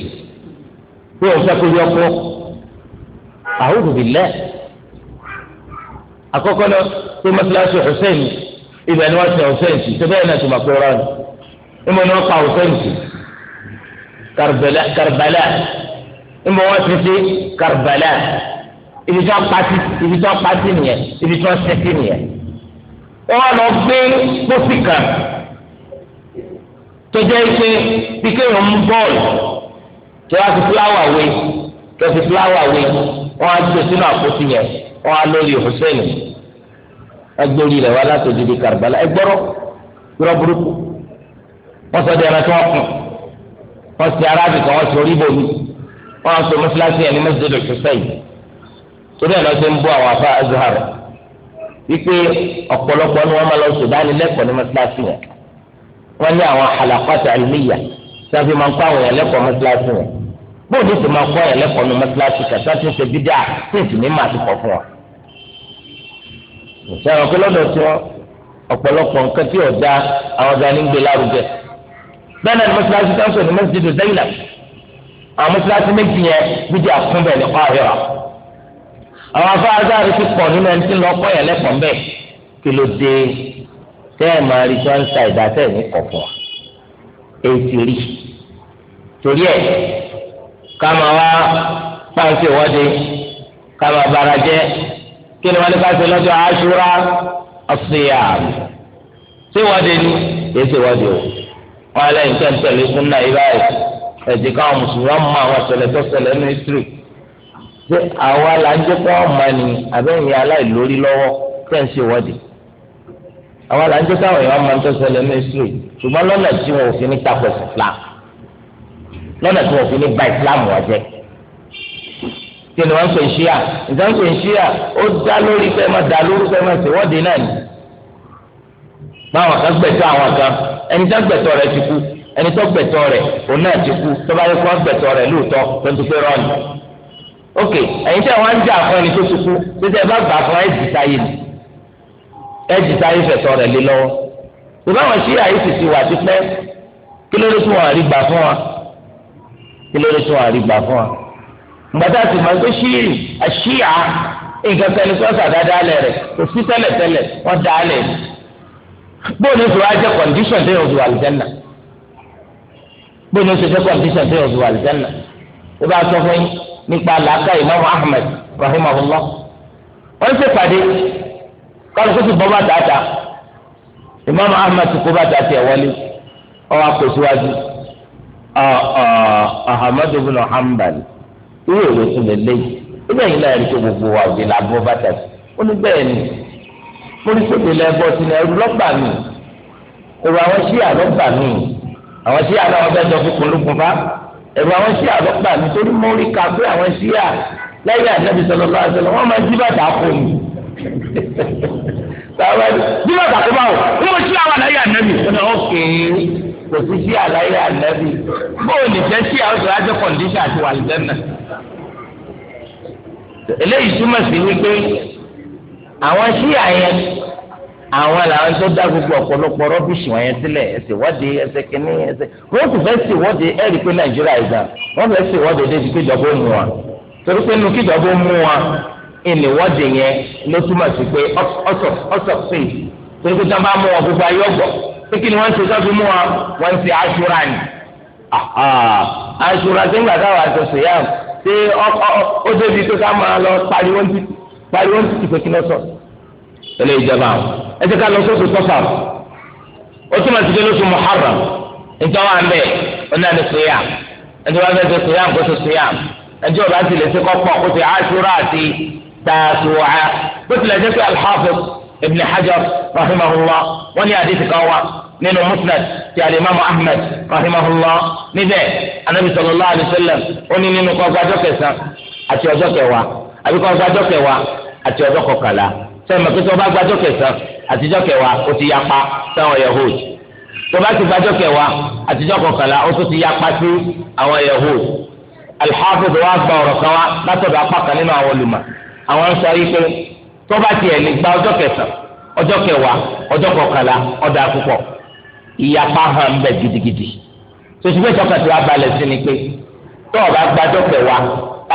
S1: pé o fẹ́ kó yọ kó a'udhu billah àkọ́kọ́ náà pé mọ́tíláṣí Hussein ibẹ̀ ni wọ́n ti Hussein sí tẹ́fẹ́ yẹn náà ti máa pé rán ni ìmọ̀ ni wọ́n pa Hussein sí Karbala Karbala ìmọ̀ wọ́n ti sí Karbala ibi tí wọ́n pati ibi tí wọ́n pati nìyẹn ibi tí wọ́n sẹ́tì nìyẹn. wọ́n lọ gbé pósí kan tó jẹ́ pé bí kéèyàn mú bọ́ọ̀lù tó wá sí fúláwà wé tó sí fúláwà wé wọ́n á gbé sínú àpótí yẹn wọ́n á lórí Hussein agbórí rẹ̀ wá láti òjijì Karbala ẹgbọ́rọ̀ gbọ́rọ̀ burúkú wọ́n sọ di ẹran tí wọ́n kùn
S3: wọ́n sì arábìkan wọ́n sì orí bòmí
S1: wọ́n sọ mọ́sálásí yẹn ní mọ́sálásí torí ẹ̀ lọ sí ń bọ́ àwọn afa azhar wípé ọ̀pọ̀lọpọ̀ ni wọ́n máa lọ sùn dání lẹ́kọ̀ọ́ ní mọ́sálásí wọn wọ́n ní àwọn halaqat ilmiya tí wọ́n fi máa ń kọ́ àwọn yẹn lẹ́kọ̀ọ́ mọ́sálásí wọn bóun ní sì máa kọ́ yẹn lẹ́kọ̀ọ́ ní mọ́sálásí kàtà tí ń ṣe bídà tí ń sì ní máa ti kọ̀ fún wọn. ìṣẹ́wọ̀n pé lọ́dọ̀ tí wọ́n ọ̀pọ̀lọpọ̀ nǹkan tí ọ̀dà
S3: àwọn afáàzáàrí ti pọ̀ nínú ẹni tí ń lọ kọ́ yẹn lẹ́kọ̀ọ́ mbẹ́
S1: kí ló dé tẹ́ ẹ̀ máa rí sọ́ńtà ìdásẹ́ ní kọ̀ọ̀kan wa èyí ti rí torí ẹ̀
S2: ká máa wá pàǹsì ìwọ́de
S1: ká máa bára jẹ́ kí ni wọ́n ní ká ṣe lọ́jọ́ àṣúra ọ̀sìyà ṣé ìwọ́de ni èyí ṣe ìwọ́de o wọn lẹ́yìn tẹ́ǹtẹ̀lẹ́ fún náà ibà ẹ̀ ẹ̀jẹ̀ káwọn mùsùlùmí wọn mú àwọn ṣẹlẹ̀ tó ṣẹlẹ̀ ní history ṣé àwa la ń jẹ́ kó ọmọ ni àbẹ́yìn aláìlórí lọ́wọ́ tẹ̀ ń ṣe wọ́de àwa la ń jẹ́ káwọn èèyàn máa ń tọ́sẹ̀lẹ̀ ní ìṣúlẹ̀ ṣùgbọ́n lọ́nà tí wọn ò fi ní takò Islam lọ́nà tí wọn ò fi ní ba Islam wà jẹ́ kí ni wọ́n ń pè ń ṣíà ìjà ń pè ń ṣíà ó dá lórí pé máa dá lórí pé máa ṣèwọ́de náà ni báwọn kan gbẹ̀tọ́ àwọn kan ẹni tó ok ẹ̀yin tẹ́ wọ́n ń jà fún ẹni tó ti kú títí ẹ bá gbà fún ẹ̀jì táyé ni ẹ̀jì táyé fẹ̀tọ́ rẹ̀ lé lọ́wọ́ ìbáwọn sí àyèsí ti wà tipẹ́ kí ló dé tí wọ́n àrí gbà fún wa kí ló dé tí wọ́n àrí gbà fún wa gbàtà sì máa gbé ṣíì àṣìyà nǹkan tẹni tó ṣàdá dálẹ̀ rẹ̀ kò sí tẹ́lẹ̀ tẹ́lẹ̀ wọ́n dálẹ̀ ni bóòlù ìṣòro ajẹ́ kọ̀ǹdíṣọ̀n tẹ́yọ̀ ọ̀dùn àlùjẹ́nà bóòlù ìṣòro ajẹ́ kọ̀ǹdíṣọ̀n tẹ́yọ̀ ọ̀dùn àlùjẹ́nà ìbá nípa làákà imam ahmed rahimahullah wọ́n ṣe pàdé kálukú ti bọ́ bàtà ta imam ahmed ti kó bàtà tiẹ̀ wọlé ọwọ́ akọ̀síwájú ahmadu bin hanbal irú èrò tún lè léyìí ibẹ̀ yìí náà rí pé gbogbo wa òde la bọ́ bàtà sí ó ní bẹ́ẹ̀ ni mo ní sèpè lẹ́bọ̀ sínú lọ́gbà mi èrò àwọn ṣíà lọ́gbà mi àwọn ṣíà náà wọ́n bẹ́ẹ̀ jọ fún kùnlùkùn fáà ẹ̀rù àwọn ṣíà lọ́gbà nítorí mo rí ka pé àwọn ṣíà lẹ́yìn ànábì sọ̀rọ̀ lọ́wọ́ sọ̀rọ̀ wọ́n máa ń jí bàtà kù mí. jí bàtà kù báwo wọ́n ṣíà wà lẹ́yìn ànábì. ọ̀kẹ́ kò sí ṣíà lẹ́yìn ànábì bóò lè jẹ́ ṣíà ó sọ̀rọ̀ ajẹ́ kọ̀ǹdíṣà àti
S2: wàlìjẹ́nà. eléyìí túmọ̀ sí wípé àwọn ṣíà yẹn àwọn làwọn tó dá gbogbo
S1: ọ̀pọ̀lọpọ̀ rọ́bìṣì wọn yẹn sílẹ̀ ẹsẹ̀ wọ́de ẹsẹ̀ kìíní ẹsẹ̀ wọ́n kò fẹ́ sì wọ́de ẹ̀rí pé nàìjíríà ìgbà wọ́n fẹ́ sì wọ́de débi pé ìjọba ó mú wa torí pé inú kí ìjọba ó mú wa ìní wọ́de yẹn ló túmọ̀ sí pé ọ̀sọ̀ pé torí pé táwọn bá mú wọn gbogbo ayé ọ̀gbọ̀ pé kí ni wọ́n ń ṣe sọ́ọ́ fi mú wa wọ́n ń ṣe aṣura ilé ìjọba àwọn ẹsẹ ká lọ sóṣù sọfà ó túmọ̀ sí pé lóṣù muharram nítorí wà ń bẹ̀ ó náà ní sèyà ẹjọ́ bá fẹ́ ṣe sèyà kó ṣe sèyà ẹjọ́ bá ti lè ṣe kọ́kọ́ kó ṣe àṣúrà àti tàṣùwà bó tilẹ̀ jẹ́ pé al-Hafiz ibn Hajar rahimahullah wọ́n ní àdìsí kan wá nínú musnad ti alimami ahmed rahimahullah níbẹ̀ anabi sallallahu alayhi wa sallam ó ní nínú kọ́ ọjọ́ àti ọjọ́ kẹwàá àbíkọ́ ọjọ́ àti ọjọ́ kọkànlá sẹ́yìn mọ̀ pé tí wọ́n bá gbàjọ́ kẹsàn àtijọ́ kẹwàá ó ti yapa sáwọn yahood tó bá ti gbàjọ́ kẹwàá àtijọ́ kọkànlá ó tún ti yapa sí àwọn yahood alḥafiz wa gba ọ̀rọ̀ kan wa látọ̀dọ̀ apá kan nínú àwọn olùmọ̀ àwọn ń sọ yìí pé tó bá tiẹ̀ lè gba ọjọ́ kẹsàn ọjọ́ kẹwàá ọjọ́ kọkànlá ọ̀dà púpọ̀ ìyapa hàn ń bẹ̀ gidigidi sosùgbẹ́ sọ́kàtì wa balẹ̀ sí ni pé tó o bá gbàjọ́ kẹwàá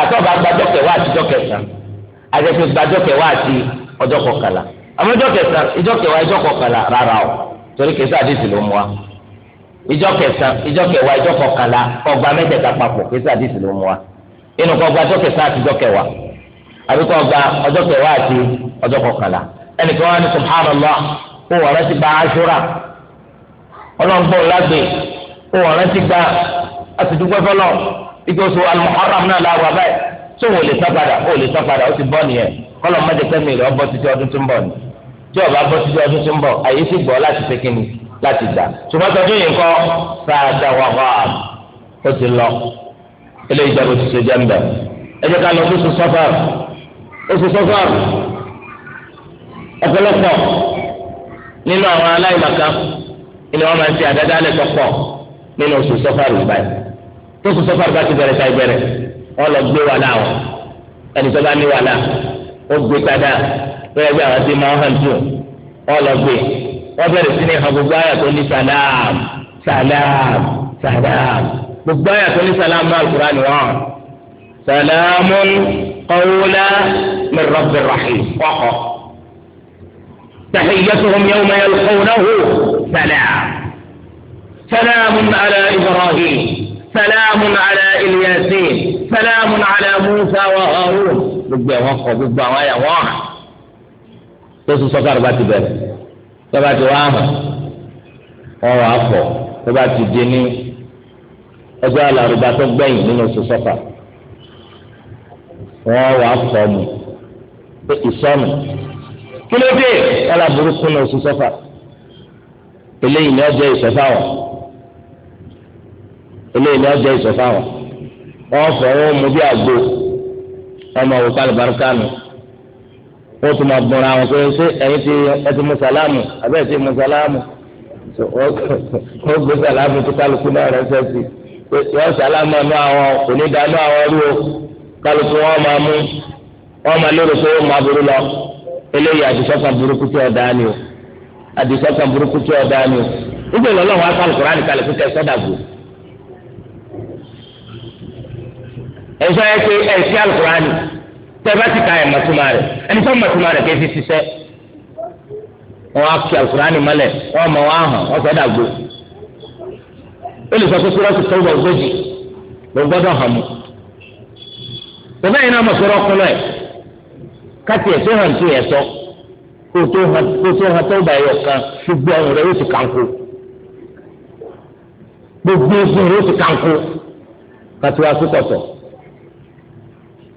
S1: àti àtijọ́ kẹsàn àti tó o àti Ọjọ kọkànlá àmọ́ ìjọ kẹta ìjọ kẹwàá ìjọ kọkànlá rárá o torí kẹsà àdìsí ló mú wa ìjọ kẹta ìjọ kẹwàá ìjọ kọkànlá ọgbà àdìsí ló mú wa inú kọ gba àti ìjọ kẹwàá àbí kọ gba kẹwàá àti kọkànlá wà ní subhanallah wọn rántí gba lágbè wọn rántí gba fọlọ́ ìgbésùn kọ́lọ̀ má dẹ́kẹ́ mi rẹ̀ ọ bọ́ títí ọdún tó ń bọ̀ ni tí ọba bọ́ títí ọdún tó ń bọ̀ àyè sì gbọ́ láti ṣe kíni láti gbà ṣùgbọ́n tọdún yìí kọ́ sáadà wà wà ó ti lọ eléyìí jẹ́ bó ti ṣe jẹ́ ń bẹ̀ ẹ jẹ́ ká lọ oṣù sọ́fàr oṣù sọ́fàr ọ̀pọ̀lọpọ̀ nínú àwọn aláìmọ̀ká ni wọ́n máa ń ṣe àdádálẹ̀ tó pọ̀ nínú oṣù sọ́fàr báyìí tó oṣù sọ́fàr bá ti bẹ̀rẹ̀ ta ìbẹ̀rẹ̀ wọ́n lọ gbé wàhálà wọn ẹni bá ní wàhálà ogbe gbé padà bẹ́ẹ̀ bí àwọn ti máa hàn tó wọ́n lọ gbé wọ́n bẹ̀rẹ̀ sí ní hàn tó ní sàlám sàlám sàlám gbogbo àyà tó ní sàlám náà Al-Qur'an ni wọ́n sàlámùn qawla min rabbir rahim kọ́kọ́ tahiyyatuhum yawma yalqawnahu sàlám sàlámùn ala Ibrahim sàlámùn ala ilyasin. sẹlẹ̀mù nàlẹ́ musa wà ọ̀hún gbogbo ẹ̀ wọ́n kọ gbogbo àwọn àyà wọ́n hàn tó sùn sọ́kà ló bá ti bẹ̀rẹ̀ tó bá ti wá hàn ọ̀rọ̀ àpọ̀ tó bá ti di ní ẹgbẹ́ alárùbá tó gbẹ̀yìn nínú sùn sọ́kà wọ́n wà pọ̀ mu pé ìsọ́nù
S2: kí ló dé ọ̀là burúkú nínú
S1: sùn sọ́kà eléyìí ni ọjọ́ ìsọ̀fà wọn eléyìí ni ọjọ́ ìsọ̀fà wọn. wọ́n sọ wọ́n mú bí àgbo ọmọ òkú alùbáríkà nù wọ́n tún máa gbọ́nra àwọn pé ṣé ẹ̀yin ti ẹ ti mú sàlámù ti mú sàlámù gbé sàlámù tó kálukú náà sàlámù àwọn onídàánú àwọn o kálukú wọn máa mú wọn máa lérò pé wọn máa burú lọ eléyìí àdìsọ́kàn burúkú tí ọ̀dà ni o àdìsọ́kàn burúkú tí o kálukú gbòó. ẹ̀sọ́ yẹ pé ẹ̀sí alukurani tẹ bá ti ka ẹ̀ mọ̀túmọ̀ rẹ̀ ẹni tó mọ̀túmọ̀ rẹ̀ kéfì ṣiṣẹ́ wọn á fi alukurani mọ́lẹ̀ wọn mọ̀ wọn hàn wọn fẹ́ dàgbò ó lè sọ pé sọ́dọ̀ tó wọ ogójì ló gbọ́dọ̀ hàn mú bàbá yìí náà mọ̀ sọ́dọ̀ kúnlọ ẹ̀ káti ẹ̀ tó hàn tó yẹ sọ kó tó hàn tó bá yọ kan gbogbo ọ̀run rẹ̀ yóò ti kanko gbogbo ọ̀run rẹ̀ yóò ti kanko kàtúwà sókòtò.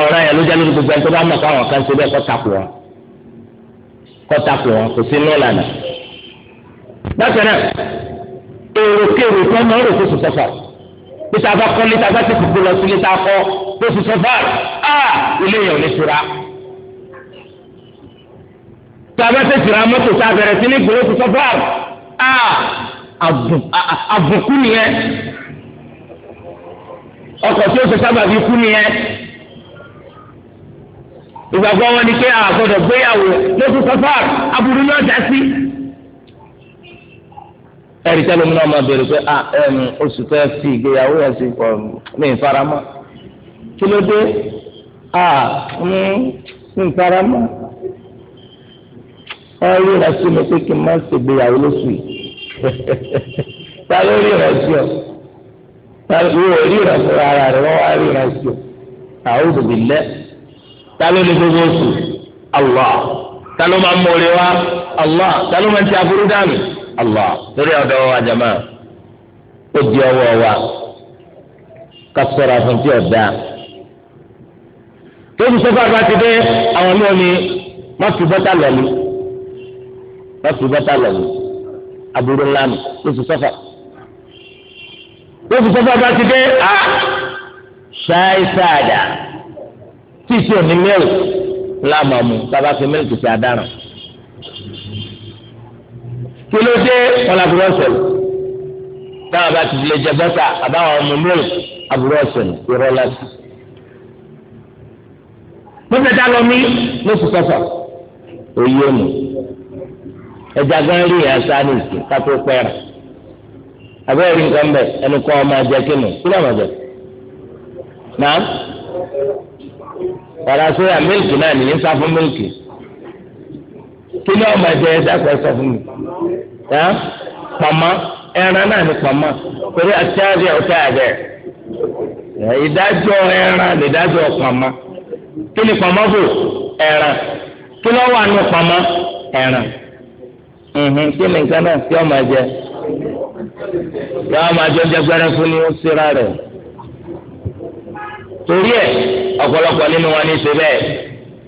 S1: ọ̀ràn yẹn ló jẹ́ lórí gbogbo ẹni tó bá mọ̀ káwọn kan ṣe bẹ́ẹ̀ kọ́ takò wọn kọ́ takò wọn kò sí nù lànà. bákan náà èrò kéèrò tó ń lọ rò kó sùn sọ́fà pété abá kọ́ létí abá ti kúkú lọ sí létí akọ́ kó sùn sọ́fà á ilé yẹn ò ní tura. tó abá ti tìrà mọ́tò tá a bẹ̀rẹ̀ sí ní gbòòrò sùn sọ́fà á àbùkù nìyẹn ọkọ̀ tí ó sábà fi kú nìyẹn ìgbàgbọ́ wọn ni pé àgbọ̀dọ̀ gbéyàwó lóṣù sọ́fà aburú náà já sí. ẹ̀rí tẹ́lẹ̀ mi náà máa bèrè pé oṣù tó yẹ fi ìgbéyàwó yẹn sí mi ìfaramọ́ kí ló dé mi ìfaramọ́ wọ́n rí ìrẹsì mi pé kí n má ṣègbéyàwó lóṣù yìí ta ló rí ìrẹsì ọ ta ló rí ìrẹsì rárá rẹ wọ́n wá rí ìrẹsì ọ àwọn òbí lẹ́ẹ̀ ta ló ní gbogbo oṣù allah ta ló máa ń mọ̀ọ́lẹ́ wa allah ta ló máa ń ti aburú dànù allah lórí ọ̀dọ́ wa jama ó di ọwọ́ wa ká sọ̀rọ̀ àfọ̀n tí ọ̀dà tóbi sọ́kà bá ti dé àwọn ọmọ mi má fi bọ́tà lọ́lú má fi bọ́tà lọ́lú aburú ńlá mi lóṣù tóbi sọ́kà bá ti dé a ah, ṣáì sáàdà tí ìṣe òní mílìkì ńlá máa mú a bá fi mílìkì sí adáran kí ló dé ọlọ́dúnrún sọ̀rọ̀ táwọn bá ti lè jẹ bọ́tà àbáwọn ọmọ mílìkì àbúrò ọ̀sẹ̀ ìrọ̀ lásì. pọ́sẹ̀ tá a lọ mí ló ti sọ̀fọ̀ òye mu ẹja gan rí ẹ̀sán ní ìsìn kátó pẹ́ẹ́rẹ́ abẹ́rẹ́ nǹkan bẹ̀ ẹnu kọ́ ọmọ ajẹ́ kínú kí ló máa jẹ náà
S2: ọ̀rọ̀ sóyà mílìkì náà nìyí sá fún
S1: mílìkì kí ni ọmọ ẹ̀jẹ̀ ẹ̀dá kan sọ fún mi ẹ̀ pàmò ẹran náà ní pàmò torí àti àbẹ̀ ọ̀tá àbẹ̀ ìdájọ́ ẹran nìdájọ́ pàmò kí ni pàmò bò ẹran kí ló wà ní pàmò ẹran kí ni nǹkan náà kí ọmọ ẹ̀jẹ̀ yọ ọmọ ẹ̀jẹ̀ ọjọ́ gbẹrẹ fún ni ó síra rẹ̀
S2: torí ẹ ọ̀pọ̀lọpọ̀ nínú wọn ní í ṣe bẹ́ẹ̀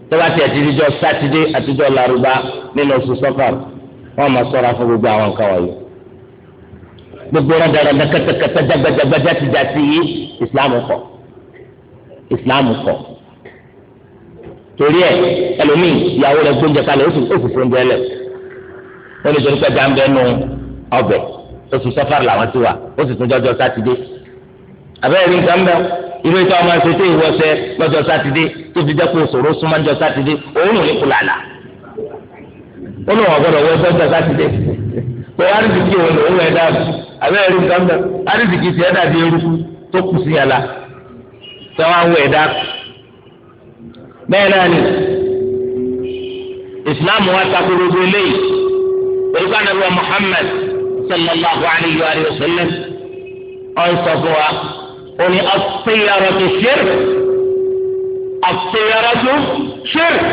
S2: tọ́ba tí àti
S1: ìjọ sátidé àtijọ́ làrúbá nínú oṣù sọ́fà wọn máa sọ́ra fún gbogbo àwọn nǹkan wọ̀nyí. gbogbo rẹ̀ dára dá kẹ́tẹ́kẹ́tẹ́ jágbájágbá játijàti yìí ìsìláàmù kọ̀ ìsìláàmù kọ̀ torí ẹ ẹlòmíì ìyàwó rẹ̀ gbóúnjẹ kalẹ̀ ó sì fóúnjẹ lẹ̀ ní sọ́dún pẹ́ẹ́jà ń bẹ́ nu ọbẹ̀ oṣù sọ́fà làwọn ti wà ó sì jọjọ sátidé àbẹ́rẹ́ irú ìtọ́ ọmọ ẹ̀sìn tó ìwọ́sẹ̀ lọ́jọ́ sátidé tó fi jẹ́ kó sòrò súnmọ́ lọ́jọ́ sátidé òórùn ní kùlàlà
S2: ó lọ́ wọ́n gbọ́dọ̀ wọ́n lọ́jọ́
S1: sátidé pé arídìkì òun lòún rẹ̀ dàbí abẹ́rẹ́ rí nǹkan bẹ́ẹ̀ arídìkì tiẹ̀ dàbí eruku tó kù sí yàrá tí wọ́n á wọ ẹ̀dá bẹ́ẹ̀ náà ni ìsìláàmù wa ta gbogbo eléyìí pẹ̀lú ká nàbẹ́ sallallahu alayhi wa sallam ọ̀ òní àtẹ̀yàrá tó ṣẹ́rẹ̀ àtẹ̀yàrá tó ṣẹ́rẹ̀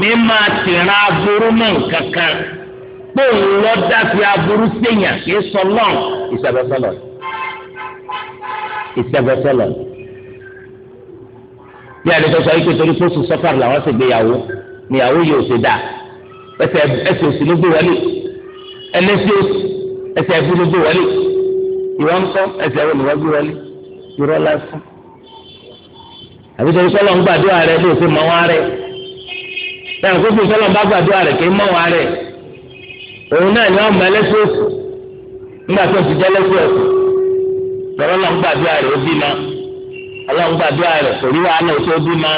S1: mi máa tẹ̀ra aburú mọ́ nǹkan kan pé òun lọ dá sí aburú sèyàn kì í sọ lọ́n ìṣẹ̀bẹ̀sọ̀lọ̀ ìṣẹ̀bẹ̀sọ̀lọ̀ bí àdéjọ sọ yìí pé torí pósù sọ́fàr làwọn sì gbéyàwó níyàwó yìí ò ṣe dáa ẹsẹ̀ ẹsẹ̀ òsì ló gbé wọlé ẹlẹ́sẹ̀ ẹsẹ̀ ẹbí ló gbé wọlé ìwọ́n ń kọ́ ẹsẹ̀ ẹwọ́n ni wọ́n gbé wọlé. irọ́ lásán àbí torí sọlọ ń gbàdúrà rẹ ló ṣe mọ wá rẹ bẹ́ẹ̀ kó fi sọlọ ń bá gbàdúrà rẹ kì í mọ wá rẹ òun náà ni wọn mọ òsì nígbà tó ti òsì lọrọ lọ ń gbàdúrà rẹ ó bí ma gbàdúrà rẹ tó bí ma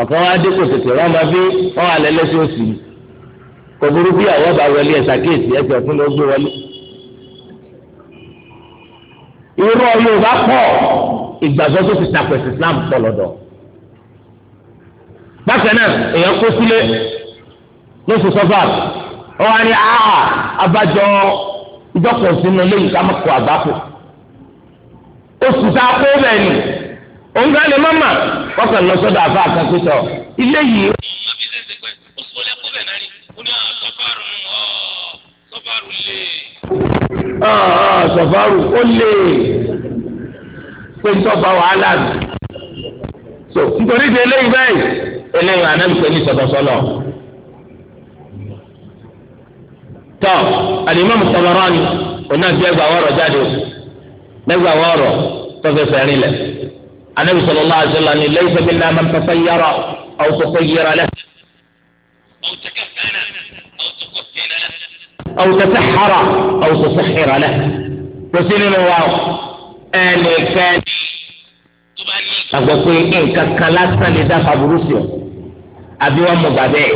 S1: ọkàn wa dé kò tètè wọn bá fi wọn wà òsì kò burú bí àwọn bá wọlé ẹsẹ fún ló gbé wọlé. irọ́ Yorùbá pọ̀ ìgbàgbọ́ tó ti takò ẹ̀sìn Islam pọ̀lọ́dọ̀. bákan náà èèyàn kó sílé ló fi sọ́fà ọ wá ní àhà abájọ ìjọpọ̀ sínú lẹ́yìn ká má kó àgbákò. oṣù tá a kó bẹ́ẹ̀ ni òun ká lè má mà wọ́n kàn lọ sọ́dọ̀ àfa àkàkùtọ̀ ilé
S2: yìí. Thank you. Ah, ah, sọ̀fàrù ó lè
S1: pé sọ́fà wàhálà mi. so nítorí ti eléyìí báyìí eléyìí ànábì pé ní sọ̀tọ̀sọ̀lọ̀. tọ́ àdìmọ́ mùsọ̀lọ́rọ́ ni oná ti ẹgbàá wọ̀rọ̀ jáde lẹ́gbàá wọ̀rọ̀ tọ́fẹ̀sẹ̀ rìn lẹ̀. ànábì sallallahu alaihi wasallam ni lẹ́yìn sẹ́mi náà máa ń tọ́fẹ́ yára ọ̀ tọ́fẹ́ yára lẹ́.
S2: ọ̀ tẹ́kẹ̀ fẹ́ràn ọ̀ tọ́kọ̀ fẹ́ràn أو تسحر أو تسحر
S1: له وسنين واو أنا كان àgbẹ̀pẹ̀ nǹkan kan lásán lè dá faburúsì ọ̀ àbí wọ́n mọ̀ gbà bẹ́ẹ̀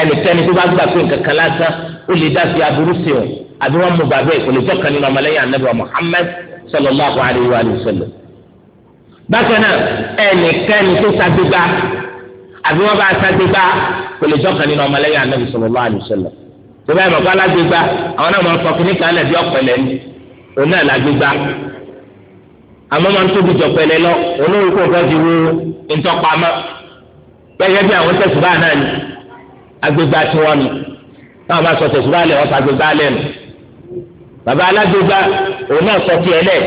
S1: ẹnikẹ́ni tó bá gbà pé nǹkan kan lásán ó lè dá fi aburúsì ọ̀ àbí wọ́n mọ̀ gbà bẹ́ẹ̀ kò lè tọ́ka nínú ọmọlẹ́yìn anabi wa sallallahu alayhi wa sallam. bákan náà ẹnikẹ́ni tó sagbégbá
S2: àbí wọ́n bá sagbégbá kò
S1: lè tọ́ka nínú ọmọlẹ́yìn anabi sallallahu alayhi wa sallam bóbá ẹ̀ mọ̀kọ́ alágbègbà àwọn náà máa ń fọkùn níta alẹ́ bí ọ̀pẹ̀lẹ̀ ni òun náà lágbègbà àmọ́ máa ń tóbi jọ̀pẹ̀lẹ̀ lọ olórí kò fẹ́ fi wo ntọ́pamọ́ gẹ́gẹ́ bí àwọn tẹ̀sùbá náà ni agbègbà tí wọ́n ni náà máa sọ tẹ̀sùbá lẹ̀ ọ̀sà agbègbà lẹ̀ nù bàbá alágbègbà òun náà sọ tiẹ̀ lẹ̀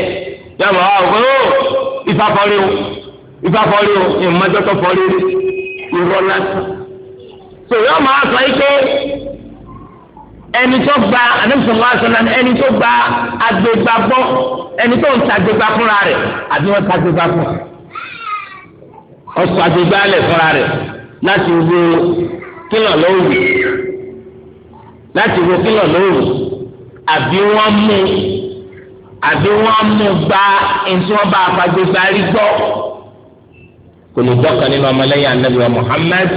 S1: yọ̀mọ̀ ẹni tó gba anamisọ̀lá sọ̀lá ẹni tó gba agbègbà gbọ́ ẹni tó ń ta agbègbà fúnra rẹ̀ àbí wọ́n ta agbègbà fún ọ̀sọ̀ agbègbà alẹ̀ fúnra rẹ̀ láti wo kílọ̀ lóòrù láti wo kílọ̀ lóòrù
S2: àbí wọ́n mú
S1: àbí wọ́n mú gba ẹni tí wọ́n bá agbègbà rí gbọ́ kò lè dọ́kan nínú ọmọlẹ́yìn anabi wa Muhammad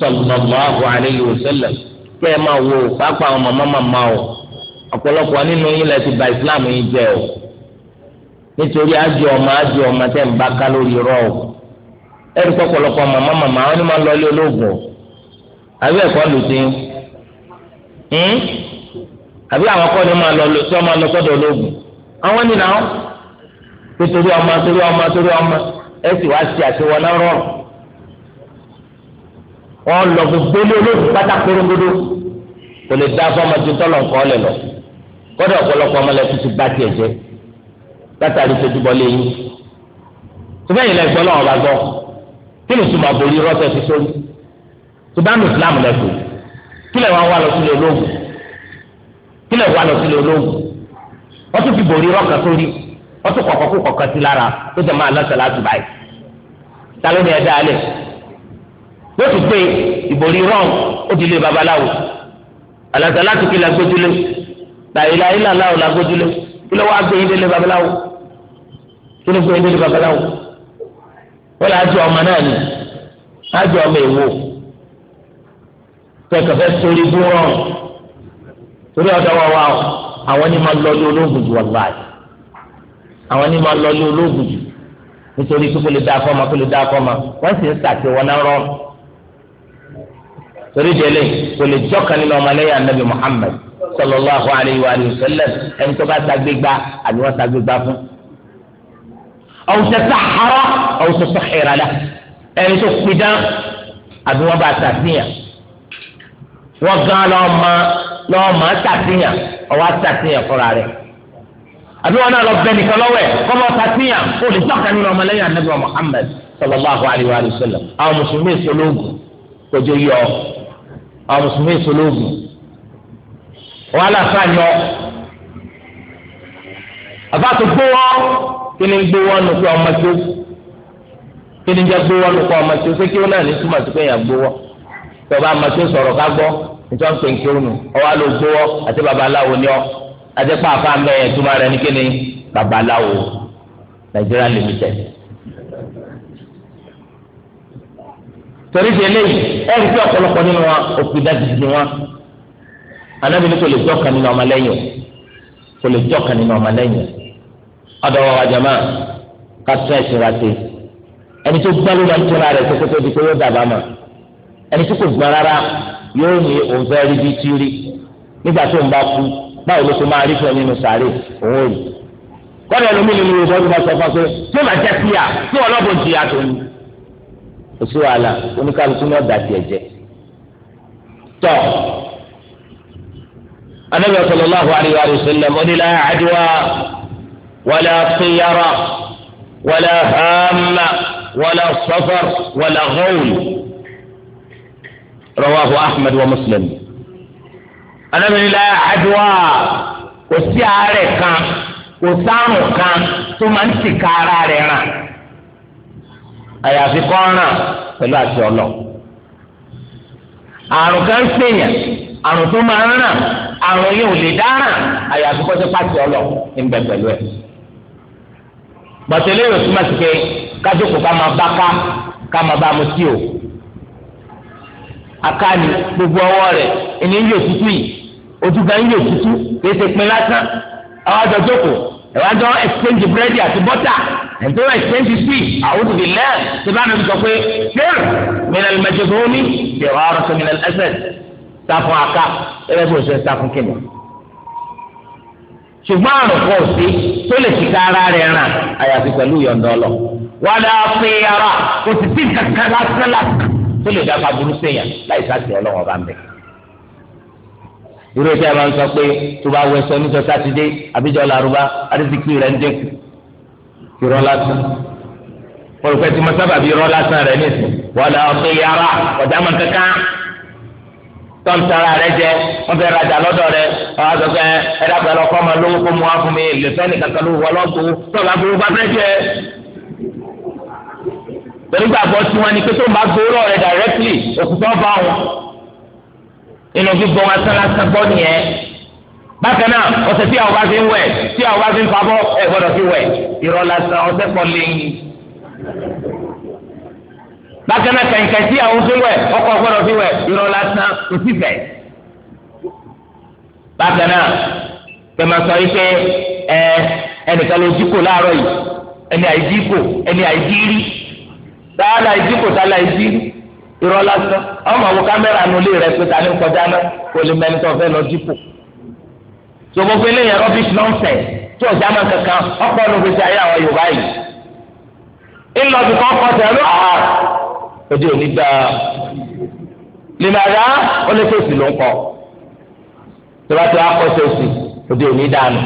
S1: sallallahu alayhi wa sallam. kẹ́ ẹ máa wo pápá àwọn màmá màmá o ọ̀pọ̀lọpọ̀ nínú yín lẹ ti yín o nítorí ájú ọmọ ájú ọmọ tẹ́ ń bá ká lórí rọ o ẹ̀rí pọ̀pọ̀lọpọ̀ màmá màmá wọn ni máa ń lọ ilé olóògùn o àbí ẹ̀kọ́ lù hmm? àbí àwọn kọ́ ni máa lọ olóògùn àwọn nìyàwó nítorí ọmọ ọmọ ọmọ sì wá sí náà rọrùn. wọn lọ gbogbo ilé olóògùn pátá korongodo kò lè dá fọmọ ju tọ́lọ̀ nǹkan ọ̀lẹ̀ lọ kọ́dọ̀ ọ̀pọ̀lọpọ̀ ọmọ lẹ́tù ti bá tiẹ̀ jẹ́ látàrí tójúbọ lẹ́yìn tùbẹ́yìn lẹ gbọ́ lọ́wọ́ bá gbọ́ kí ni tùmọ̀ borí rọ́tẹ̀ ti sórí tùbánu Islam lẹ́kù kí lẹ̀ wá wà lọ sílé olóògùn kí lẹ̀ wá lọ sílé olóògùn wọ́n tún fi borí rọ́kà sórí wọ́n tún kọ̀kọ́ kú kọ̀kọ́ sí lára tó jẹ́ máa ó tún pé ìbòrí rán ó ti lé babaláwo àlàtà láti kila lagbójúlé làyílá ilà láwo lagbójúlé kí ló wá gbé yín délé babaláwo kí ló gbé yín délé babaláwo wọ́n lè àjọ ọmọ náà ni àjọ ọmọ èwo kẹ̀kẹ́ fẹ́ sórí bú rán torí ọ̀dọ́ wa wá àwọn ni máa lọ́ọ́ lé olóògùn jù wọ́n báyìí àwọn ni máa lọ́ọ́ lé olóògùn jù nítorí kó lè dá fọ́ kó lè dá fọ́ wọ́n sì ń sàkíwọ́n náà rọrùn torí délé kò lè jọ́ka nínú ọmọlẹ́yìn anabi muhammed sallallahu alayhi wa sallam ẹni tó bá sagbégbá àbí wọ́n sagbégbá fún. ọ̀wùsẹ̀ sàhárà ọ̀wùsẹ̀ sàhíràlà ẹni tó pidán àbí wọ́n bá sàtìyàn wọ́n gan lọ́ọ̀mọ́ lọ́ọ̀mọ́ sàtìyàn ọ̀wọ́ sàtìyàn fúnra rẹ̀ àbí wọn náà lọ bẹ nìkan lọ́wọ́ ẹ̀ kọ́mọ́ sàtìyàn kò lè jọ́ka nínú ọmọlẹ́yìn anabi muhammed sallallahu alayhi wa sallam àwọn mùsùlùmí ìsológun kò jẹ́ yọ àwọn mùsùlùmí ìsolóògùn wàhálà sáàyọ àbáàtò gbówó kí ni gbówó nù pé ọmọ tó kí ni jẹ gbówó nù pé ọmọ tó ṣé kí ó náà ní túmọ̀ sí pé èèyàn gbówó tí ọba ọmọ tó sọ̀rọ̀ ká gbọ́ nítorí wọn pè ń ọwọ́ ló gbówó àti babaláwo ni ọ àti pàápàá mẹ́ẹ̀ẹ́ túmọ̀ rẹ̀ ní kí ni babaláwo Nigeria limited. torí ti eléyìí ẹ̀rí tí ọ̀pọ̀lọpọ̀ nínú wa òpìdá dìde ni wa anábì ní kò lè jọ́ kan nínú ọmọlẹ́yìn kò lè jọ́ kan nínú ọmọlẹ́yìn ọ̀dọ̀ wa jama ká tún ẹ̀sìn wa ṣe ẹni tó gbọ́n ló máa ń tóra rẹ̀ kókó di pé yóò dàbá mà ẹni tí kò gbọ́n rárá yóò ní òun fẹ́ rí bí tírí nígbà tó ń bá kú báwo ló ṣe máa rí fún nínú sàárè òun ò rí kọ́ni ẹlòmínú ni ìwé bọ́ọ̀dù bá sọ fún ọ pé tí ó máa jẹ́ síyà tí ọlọ́bùn oṣù wàhálà oníkàlùkù náà dàtí ẹ̀jẹ̀ tọ́ anabi sallallahu alayhi wa sallam onílà àdúrà wàlà tìyàrà wàlà hàmà wàlà safar wàlà ghawl rawahu ahmed wa muslim anabi onílà àdúrà kò sí àárẹ̀ kan kò sáàrùn kan tó máa ń tìka ara rẹ̀ ràn. àyàfi kọ́ ọ̀ràn pẹ̀lú àti ọlọ. àrùn kan sèyàn àrùn tó máa ń ràn àrùn yìí ò lè dáràn àyàfi kọ́ sí ọlọ ń pẹ̀lú ẹ̀. bàtẹ́lẹ́ yóò túmọ̀ sí pé ká máa bá ká ká o. akáni gbogbo ọwọ́ rẹ̀ ẹni ń yọ yìí ojú gan ń yọ òtútù pin lásán àwọn àjọ jókòó ẹ̀ńtọ́rọ̀ twenty six àwùjọ bíi lẹ́ẹ̀ tí bá mi sọ pé fẹ́rẹ̀ mìíràn mẹ́tẹ́gbọ́n ní ìwà ọ̀rọ̀ sọ mìíràn ẹsẹ̀ sá fún aká ẹgbẹ́ bó ṣe sá fún kìnnìún. ṣùgbọ́n àrùn kan ò sí tó lè fi ká ara rẹ̀ ràn àyàfi pẹ̀lú ìyọ̀ǹdọ́ lọ. wọ́n dá pé ara kò sì sí kankan lásán tó lè dáfa burú séèyàn láì sáàtì ọlọ́wọ́n bá ń bẹ̀. ìrètí ẹ̀ sọ pé tó bá wọ irọ́ lásán wọ́n fẹ́ ti mọ sábàbí irọ́ lásán rẹ̀ nísìn wọ́n lọ pé yàrá ọ̀dà mọ̀ kankan tọ́ntara rẹ jẹ wọ́n fẹ́ rajà lọ́dọ̀ rẹ ọ̀hún sọ pé ẹ̀dá pẹ̀lú ọkọ ọmọ lówó kó mu wá fún mi lè fẹ́ nìkan ló wọ lọ́gbó tọ́lá gbogbo bá fẹ́ jẹ pẹ̀lú gbàgbọ́ tí wọ́n ní pé tó ń bá gbowó rẹ̀ directly òkùtọ́ bá wọn inú gbígbọ́ wọn sálásán gbọ́ nìyẹn bákan náà ọṣẹ tí àwọn bá fi ń wẹ̀ tí àwọn bá fi ń fabọ́ ẹ gbọ́dọ̀ fi wẹ̀ irọ́ lásán ọṣẹ pọ̀ lẹ́yìn bákan náà kẹ̀kẹ́ tí àwọn fi ń wẹ̀ ọkọ̀ gbọ́dọ̀ fi wẹ̀ irọ́ lásán kò sí fẹ̀
S3: bákan náà tẹmọ sọ yìí pé ẹ ẹnìkan ló jí kò yìí
S1: ẹni àìjí ẹni àìjí tààlà àìjí tààlà àìjí rí irọ́ ọmọ àwọn kámẹ́rà nulẹ̀ rẹ pé ta ni kọjá náà kò lè mẹ́ni tó fẹ́ lọ jí so gbogbo eléyìí rubbish nonsense tí o jáma kankan ọkọ ló fi ṣe ayé àwọn yorùbá yìí
S2: ńlọbi kan kọ tẹlẹ ọ ah,
S1: ojú ò ní gbà lìmàdá ó lè fèsì ló ń kọ tọ́ba tí wàá kọ́ sẹ́sì ojú ò ní dànù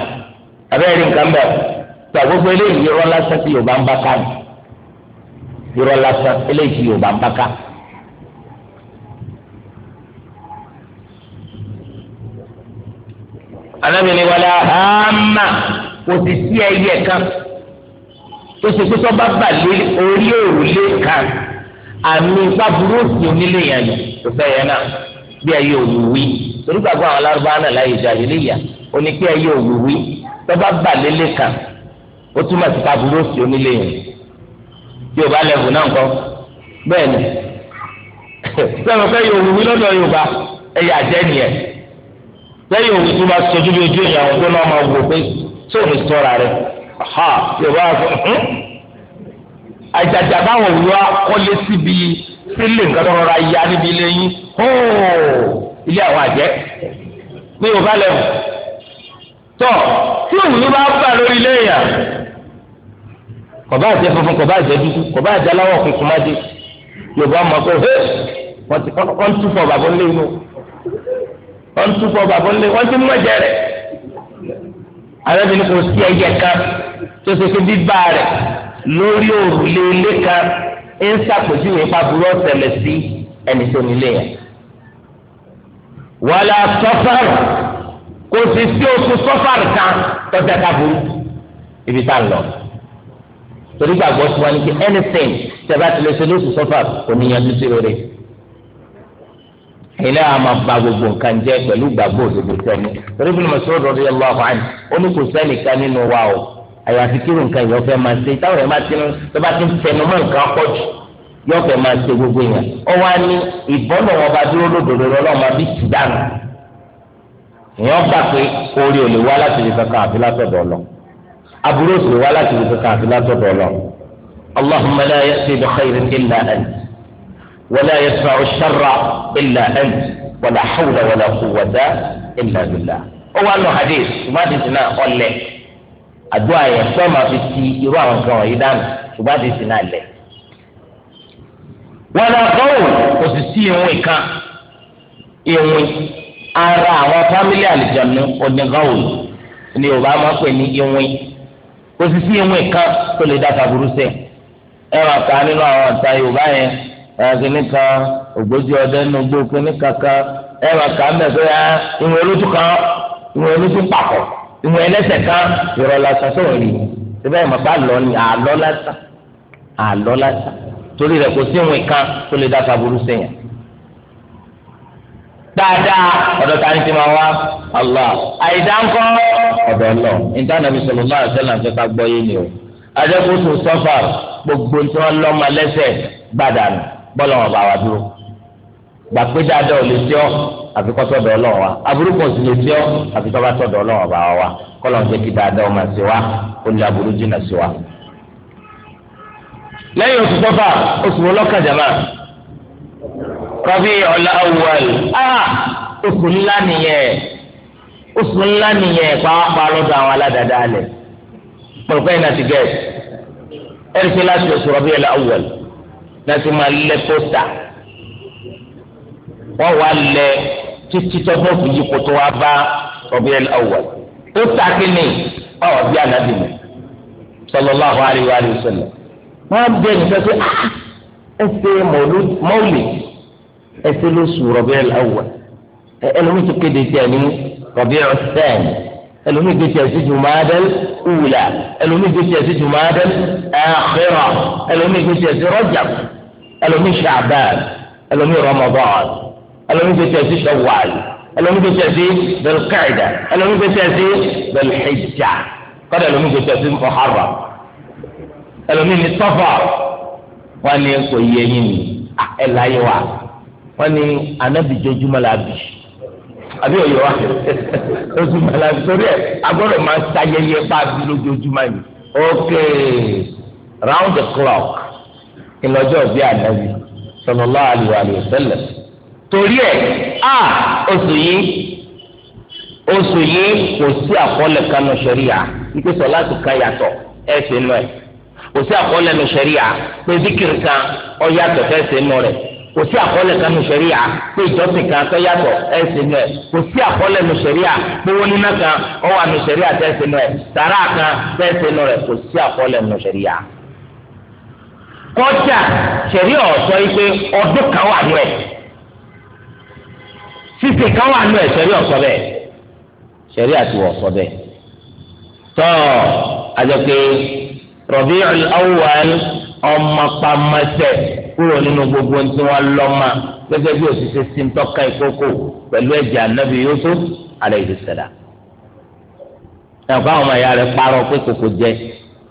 S1: abẹ́rẹ́ rí nǹkan bẹ̀ tó gbogbo eléyìí irọ́ lásán tí yorùbá ń bá ká ni irọ́ lásán eléyìí tí yorùbá ń bá ká anábìnrin wàlá hàmà kò sì sí ẹyẹ kan tó ṣe pé sọ́ba bà lé orí òrùlé kan àmì ìpàbùrù òsì onílé yẹn ni kò fẹ́ yẹn náà bí ẹyẹ òwúwí torí gbàgbọ́ àwọn alárúbáwá náà láyé ìjàlélẹ́yà ó ní pé ẹyẹ òwúwí sọ́ba bà lélé kan ó túmọ̀ sí ìpàbùrù òsì onílé yẹn yorùbá lẹ́bù náà kọ́ bẹ́ẹ̀ ni sọ́ba fẹ́ yẹ òwúwí lọ́dọ̀ yorùbá ẹ̀yà jẹ́ nìyẹn lẹ́yìn
S3: òun tó bá sojú bí ojú ìyàwó tó náà máa wò pé tó ní sọ́ra rẹ̀ ha yorùbá fún hmm? àjàjà báwọn òwúrọ̀ akọ́lé
S2: síbi sílẹ̀
S1: nǹkan tó rọra ya níbi ilé yín hóò ilé àwọn àjẹ́ ní yorùbá lẹ́wù
S2: tọ́ tí òwúrọ̀ bá bà lórí ilé yà
S1: kọ̀bá àjẹ́ funfun kọ̀bá àjẹ́ dúdú kọ̀bá àjẹ́ aláwọ̀ funfun má dé yorùbá mọ̀ pé wọ́n ti kọ́ ń túfọ̀ bàbá wọ́n tún fọ bàbá ńlẹ̀ wọ́n ti mọ̀ jẹ́rẹ̀
S2: arábìnrin kò sí ẹyẹ kan
S1: tó ṣe pé bíbá rẹ̀ lórí òrùlé ilé kan ń ṣàpèjúwe pàbúrò ọ̀sẹ̀lẹ̀ sí ẹni tó nílé yẹn. wàlá sọ́fàrù kò sì sí oṣù sọ́fàrù kan tọ́jà kábúrú ibi tá a lọ
S3: torí gbàgbọ́ sí wa ní kí anything tẹ̀ bá tilẹ̀ ṣe lóṣù sọ́fàrù kò
S1: níyanjú sí rere ilé àmà ba gbogbo nǹkan jẹ pẹ̀lú gbàgbọ́ òdodo sẹ́ni torí bí Mas'ud radiyallahu anhu ó ní kò sẹ́ni kan nínú wa o àyàfi kí nǹkan yọ fẹ́ máa ṣe táwọn ẹ̀ máa ti ní tó bá ti ń tẹnu mọ́ nǹkan pọ̀ jù yọ fẹ́ máa ṣe gbogbo yẹn ó wá ní ìbọ́nà ọba dúró lódodo lọ́mọ bí ti dànù gbà pé orí ò lè wá láti ibi kankan àfi látọ̀dọ̀ lọ aburú ò sì wá láti ibi kankan àfi látọ̀dọ̀ lọ Allahumma la ya'ti bi khayrin illa anta ولا يدفع الشر إلا أنت ولا حول ولا قوة إلا بالله هو أنه حديث ما تسمع قل لك الدعاء يسمع في التي يروى كما يدان تسمع لك ولا قول وسيسي ويكا ìwìn ara àwọn fámílì àlìjẹnu onígáwòlù ni yorùbá máa ń pè ní ìwìn kò sì sí ìwìn kan tó lè dá faburú sẹ ẹ wà ká nínú àwọn ọ̀tá yorùbá yẹn ẹ̀kíní kan ògbójú ọdẹ nínú gbó kíní kankan ẹ̀ máa kà ya. elu ìwọ̀n olójú kan ìwọ̀n olójú pàkọ́ ìwọ̀n ẹlẹ́sẹ̀ kan ìrọ̀ lásán síbẹ̀ bá lọ ni àlọ́ lásán àlọ́ lásán torí rẹ̀ kò sí ìwọ̀n kan tó lè dá saburú sẹ́yìn dáadáa ọ̀dọ̀ tani ti máa wá àìdá ńkọ́ ọ̀dọ̀ ìtànàbí bọ́lá wọn bá wa dúró gbàgbé dáadáa ò lè tí ọ àfi kọ́ sọ́dọ̀ ọlọ́run wa aburú kan sì lè tí ọ àfi tọ́ bá sọ́dọ̀ ọlọ́run bá wa kọ́lọ̀ ń jẹ́ kí dáadáa ọmọ sí wa ó lè aburú jìnnà sí wa. lẹ́yìn oṣù sọ́fà oṣù ọlọ́kàjàmá Rabi'ul Awwal ah! oṣù ńlá nìyẹn oṣù ńlá nìyẹn pàápàá lọ́dọ̀ àwọn aládàáda alẹ̀ pọ̀lùpẹ́ yìí náà ti
S2: gẹ̀ẹ́sì
S1: ẹ̀rí náà sì máa lẹ pósítà wọ́n wá lẹ títí tọ́gbọ́n òfìjì kò tó wá bá Rabiul Awwal pósítà kínní ọ̀ bí ànábì mi sallallahu alayhi wa sallam wọ́n bẹ nìkan pé ẹsẹ mọlì ẹsẹ lóṣù Rabiul Awwal ẹlòmíì tó kéde tiẹ̀ ní Rabiul Thani ẹlòmíì gbèsè ẹsẹ Jumadal Ula ẹlòmíì gbèsè ẹsẹ Jumadal Akhira ẹlòmíì gbèsè ẹsẹ Rajab ẹlòmí ṣàbẹ́ẹ̀n ẹlòmí rọmọbọ́ọ̀n ẹlòmí fẹsẹ̀ sí ṣọwàl ẹlòmí fẹsẹ̀ sí bẹlkẹ́ẹ̀dà ẹlòmí fẹsẹ̀ sí bẹlẹ́jà kọ́dà ẹlòmí fẹsẹ̀ sí mọ̀hárà ẹlòmí ní tọ́fà wọn ni kò yẹ yín ni ẹ láyé wa wọn ni anábìjọ́júmọ́ la bì àbí òye wa ojúmọ́ la bì torí ẹ agbọ́dọ̀ máa ń sayẹyẹ bá a bí lójoojúmọ́ yìí ok round the clock ìlọjọ òbí ànábì sallallahu alaihi wa sallam
S2: torí ẹ a oṣù
S1: yìí oṣù yìí kò sí àkọọ́lẹ̀ kanu sẹríà ike sọlá tó ká yàtọ̀ ẹ ṣe nù ẹ kò sí àkọọ́lẹ̀ nu sẹríà pé zikiri kan ọ yàtọ̀ fẹ ṣe nù rẹ kò sí àkọọ́lẹ̀ kanu sẹríà pé ìjọsìn kan tó yàtọ̀ ẹ ṣe nù ẹ kò sí àkọọ́lẹ̀ nu sẹríà pé wọn nínú kan ọ wà nu sẹríà tẹ ṣe nù ẹ sàrà kan tẹ ṣe nù rẹ kò sí àkọọ́lẹ̀ nu sẹríà kọjá sẹ̀rí ọ̀sọ́ yìí pé ọdún kan wà nù ẹ̀
S2: sísè kan wà nù ẹ̀ sẹ̀rí ọ̀sọ́ bẹ́ẹ̀
S1: sẹ̀rí àti ọ̀sọ́ bẹ́ẹ̀ tọ́ àjọké Rabi'ul Awwal ọmọpamọsẹ̀ kúrò nínú gbogbo tí wọ́n lọ́mọ gẹ́gẹ́ bí òṣìṣẹ́ sí ń tọ́ka ìkókò pẹ̀lú ẹ̀jẹ̀ ànábì Yusuf alayhi salam ẹ̀ka àwọn ọmọ ìyá rẹ̀ parọ́ pé kòkò jẹ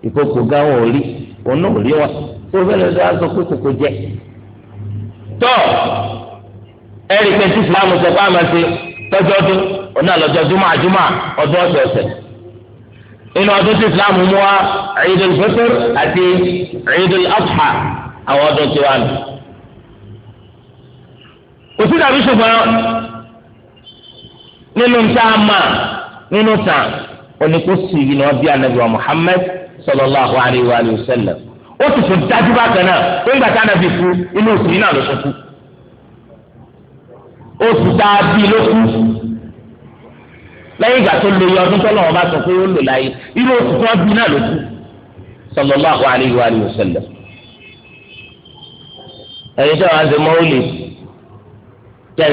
S1: ìkókò gáwọn ò rí òun náà ò rí wọn òfin ló sọ sọ pé kòkò jẹ tọ ẹrí pé tí ìsìlámù sọ pé àmà ṣe tọjọ ọdún ọdún àlọjọ júmọ àjúmọ ọdún ọ̀sẹ̀ ọ̀sẹ̀ inú ọdún tí ìsìlámù mú wa Eidul Fitr àti Eidul Adha àwọn ọdún tí wà nù. òsì tàbí ṣùgbọ́n nínú tá a mà nínú tàn oníkó sì yìí ni wọ́n bí anabi wa sallallahu alayhi wa sallam ó sì tún dájú bákan náà pé ńgbà tí ànábì kú inú oṣù yìí náà ló tún kú oṣù tá a bí ló kú lẹ́yìn ìgbà tó lè yọ ọdún tó lọ́wọ́ bá sọ pé ó lò láyé inú oṣù tó bí náà ló kú sallallahu alayhi wa alihi wa sallam ẹ̀yin tí wọ́n ṣe mọ́wúlì tẹ̀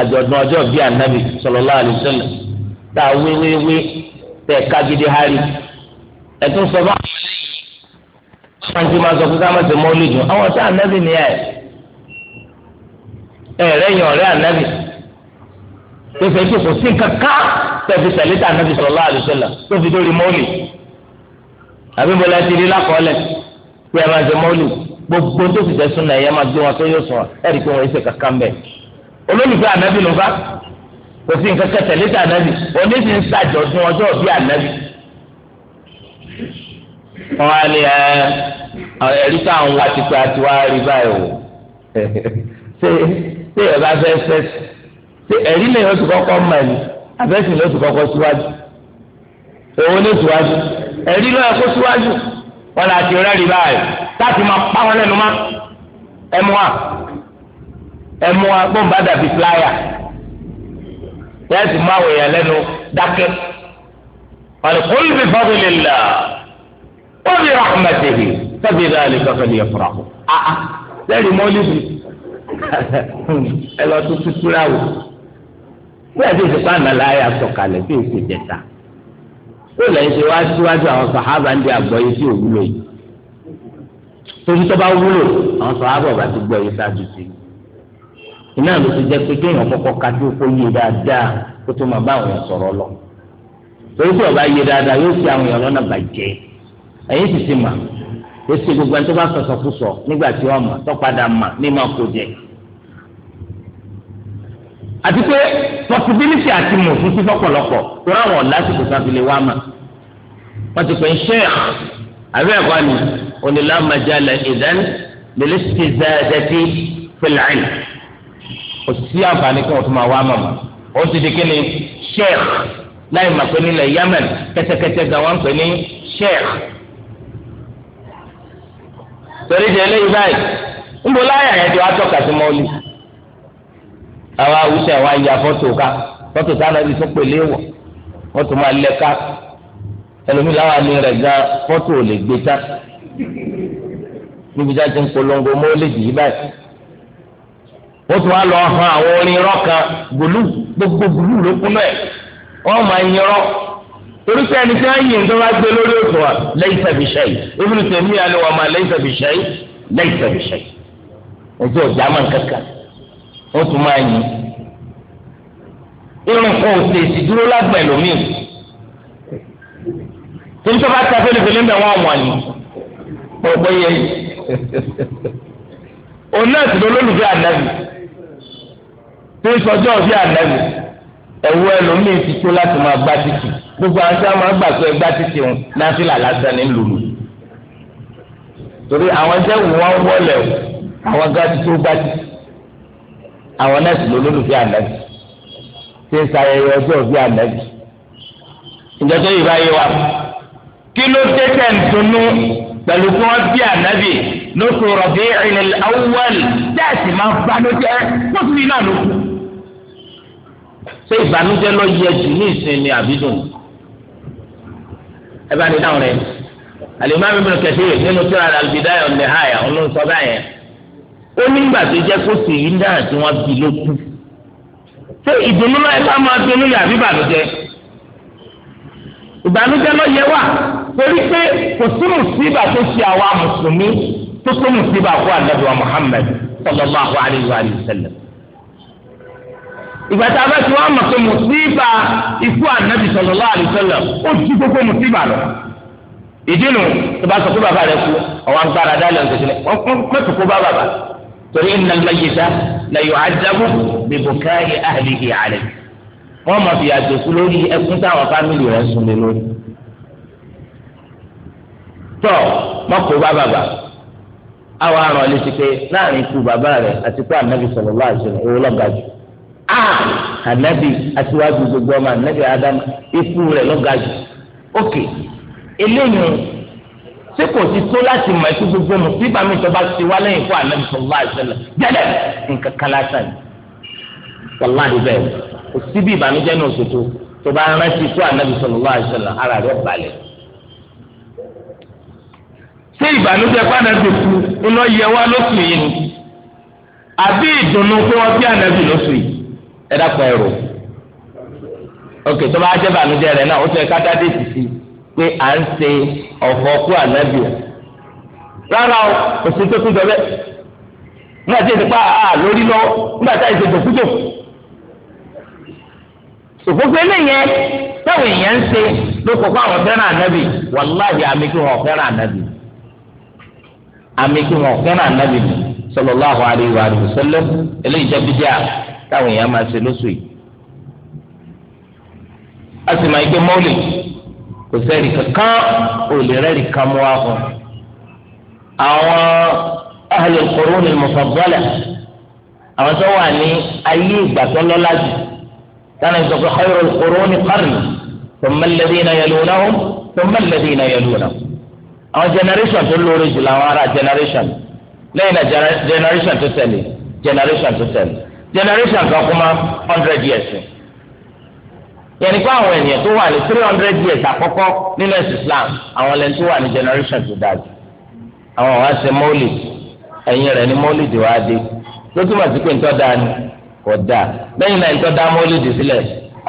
S1: àjọ̀dún ọjọ́ bíi ànábì sallallahu alayhi wa tá a wéwéwé tẹ̀ ká gidi hari ẹ̀ tún sọ bá wọn lẹ́yìn wọn ti máa sọ pé ká má ṣe mọ́lídùn àwọn tá ànábì ni ẹ ẹ̀rẹ́ yẹn ọ̀rẹ́ ànábì tó fẹ́ tó kò sí kankan tẹ̀fi tẹ̀lé tà ànábì sallallahu alaihi wasallam tó fi tó rí mọ́lì àbí mo lẹ́ ti rí lákọ́ọ́lẹ̀ pé ẹ máa ṣe mọ́lì gbogbo tó fi tẹ̀sùn náà ẹ̀yẹ máa gbé wọn tó yóò sùn ẹ̀ rí i pé wọ́n ṣe kankan bẹ́ẹ̀ olólùfẹ́ ànábì ló bá kò sí kankan tẹ̀lé tà ànábì òní ti ń ṣàjọ̀dún ọjọ́ ìbí ànábì wọn ẹ̀rí táwọn wá ti pé àti wá rí báyìí o ṣé ṣé ẹ bá fẹ́ fẹ́ ṣé ẹ̀rí lè yọ sí kọ́kọ́ mọ̀ ẹ̀mí àfẹ́sì ló sì kọ́kọ́ síwájú òun ló síwájú ẹ̀rí ló yẹ kó síwájú wọn là ti rẹ́rì báyìí láti máa pa wọn lẹ́nu mọ́ ẹmu wa ẹmu wa gbọ́nba dàbí fúláyà yẹ́sì mú àwọn èèyàn lẹ́nu dákẹ́ ọ̀nà kò ní bí fọ́ọ̀mù lè là ó bí rahmatihi tẹ́bi ìdáàlì kankan ni ẹ̀fọ́ra kù. lẹ́yìn mọ́lìdì ẹ lọ tún tútúrà wò bí ẹ ti ti pa àná láyà sọ̀kalẹ̀ bí èsì jẹta ó lẹ́yìn tí wàá síwájú àwọn sàhábà ń di àgbọ̀yé tí ò yìí torí tó bá wúlò àwọn sàhábà bá ti gbọ́ yìí ṣáájú sí i iná ló ti jẹ́ pé kéèyàn kọ́kọ́ kájú kó yé dáadáa kó tó máa bá àwọn sọ̀rọ̀ lọ torí tí ọba yé dáadáa yóò èsì gbogbo ẹni tó bá sọ̀sọ̀ kú sọ nígbà tí wọ́n mọ̀ tó padà mọ̀ ní ma kó jẹ. àti pé pọsibiliti àti mòtún sí fọ́pọ̀lọpọ̀ tó ráwọn lásìkò sábìlì wa mà wọ́n ti pè ń ṣe àbí ẹ̀kọ́ ni onílàmàjálẹ̀ ìdán lèlẹ́sì zẹ́ẹ̀dẹ́tì fìlàìn kò àǹfààní kí wọ́n tún máa wá màmá ó ti di kíni sheikh láì mà pé nílẹ̀ Yemen kẹ́tẹ́kẹ́tẹ́ gan wọ́n pè ní sheikh
S2: torí di eléyìí báyìí
S1: ńbọ láyà yẹn ti wá tọ́ka sí mọ́lì àwọn awùsẹ̀ wa ya fọ́tò ká fọ́tò táwọn ibi tó pèlè fọ́tò máa lẹ ká
S2: àmì rẹ̀ gan fọ́tò ò lè
S1: gbé tá níbi a ti ń polongo mọ́lì báyìí wọ́n tún torí pé ẹni tí wọ́n yìn tó bá gbé lórí òtò wa lẹ́yìn tẹ̀bi sẹ́yìn Ibn Taymiyyah ni wọ́n máa lẹ́yìn tẹ̀bi sẹ́yìn lẹ́yìn tẹ̀bi sẹ́yìn ojú ọ̀jà máa ń kankan ó tún máa yìn irun kan ò tè lágbà ẹlòmíì torí tó bá ta fẹlẹfẹlẹ mẹ wọn wọn ni ọgbẹ yẹ òun náà lọ lólùfẹ́ ànábì tó ń sọjọ́ ànábì ẹ̀wú ẹlòmíì ti tó láti máa gbá títì gbogbo àwọn tí wọ́n máa gbà pé gbá títì ń náfìlà lásán ní lùlù torí àwọn jẹ́ wọ́n wọlé o àwọn gá títí ó gbá títì àwọn nọ́ọ̀sì lólólùfẹ́ ànábì ṣe ń ṣayẹyẹ ọjọ́ òbí ànábì ìjọba yìí báyìí wà kí ló dé tẹ̀sùnú pẹ̀lú kí wọ́n bí ànábì lóṣù Rabi'il Awwal tẹ́ẹ̀sì máa ń banú jẹ́ wọ́n náà ló ṣé ìbànújẹ́ lọ yẹ jù ní ìsinmi àbídùn ẹ bá ní dáhùn rẹ alimami ibn Kathir nínú tí wọn al-Bidaya wa an-Nihaya ọlọ́run sọ báyẹn ó nígbà tó jẹ́ kó sì yí náà tí wọ́n bí ló kú ṣé ìdùnnú náà ẹ bá máa bínú yàbí ìbànújẹ́ ìbànújẹ́ lọ yẹ wà torí pé kò sí mùsíbà tó ṣe àwa mùsùlùmí tó tó mùsíbà fún ànábì wa Muhammad sallallahu alayhi wa ìgbà tá a bá ti wá mọ̀ pé mùsíbà ikú ànábì sallallahu alaihi wasallam ó ju gbogbo mùsíbà lọ. ìdí nu tó bá sọ pé bàbá rẹ kú ọ̀wá ń gbára dálẹ̀ ọ̀sẹ̀ sílẹ̀ wọ́n mẹ́tò kó bá bàbá torí innal mayyita la yu'adhabu bi bukai ahlihi alayhi. wọ́n mọ̀ fìyà jòkú lórí ẹkún táwọn fámìlì rẹ̀ sùn lé lórí. tọ́ mọ́kò bá bàbá àwọn àrùn ọ̀lẹ́sì pé láàrin ikú bàbá rẹ̀ àti ikú ànábì sallallahu alaihi wasallam
S2: a ah,
S1: ànábì aṣíwájú gbogbo ọmọ ànábì ádámù ikú rẹ̀ lọ́ga jù ókè eléyìí ṣé kò ti tó láti mọ ikú gbogbo mu bí bàmí ìjọba ti wá lẹ́yìn fún ànábì sọ̀rọ̀ bá àṣẹlẹ̀ jẹ́lẹ̀ nǹkan kan lásán wàláhì bẹ́ẹ̀ kò síbi ìbànújẹ́ náà ṣètò tó bá rántí fún ànábì sọ̀rọ̀ bá àṣẹlẹ̀ ara rẹ̀ balẹ̀ ṣé ìbànújẹ́ padà ti kú iná yẹ wá lóṣù yìí ni àbí ìdùnnú pé wọ́n bí ànábì lóṣù yìí Eda kwa ẹ̀rọ ok tó bá jẹ́ bànújẹ́ rẹ̀ náà ó tẹ káta dé sisi pé à ń ṣe ọ̀fọ̀ kú ànábì rárá o kò tó tún jọ nígbà tí ìdípa àá lórí lọ nígbà tí àìsè dòkúdò òkúkú eléyẹn
S2: táwọn èèyàn ń ṣe ló
S1: kọ àwọn fẹ́ràn ànábì wàláhì táwọn èèyàn máa ṣe lóṣù yìí a sì máa gbé mọ́lì kò sẹ́rì kankan ò lè rẹ́rì kan mú wa fún àwọn ahlul qurun al-mufaddala àwọn tó wà ní ayé ìgbà tó lọ́lá jù tánà sọ pé khayrul quruni qarni thumma alladhina yalunahum thumma alladhina yalunahum àwọn generation tó lóore jù làwọn ará generation lẹ́yìn náà generation tó tẹ̀lé generation tó tẹ̀lé generation kan kó hundred years yẹnni pé àwọn ènìyàn tó wà ní three hundred years àkọ́kọ́ nínú ẹ̀sìn Islam àwọn lẹ́nu tó wà ní generation tó dájú àwọn wa ṣe mọ́lì ẹ̀yìn rẹ̀ ní mọ́lì tó wá dé tó túmọ̀ sí pé ntọ́ da ni kò da lẹ́yìn náà ntọ́ da mọ́lì tó sílẹ̀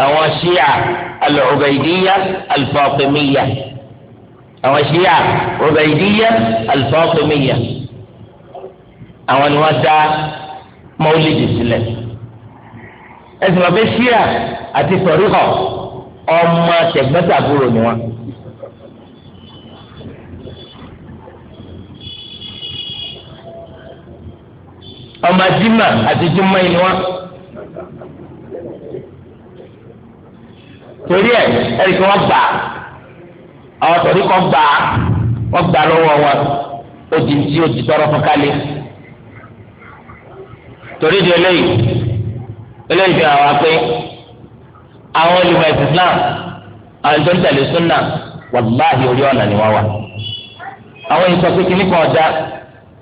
S1: àwọn ṣíà al-Ubaydiyya àwọn ṣíà Ubaydiyya al àwọn ni wọ́n dá mọ́lídì sílẹ̀ ẹ̀sìn ọ̀bẹ ṣíà àti sọ̀ríkọ̀ ọmọ tẹ̀gbẹ́tàbúrò ni wọn. ọmọ jimá
S2: àti jimá yìí ni wọn.
S1: torí ẹ ẹni tí wọn gbà àwọn sọ̀ríkọ̀ gbà wọn gbà lọ́wọ́ wọn ó di ti ó di tọrọ fún kálí torí di eléyìí eléyìí fi àwọn pé àwọn olùmọ̀ Islam àwọn tó ń tẹ̀lé súnà wàláhì orí ọ̀nà ni wọ́n wà àwọn yìí sọ pé kíní kan ọ̀dà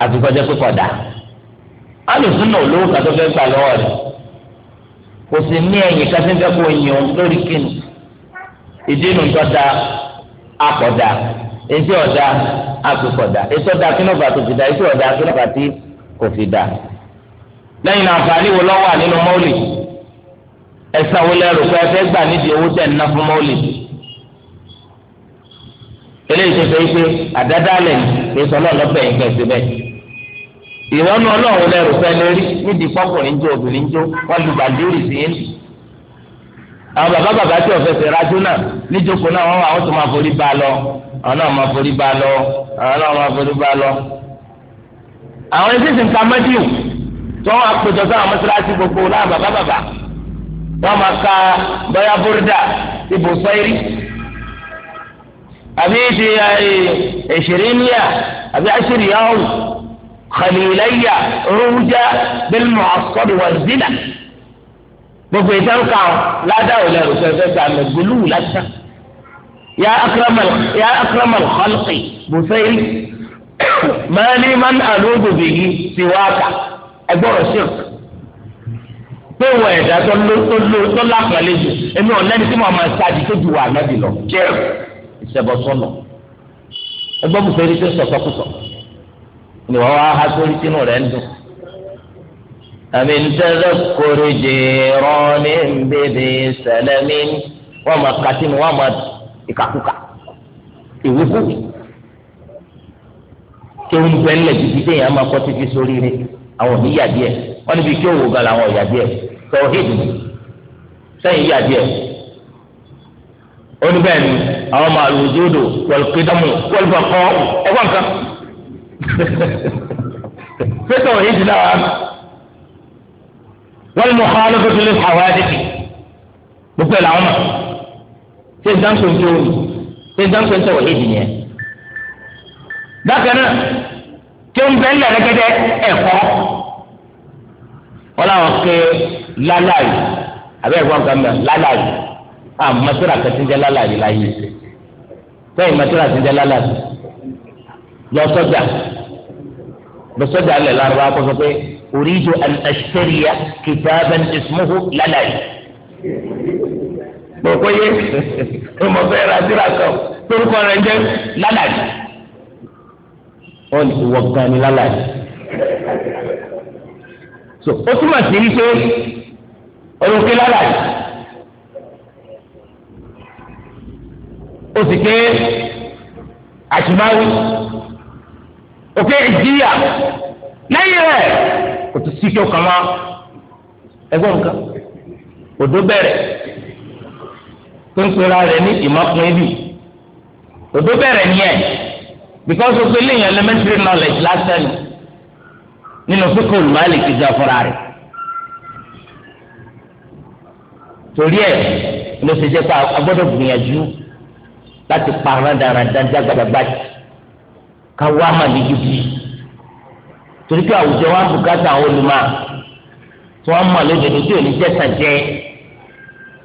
S1: àti kọjá pé kọ̀dà alùsùnà olówó kan tó fẹ́ gbà lọ́wọ́ rẹ̀ kò sì ní ẹ̀yìn kan tó ń fẹ́ kó lórí kíni ìdí nu da akọ̀dà ètí ọ̀dà àpèkọ̀dà ètò ọ̀dà kí ló bá da ètò ọ̀dà kí ló kò fi da lẹ́yìn àǹfààní wo lọ́wọ́ nínú mọ́ọ̀lì ẹ̀sán wo lẹ́rù pé ẹ fẹ́ gbà nídìí owó tẹ̀ ń ná fún mọ́ọ̀lì eléyìí tó fẹ́ pé àdádálẹ̀ èso ọlọ́run lọ́bẹ̀ yín kẹ̀sí bẹ́ẹ̀ ìrọ́nù ọlọ́run lẹ́rù pé lérí nídìí fọkùnrin jó obìnrin jó wọ́n lu gbàdúrì sí yín àwọn bàbá bàbá tí ọ̀fẹ́ fẹ́ rájú náà níjókòó náà wọ́n wà wọ́n tún máa forí bá lọ àwọn náà máa forí bá lọ àwọn náà máa forí bá lọ àwọn ẹgbẹ́ sì ń ka mẹ́díù tí wọ́n máa péjọ sáwọn mọ́sálásí gbogbo láàbà bábàbà wọ́n máa ka bọ́yá búrúdà ibò sẹ́rí àbí ti ẹ̀ṣẹ̀rẹ́nìyà mosalasi gbogbo náà bàbá bàbá won
S2: maa xalìlẹ́yà rúwújá bẹ́lmù àkọ́dù mọ̀ akodu wa zina
S1: gbogbo ìtànkà ládàá lẹ́rù fẹ́fẹ́ sàmì gbìlú lásán yà ákàràmàl xalqì bùsẹ́rí mẹ́rin mẹ́rin ti wá kà. ẹgbọrọ ṣírk pé wọn ẹ̀dá tó ló tó ló tó lápẹlẹ jù èmi ò lẹni tí mo máa ṣáàjì tó ju wà nábì lọ ṣírk ìṣẹbọsọnà ẹgbọ́n mi fẹ́ẹ́ rí tó sọ̀sọ́kùsọ ni wọ́n wá há sórí sínú rẹ̀ ń dùn. أمن تذكر جيران بذي سلم وما قتن وما إكاكوكا إيوكو كيوم بلد جديد يا ما قتل في سوريري àwọn òní yà díẹ̀ wọ́n níbi kí òwò gan làwọn ọ̀yà díẹ̀ tọ̀wọ́ hídì sẹ́yìn yà díẹ̀ oníbẹ̀ẹ́ni àwọn máa lò zodo wọ̀lùkídọ́mù wọ̀lùbọ̀kọ́ ẹ̀gbọ́n nǹkan pété òní ti náà wọ́n mú kọ́ lókè lè fà wáyé dìbì gbogbo ẹ̀ làwọn mọ̀ ṣé ìdáǹkó ń tó ṣé ìdáǹkó ń tọ̀wọ́ hídì yẹn bákan náà tí ó ń bẹ ńlẹ̀ rẹ́gẹ́dẹ́ ẹ̀kọ́ wọn làwọn ké lálàyé abẹ́ ẹ̀gbọ́n kan mẹ́ lálàyé àwọn mọ́tòrà kan ti ń jẹ́ lálàyé láyé bẹ́ẹ̀ mọ́tòrà ti ń jẹ́ lálàyé lọ sọ́jà lọ sọ́jà lẹ̀ lárúbá kó sọ pé oríjò àṣẹríyà kìtàbẹ́n ìsúmọ́hù lálàyé gbogbo yé ọmọ fẹ́ ra síra kan torúkọ rẹ̀ ń jẹ́ lálàyé wọn ní ìwọ gan ni lálàyé so ó túmọ̀ sí wípé
S2: olùkí lálàyé
S1: ó sì ké àṣìmáwí òkè ìjìyà
S2: lẹ́yìn rẹ̀
S1: kò tún sí kí ó kàn máa ẹgbọ́n nǹkan òdó bẹ̀rẹ̀ tó ń pera rẹ̀ ní ìmọ̀kùnrin bì òdó bẹ̀rẹ̀ ni ẹ̀ because of pe elementary knowledge lásán ni nínú fíkọ́ olùmọ̀lẹ́ kìí jẹ́ fúnra rẹ̀ torí ẹ̀ ló ṣe jẹ́ pé a gbọ́dọ̀ gbìyànjú láti para dáradá jágbàdàgbà ká wá mà ní gidi torí pé àwùjọ wa bùkátà àwọn olùmọ̀ tí wọ́n mọ̀ lódodo tí ò ní jẹ́ tàn jẹ́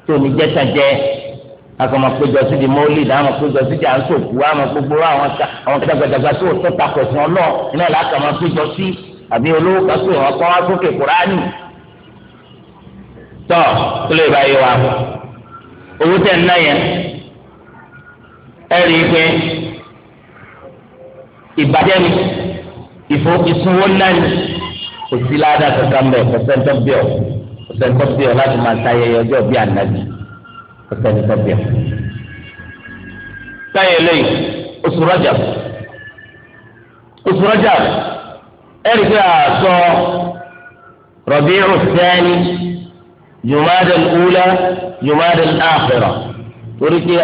S1: tí ò ní jẹ́ tàn jẹ́ akọ̀mọ̀ péjọ sí di mọ́lì dá àmọ̀ péjọ sí di àǹsòkú àmọ̀ gbogbo àwọn àwọn gbẹdàgbẹdàgbà tó tó takò fún ọ náà iná ìlà akọ̀mọ̀ péjọ sí àbí olówó kan tó yàn ọkọ̀ wá sókè kúránì.
S3: tọ́ tó lè báyìí wa
S1: owó tẹ̀ ń yẹn ẹ rí ìbàjẹ́ ni ìfọ ìsanwó ńlá ni kò ládàá kankan bẹ́ẹ̀ kò sẹ́ńtọ́ bíọ̀ kò láti máa ta ayẹyẹ ọjọ́ bíi ànábì ọ̀sẹ̀ni tọ́bíà. táyà eléyìí oṣù rọ́jà oṣù rọ́jà ẹ̀rí pé àṣọ rọ̀bí ọ̀sẹ̀ni jùmọ́dé ńlá jùmọ́dé ńláfẹ̀rọ̀ torí pé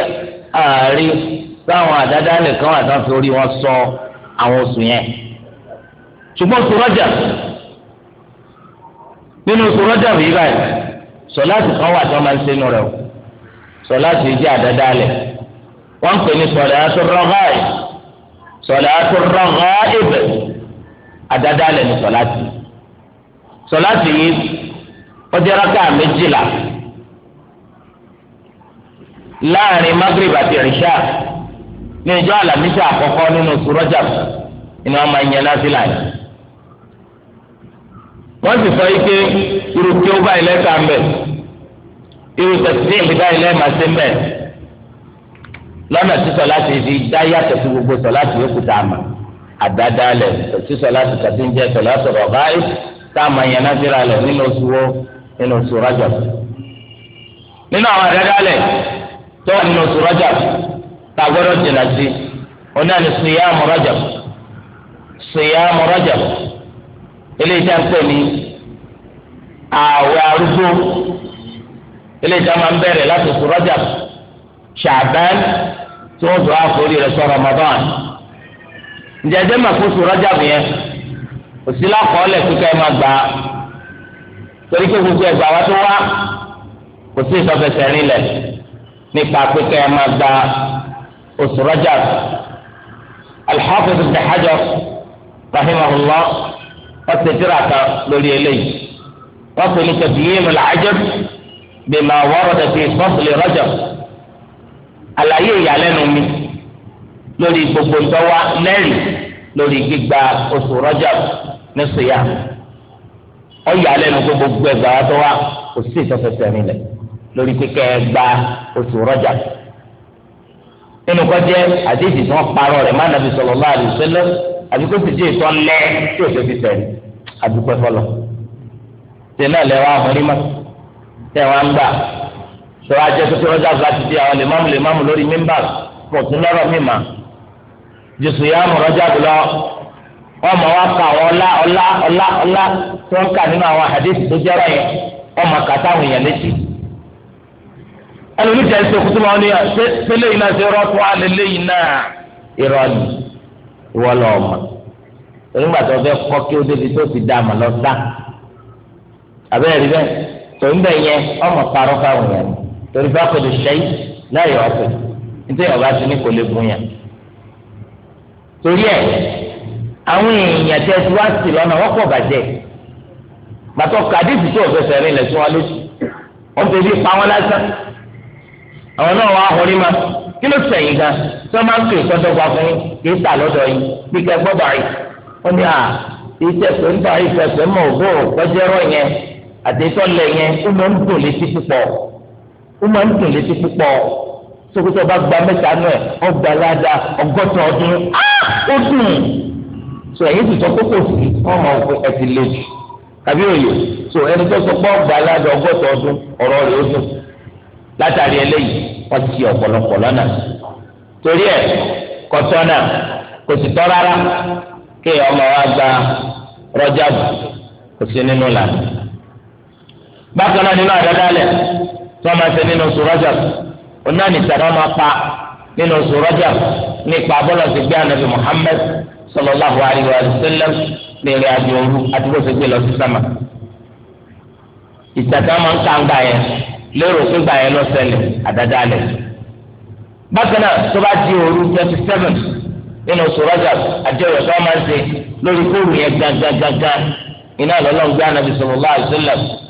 S1: ààrí táwọn àdáda nìkan wà tán fi orí wọn sọ àwọn oṣù yẹn ṣùgbọ́n oṣù rọ́jà nínú oṣù rọ́jà yìí báyìí sọ̀láàtì kan wà tán máa ń ṣe nù rẹ̀ o sọláàtì jẹ́ àdádálẹ̀ wọ́n ń pè ní sọláàtì rọ́gáì sọláàtì rọ́gáì bẹ̀ àdádálẹ̀ ní sọláàtì sọláàtì yìí wọ́n jẹ́ rákà méjìlá láàrin magrib àti ìṣá ní ìjọ àlàmísà àkọ́kọ́ nínú oṣù ni wọ́n máa ń yẹn lásìlá yìí wọ́n sì sọ yìí pé irú kí ó bá ilẹ̀ ká ń bẹ̀ irú tẹ̀sílẹ̀ ìgbà ilẹ̀ máa ṣe mẹ́ lọ́nà tí sọ láti fi dá yàtọ̀ sí gbogbo sọ láti yókù tá a mọ̀ àdádálẹ̀ tẹ̀sí sọ láti kàtí ń jẹ́ sọ láti rọ̀ báyìí tá a mọ̀ yẹn náà síra lẹ̀ nínú oṣù wo nínú oṣù Rajab nínú àwọn àdádálẹ̀ tó wà nínú oṣù Rajab tá a gbọ́dọ̀ jìnnà sí oní àná siyamu Rajab siyamu Rajab eléyìí tá a ń pè ní ààwẹ̀ arúgbó eléyìí máa ń bẹ̀rẹ̀ láti oṣù Rajab Ṣàbán tí wọ́n tó àforí rẹ̀ sọ Ramadan ǹjẹ́jẹ́ máa kó oṣù Rajab yẹn òsì lákọọ́lẹ̀ kíkẹ́ máa gbà á torí pé gbogbo ẹgbà wa tó wá kò sí ìsọfẹsẹ̀ rinlẹ̀ nípa kíkẹ́ máa gbà oṣù Rajab Al-Hafiz Ibn Hajar rahimahullah wọ́n ti kan lórí eléyìí wọ́n pè ní tẹ̀síyìn lọ́la ajab bima warada fi fasli Rajab àlàyé ìyàlẹ́nu mi lórí gbogbo ìtọ́wá lẹ́rìí lórí gbígba oṣù Rajab ní siyam ọ̀yàlẹ́nu gbogbo gbẹgbà tó wá kò sí ìtọ́fẹsẹ̀ nílẹ̀ lórí kíkẹ́ gba oṣù Rajab nínú kọjá àdéhìí tí wọn parọ́ rẹ̀ má nàbí sallallahu alaihi wasallam àbí kó ti jẹ tí o ṣe fi tẹ̀lé àdúpẹ́ fọlọ tẹ náà lẹ wá ọmọ tẹ wọn ń gbà tó a jẹ pé ọjà bá ti di àwọn lèmọ́mù lèmọ́mù lórí mímbà pọ̀ tún lọ́rọ̀ mímà jùsù yà mọ̀ ọjà bù lọ ọmọ wa ka àwọn ọlá ọlá ọlá ọlá tó ń kà nínú àwọn àdéhùn tó jẹ́rọ yẹn ọmọ kàtà àwọn èèyàn létí ẹlòmíì jẹ́ ṣe kútu máa ní ṣẹlẹ̀ yìí náà ṣe rọ́pò alẹ́lẹ́ yìí náà irọ́ ni ìwọ lọ ọmọ onígbà tó fẹ́ kí ó débi tó ti dá àmọ́ lọ sá àbẹ́rẹ́ rí bẹ́ẹ̀ tó ń bẹ yẹn ọmọ parọ́ fáwọn yẹn torí bá kò lè láyé ọba ní kò lè yẹn.
S2: torí ẹ àwọn èèyàn
S1: tẹ ti wá sí lọ́nà wọ́n pọ̀ bàjẹ́ gbàtọ́ kàdífì tó fẹsẹ̀ rìn wọn pa wọn lásán ma kí ló sẹ̀yìn gan máa ń pè fún bí à àtẹ̀tọ́ lẹ̀ yẹn ó máa ń dùn létí púpọ̀ ó máa ń dùn létí púpọ̀ sokoto bá gba mẹ́ta náà ọgbà ládàá ọgọ́ta ọdún ah! ó dùn so ẹ̀yin ti sọ kókò sí ọmọ òfin ẹ̀ ti tàbí òye so ẹni tó sọ pé ọgbà ládàá ọgọ́ta ọdún ọ̀rọ̀ rẹ̀ ó dùn látàrí eléyìí wọ́n ti ọ̀pọ̀lọpọ̀ lọ́nà torí ẹ̀ kọ́tọ́ kò sì tọ́ rárá kí ọmọ wa gba rọ́jà kò sí nínú làná
S3: bákan náà nínú àdádálẹ̀ tí wọ́n máa ṣe nínú oṣù rọ́jà
S1: ọ̀nà nìtàdá máa pa nínú oṣù rọ́jà nípa bọ́lá ti gbé ànábì Muhammad sallallahu alayhi wa sallam lè rí àjò òru àti bó ṣe gbé lọ sí sámà. ìtàdá máa ń kàǹgà yẹn lérò fún gbà yẹn lọ́sẹ̀lẹ̀ àdádálẹ̀. bákan náà tó bá di òru twenty seven nínú oṣù rọ́jà àjọyọ̀ tó máa ń ṣe lórí kóòrù yẹn gangan gangan iná lọ́lọ́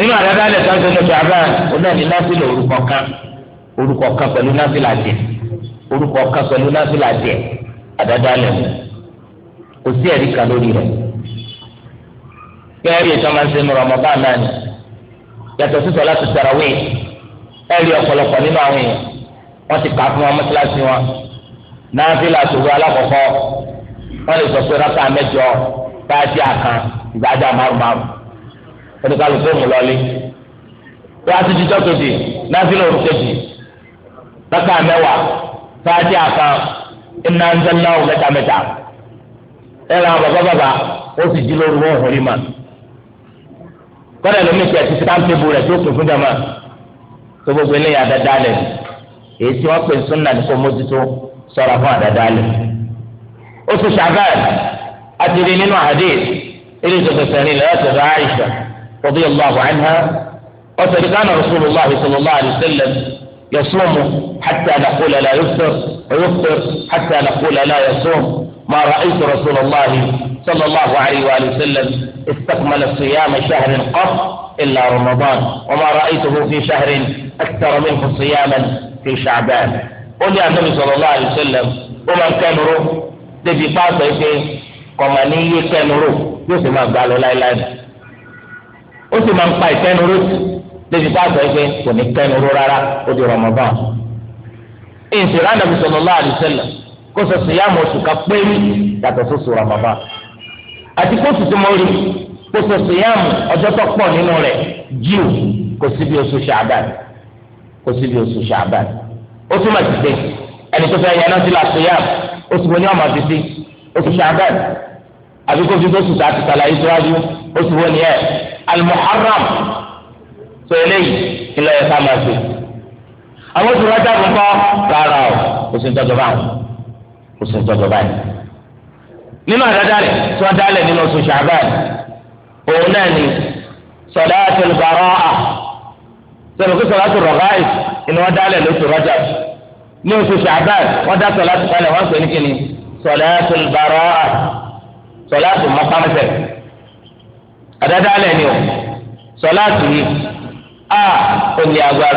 S1: nínú àdáda lè sáré sínú ṣàbá onáni násìlè orúkọ kan orúkọ kan pẹ̀lú násìlà díẹ̀ orúkọ kan pẹ̀lú násìlà díẹ̀ àdáda lè mú kò sí ẹ̀rí kan lórí rẹ̀ kẹ́rì ìtàn máa ń sẹ́nu rọmọbá náà ni yàtọ̀ sísọ láti sàràwé ẹ̀rí ọ̀pọ̀lọpọ̀ nínú àwọn èèyàn wọ́n ti kà fún wọn mọ́tíláṣí wọn násìlà tòwú alákọ̀ọ́kọ́ wọ́n lè sọ pé rákà mẹ́jọ bá àkàn ìgbàdá márùn oníkàlùkù mú lọlé wọ́n á ti di jọ́kejì náfìlà òrùkejì lọ́kà mẹ́wàá sáájì àká iná ń tẹ́lá ọ̀ mẹ́tamẹ́ta ẹ̀rọ àwọn bàbá bàbá ó sì jí lóru wọn òhun rí ma kọ́dà tẹ̀ ti rẹ̀ tó kún fún tó gbogbo eléyà dáadáa lẹ̀ èyí tí wọ́n pè súnà kó mójútó sọ̀rọ̀ fún àdáadáa oṣù àti nínú àdéhìí ilé tó bá رضي الله عنها وقد كان رسول الله صلى الله عليه وسلم يصوم حتى نقول لا يفطر ويفطر حتى نقول لا يصوم ما رأيت رسول الله صلى الله عليه وآله وسلم استكمل صيام شهر قط إلا رمضان وما رأيته في شهر أكثر منه صياما في شعبان قل يا النبي صلى الله عليه وسلم ومن كان روح دبي باطل كمانية كان روح ما قالوا لا إله إلا الله ó sì máa ń pa ìtẹnuró lébi bá sọ pé kò ní tẹnuró rárá ó di Ramadan
S3: ìṣèlú Ànábì sallallahu alaihi wasallam kó sọ sí yàmù oṣù ká
S1: péré yàtọ̀ sóṣù Ramadan àti kó sì tún mọ́ rí kó sọ sí yàmù ọjọ́ tó pọ̀ nínú rẹ̀ jíù kò síbi oṣù Ṣàbán kò síbi oṣù Ṣàbán
S3: ó tún mà ti dé ẹni tó fẹ́ yẹn náà sí yàmù oṣù wo ni
S1: ọmọ alimuharam tó eléyìí ilé ẹ̀ka máa fi àwọn oṣù rẹ́jà ń kọ́ rárá o kò sí ntọ́jọ́ báyìí kò sí ntọ́jọ́ báyìí
S2: nínú àdádálẹ̀ tí wọ́n dálẹ̀ nínú oṣù ṣàbẹ́ẹ̀ òun náà ni
S1: sọ̀dáàtì bàrọ́à
S3: sọ̀rọ̀ kí sọ̀dáàtì rọ̀gáì ni wọ́n dálẹ̀ lóṣù rẹ́jà
S1: ní oṣù ṣàbẹ́ẹ̀ wọ́n dá sọ̀dáàtì kalẹ̀ wọ́n pè ní kíni sọ̀dáàtì bàrọ́à sọ̀dáàtì mọ́kànlẹ́sẹ̀. Adadala alẹ́ ni o sọláàtì yìí
S2: a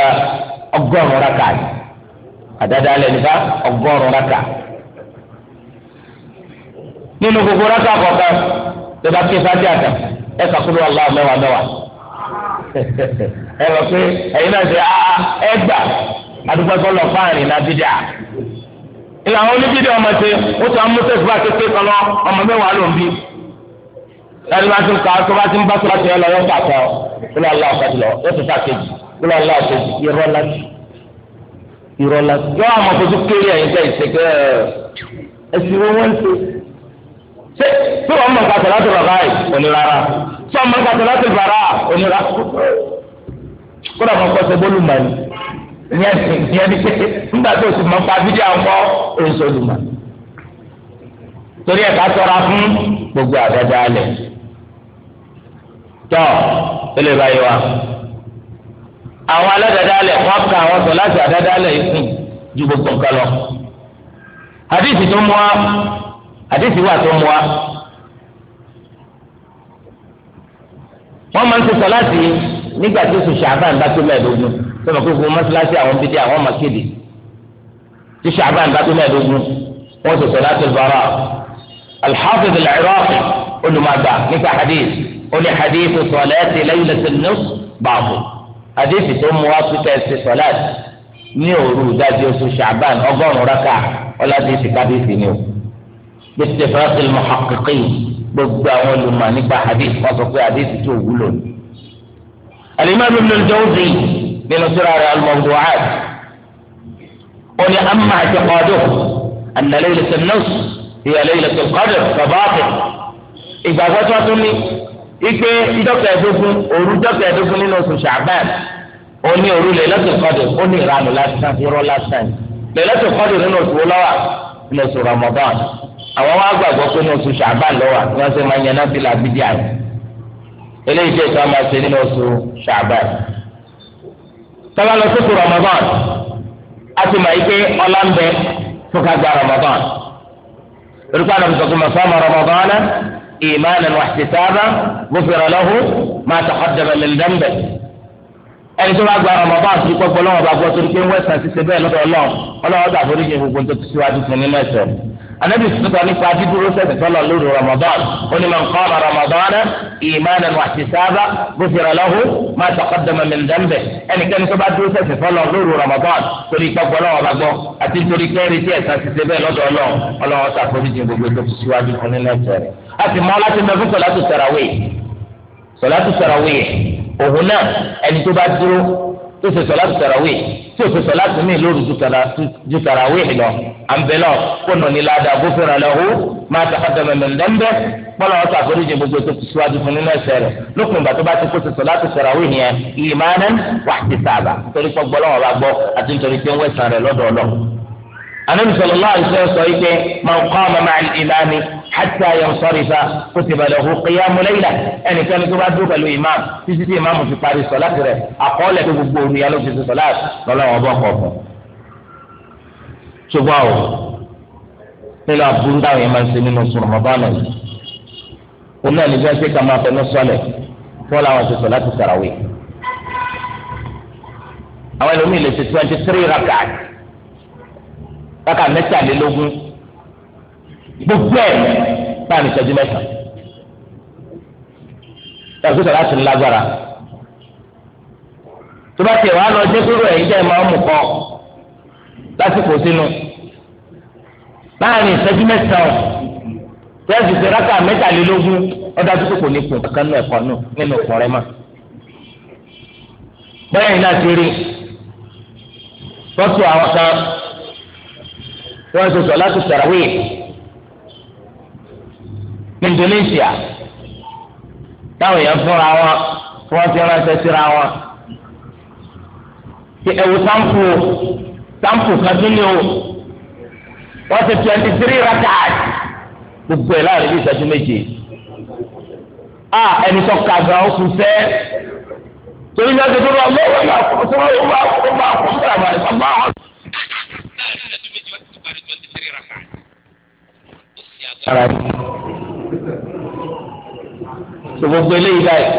S2: ò
S1: agbára raka yìí àdáda alẹ́ nípa raka nínú gbogbo raka ka tó bá fati àtà ẹ kàkúrú aláwọ mẹ́wàá ẹ pé náà ṣe a ẹ gbà
S2: adúgbò lọ fáàrin náà bídà ìlànà oníbídà ọmọ ṣe ó ti amúṣẹ́sì bá kékeré
S1: kan ọmọ mẹ́wàá ló ń bí.
S3: lẹ́nu bá ti ń ka tó bá ti ń bá sọ́ra tiẹ̀ lọ yọ ká kọ́ kúlọ̀ ọ̀la ọ̀kadì lọ yọ tuta kejì kúlọ̀ ọ̀la ọ̀kadì irọ́
S1: láti irọ́ láti yọ àwọn ọmọkùnrin kéré ẹ̀yin tẹ̀ ìṣègbè ẹ̀sìn wọn wọ́n ń ṣe
S2: ṣé tí wọ́n mọ̀ ká sọ̀rọ̀ sọ̀rọ̀ báyìí onírara tí wọ́n mọ̀ ká sọ̀rọ̀ sọ̀rọ̀ bàrà onírara kúlọ̀ ọmọkùnrin ṣe bólú mọ̀ ní ìyẹn ní kété nígbà tó o
S1: sì mọ̀ tọ́ ilé báyìí wa
S3: àwọn aládàádáalẹ̀ wọ́n ka àwọn sọ láti àdáadáalẹ̀ ikú
S1: ju gbogbo nǹkan lọ. àdìsí tó mú wa àdìsí wà tó mú wa. wọ́n máa ń ṣe sọ láti nígbà tó sùn ṣàbàn bá tó mẹ́ẹ̀ẹ́dógún tó mọ̀ pé gbogbo mọ́ṣáláṣí àwọn bídí àwọn máa kéde tí ṣàbàn bá tó mẹ́ẹ̀ẹ́dógún wọ́n sọ láti bàrà al-Hafiz olùmọ̀gbà nípa hadith. قولي حديث صلاة ليلة النص بعض حديث ثم واسطة صلاة نيو ذاتي يوسف شعبان أظن ركع ولا دي في نيو باتفاق المحققين ضد أول ما حديث فصل في حديث تقولون الإمام ابن الجوزي من على الموضوعات قولي أما اعتقاده أن ليلة النص هي ليلة القدر فباطل إذا فتوى igbe ndọ́kẹ́ ẹ̀dógún òru dọ́kẹ́ ẹ̀dógún nínú oṣù ṣàbẹ́ẹ̀ òní òru lẹ́lẹ́tọ̀ kọ́dù ó ní ìranù lásán irọ́ lásán lẹ́lẹ́tọ̀ kọ́dù nínú oṣù lọ́wà nínú oṣù Ramadan àwọn wa gbàgbọ́ pé nínú oṣù ṣàbẹ́ẹ̀ lọ́wà ni wọ́n ṣe máa yan náà fìlà bíbí àyè eléyìí jẹ́ ìtàn máa ṣe nínú oṣù ṣàbẹ́ẹ̀.
S2: tọ́lá lọ sókè Ramadan a ti máa ike ọlá ń bẹ fúkàgbà Ramadan
S1: إيمانا واحتسابا غفر له ما تقدم من ذنبه ẹni tó bá gba Ramadan sí kọ́kọ́ lọ́wọ́ bá gbọ́ torí pé ń wẹ̀sán sí sebẹ́ lọ́dọ̀ ọlọ́run ọlọ́run ọdọ àforíjì gbogbo tó ti síwájú fún nínú ẹ̀ṣẹ̀ anabi sọ̀tọ̀ nípa dídúró sẹ̀sẹ̀ tọ́lọ̀ lórí Ramadan ó ní man qama Ramadan imanan wa ihtisaban ghufira lahu ma taqaddama min dhanbi ẹnikẹ́ni tó bá dúró sẹ̀sẹ̀ tọ́lọ̀ lórí Ramadan torí kọ́kọ́ lọ́wọ́ bá gbọ́ àti torí kẹ́rì tí ẹ̀sán ti sebẹ́ lọ́dọ̀ ọlọ́run ọlọ́run ọdọ àforíjì gbogbo tó ti síwájú fún nínú ẹ̀ṣẹ̀ rẹ̀ a sì mọ láti mọ fún sọlátù sàràwé sọlátù sàràwé òun náà ẹni tó bá dúró tó ṣe sọlátù sàràwé tí o ṣe sọlátù mi lórí ju sàràwé lọ àǹbẹ̀lọ kó nà ní ládàá kó fẹ́ràn lọ́wọ́ máa tàkàtà mẹ́mẹ́ndẹ́ńdẹ́ kpọlọ ọtọ àforíjì gbogbo tó ti síwájú fún nínú ẹ̀ṣẹ̀ rẹ̀ lópin ìgbà tó bá ti kó ti sọ láti sọ̀rọ̀ àwọn ènìyàn ìmánan wà ti sábà nítorí pé gbọlọ wọn bá gbọ́ àti nítorí pé ń wẹsàn rẹ̀ lọ́dọ̀ ọlọ. ànábì sallallahu alaihi wasallam sọ hàtà yansọ́rìfà kó ti bàdà kó kéyàmù lẹ́yìnlá ẹnikẹ́ni tó bá dúró pẹ̀lú imam títí tí imam fi parí sọ̀lá tirẹ̀ àkọọ́lẹ̀ tó gbogbo òru yàrá òfin sọ̀lá lọ́lọ́wọ́ bọ́ kọ̀ọ̀kan. ṣùgbọ́n o nílò àbúrú táwọn yẹn máa ń ṣe nínú sùnmọ́bánà yìí òun náà nígbà tí kàmá fẹ́ ní sọ́lẹ̀ fún làwọn ti sọ̀lá ti sàràwé. àwọn ẹlòmíì lè ṣe twenty three rakat rakat mẹ́tàlélógún gbogbo ẹ̀ báyìí ìṣẹ́jú mẹ́ta tàbí sọ̀rọ̀ láti lágbára tó bá tiẹ̀ wá lọ jẹ́ kúrò ẹ̀yìn jẹ́ máa mú kọ́ lásìkò sínú láàrin ìṣẹ́jú mẹ́ta ọ̀ tẹ́sí ṣe rákà mẹ́tàlélógún ọ̀dà tó kò ní kankan ẹ̀kọ́ nù nínú rẹ̀ mà. ní Indonesia táwọn èèyàn fúnra wọn tí wọ́n ti ránṣẹ́ síra wọn ti ẹ̀wù sáǹpù sáǹpù kàdúnni o wọ́n ti twenty three rakat gbogbo ẹ̀ láàrin bí ìṣẹ́jú méje
S2: a ẹni tó ka gan ó kù sẹ́ torí náà tó lọ lọ́wọ́ náà kó tó lọ́wọ́ wá kó bá kó ń bàbá rẹ̀ bàbá wọn. Ara ti tó gbogbo eléyìí báyìí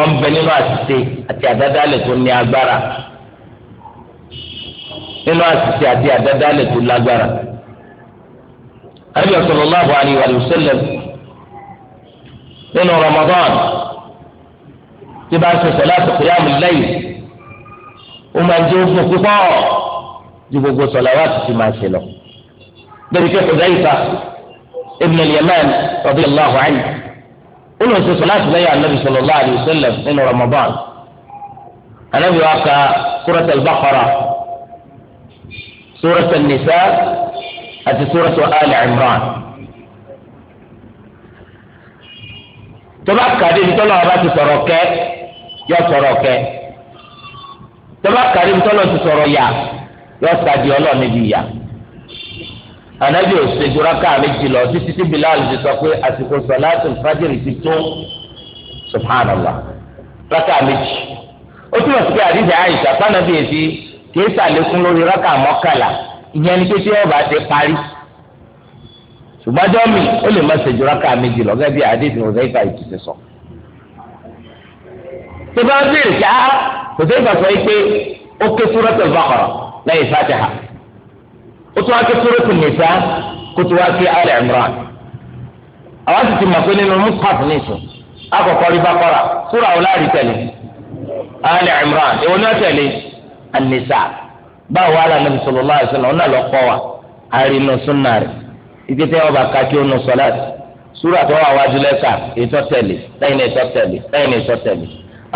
S2: ọ̀n bẹ nínú àṣìṣe àti àdádálẹ̀ tó ní agbára
S3: nínú àṣìṣe àti àdádálẹ̀ tó
S1: lágbára. Àbí sallallahu alayhi wa sallam
S3: nínú Ramadan
S1: tí bá ń ṣe salatu qiyamul layl ó máa ń jẹ́ ogun púpọ̀ ju gbogbo sọ̀lá wa ti ti máa ṣe lọ.
S2: Bẹ́ẹ̀ni kẹ́kọ̀ọ́ dáìta.
S1: ابن اليمان رضي الله عنه قلنا في صلاة زي النبي صلى الله عليه وسلم من رمضان انا بواقع سورة البقرة سورة النساء هذه سورة آل عمران تبقى كريم تطلع بات سروكة يا سروكا تبقى كريم تطلع سرويا يا سادي الله نبي يا anabi òṣèjú rákà méjì lọ títí tí bilal ti sọ pé àsìkò sọláàtì fàjìrì ti tó subhanallah rákà méjì ó túmọ̀ sí pé àdìsẹ́ àìsà pànàbí èsì kìí sàlékún lórí
S2: rákà mọ́kànlá
S1: ìyẹn ni pé tí ọba ti parí ṣùgbọ́n jọ́mi ó lè má ṣèjú rákà méjì lọ gẹ́gẹ́ bí àdìsẹ́ òṣèjúra ìtì ti sọ. tí bá ń bèrè kí á òṣèjúra sọ yìí pé ó ké súrọ́tò Baqara lẹ́yìn Fatiha ó tún wá ké sóròkù nìsa kó tún wá ké alẹ́ imran àwọn sì ti mọ̀ pé nínú mushaf nìsọ akọ̀kọ́ rí bákọ́ra súra ọ̀làrí tẹ̀lé alẹ́ imran èwo náà tẹ̀lé anìsa báwo wà lánàá bisalòlá àìsàn ọ̀nà lọ́kọ́ wa àrínú sunnari ìgbésẹ̀ ọba kàkí ọ̀nà sọ̀láàtì súra tó wà wájú lẹ́ka ètò tẹ̀lé lẹ́yìn ètò tẹ̀lé lẹ́yìn ètò tẹ̀lé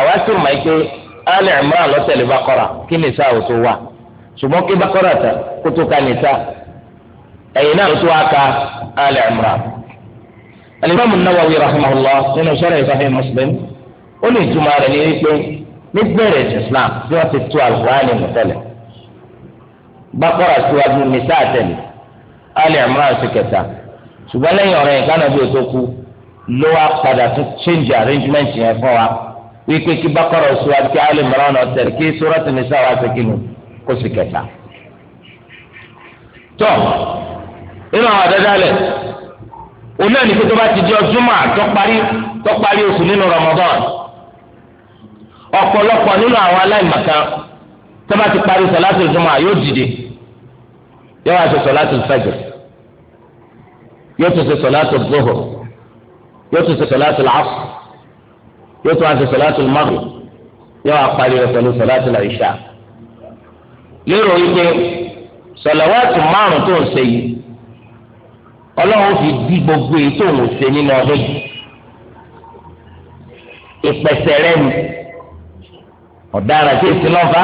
S1: àwa sì mọ̀ ike alẹ́ imran lọ́tẹ̀lé bákọ́ra kí nìsa ò tó wà ṣùgbọ́n kí bakọ́rà ta kó tó ka nìta ẹ̀yin náà ló tó wá ka Ali Imran.
S3: Al-Imam An-Nawawi rahimahullah
S1: nínú sharh Sahih Muslim ó lè túmọ̀ rẹ̀ ní wípé nígbẹ̀rẹ̀ Islam bí wọ́n ti tú Al-Qur'ani mú tẹ́lẹ̀ bakọ́rà síwájú nìta tẹ̀lé Ali Imran sí kẹta ṣùgbọ́n lẹ́yìn ọ̀rẹ́ yìí kánà bí o tó kú ló wá padà tún change arrangement yẹn fún wa wípé kí bakọ́rà kóṣù kẹta tọ
S2: nínú àwọn àdádálẹ̀
S1: òun náà ní kótó bá ti di ọdún mà tọparí tọparí oṣù nínú Ramadan
S3: ọ̀pọ̀lọpọ̀ nínú àwọn
S1: aláìmọ̀kan tó bá ti parí sọláṣí ìjọmọ yóò dìde yóò wá ṣe sọláṣí fajr yóò tún ṣe sọláṣí zuhur yóò tún ṣe sọláṣí asr yóò tún wá ṣe sọláṣí maghrib yóò wá parí rẹ̀ pẹ̀lú sọláṣí ìṣá lérò wípé sọlẹ́wọ́ọ̀tì márùn tó ń ṣe yìí ọlọ́run fi di gbogbo èyí tó ń ṣe nínú ọdún yìí ìpẹ̀sẹ̀ rẹ ni ọ̀daràn tí èsì náà fa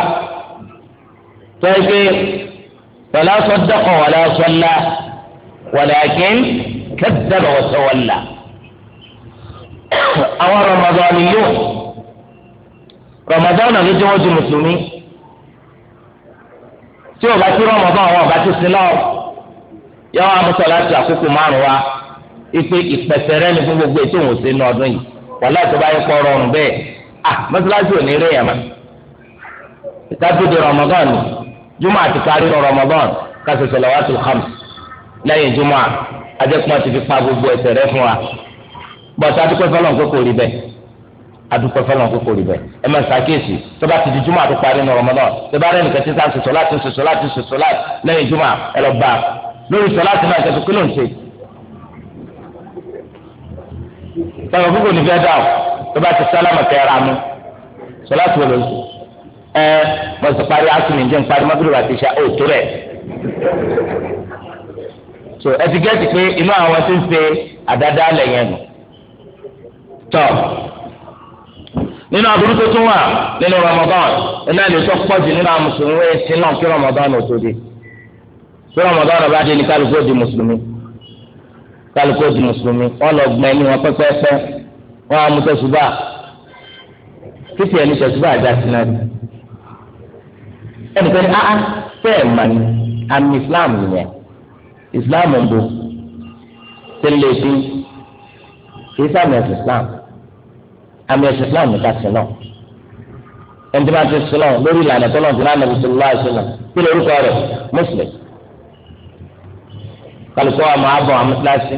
S1: tọ́ ẹ pé pẹ̀lú aṣọ dẹ́kọ̀ wà láṣọ ńlá walakin kadhaba wa tawalla
S2: àwọn Ramadan yóò
S1: Ramadan ló jẹ́ wọ́n ju mùsùlùmí tí o bá ti rọmọ bá wọn ọba ti sin lọ yọ wọn amúṣọ láti àkókò márùn wa ipe ìpèsè rẹ ní fún gbogbo ètò òun sí ní ọdún yìí wọn láti bá yẹ kọ rọrùn bẹ́ẹ̀ à mọ́sálásí ò ní rí yàmà ìtàkùdé rọmọgán ni jùmọ̀ àti parí rọmọgán kásì salawatul khams lẹ́yìn jùmọ̀ àjẹkùn àti fipá gbogbo ẹsẹ̀ rẹ fún wa bọ̀tà àti pẹ́fẹ́ lọ́nkọ́ kò rí bẹ́ẹ̀ adúpẹ́ fọlọ́n kókó rí bẹ́ẹ̀ ẹ máa ṣàkíyèsí tó bá ti di jùmọ̀ àti parí ní ọmọdé tó bá rẹ̀ nìkan títà ṣoṣo láti ṣoṣo láti ṣoṣo láti lẹ́yìn jùmọ̀ ẹ lọ bá lórí ṣọ láti máa ṣe kí ló ń ṣe.
S2: tọ́wọ́ gbogbo ní dà ó tó bá ti sálámà kẹ́ ra mú ṣọ láti wọlé oṣù
S1: ẹ mo sì parí asùnmí jẹ́ ń parí mọ́tòlù àti iṣẹ́ ò tó rẹ̀.
S2: so ẹ ti gẹ́sì pé inú àwọn
S1: tí ń ṣe àdáda nínú aburú tó wà nínú Ramadan iná ni tó pọ̀ nínú àwọn mùsùlùmí ẹ̀sìn náà kí Ramadan ò tó kí Ramadan bá dé ní kálukú di mùsùlùmí kálukú di mùsùlùmí wọn lọ gbọ́n ẹni wọn pẹ́pẹ́pẹ́ wọn á mú títí ẹni tẹ̀sùbà àjà sí náà
S2: ẹnìkan ní áá bẹ́ẹ̀
S1: mà ní àmì Islam nìyẹn Islam ń bọ̀ tẹ́lẹ̀ sí kì sàmì ẹ̀sìn Islam àmì ẹ̀sìn islam ká sí náà ẹni tí wọ́n ti sí náà lórí ìlànà tó náà ti náà nàbí sọlá àṣẹ náà kí lórúkọ rẹ̀ muslim kálukọ́ àmọ́ àbọ̀ àmì kíláàsì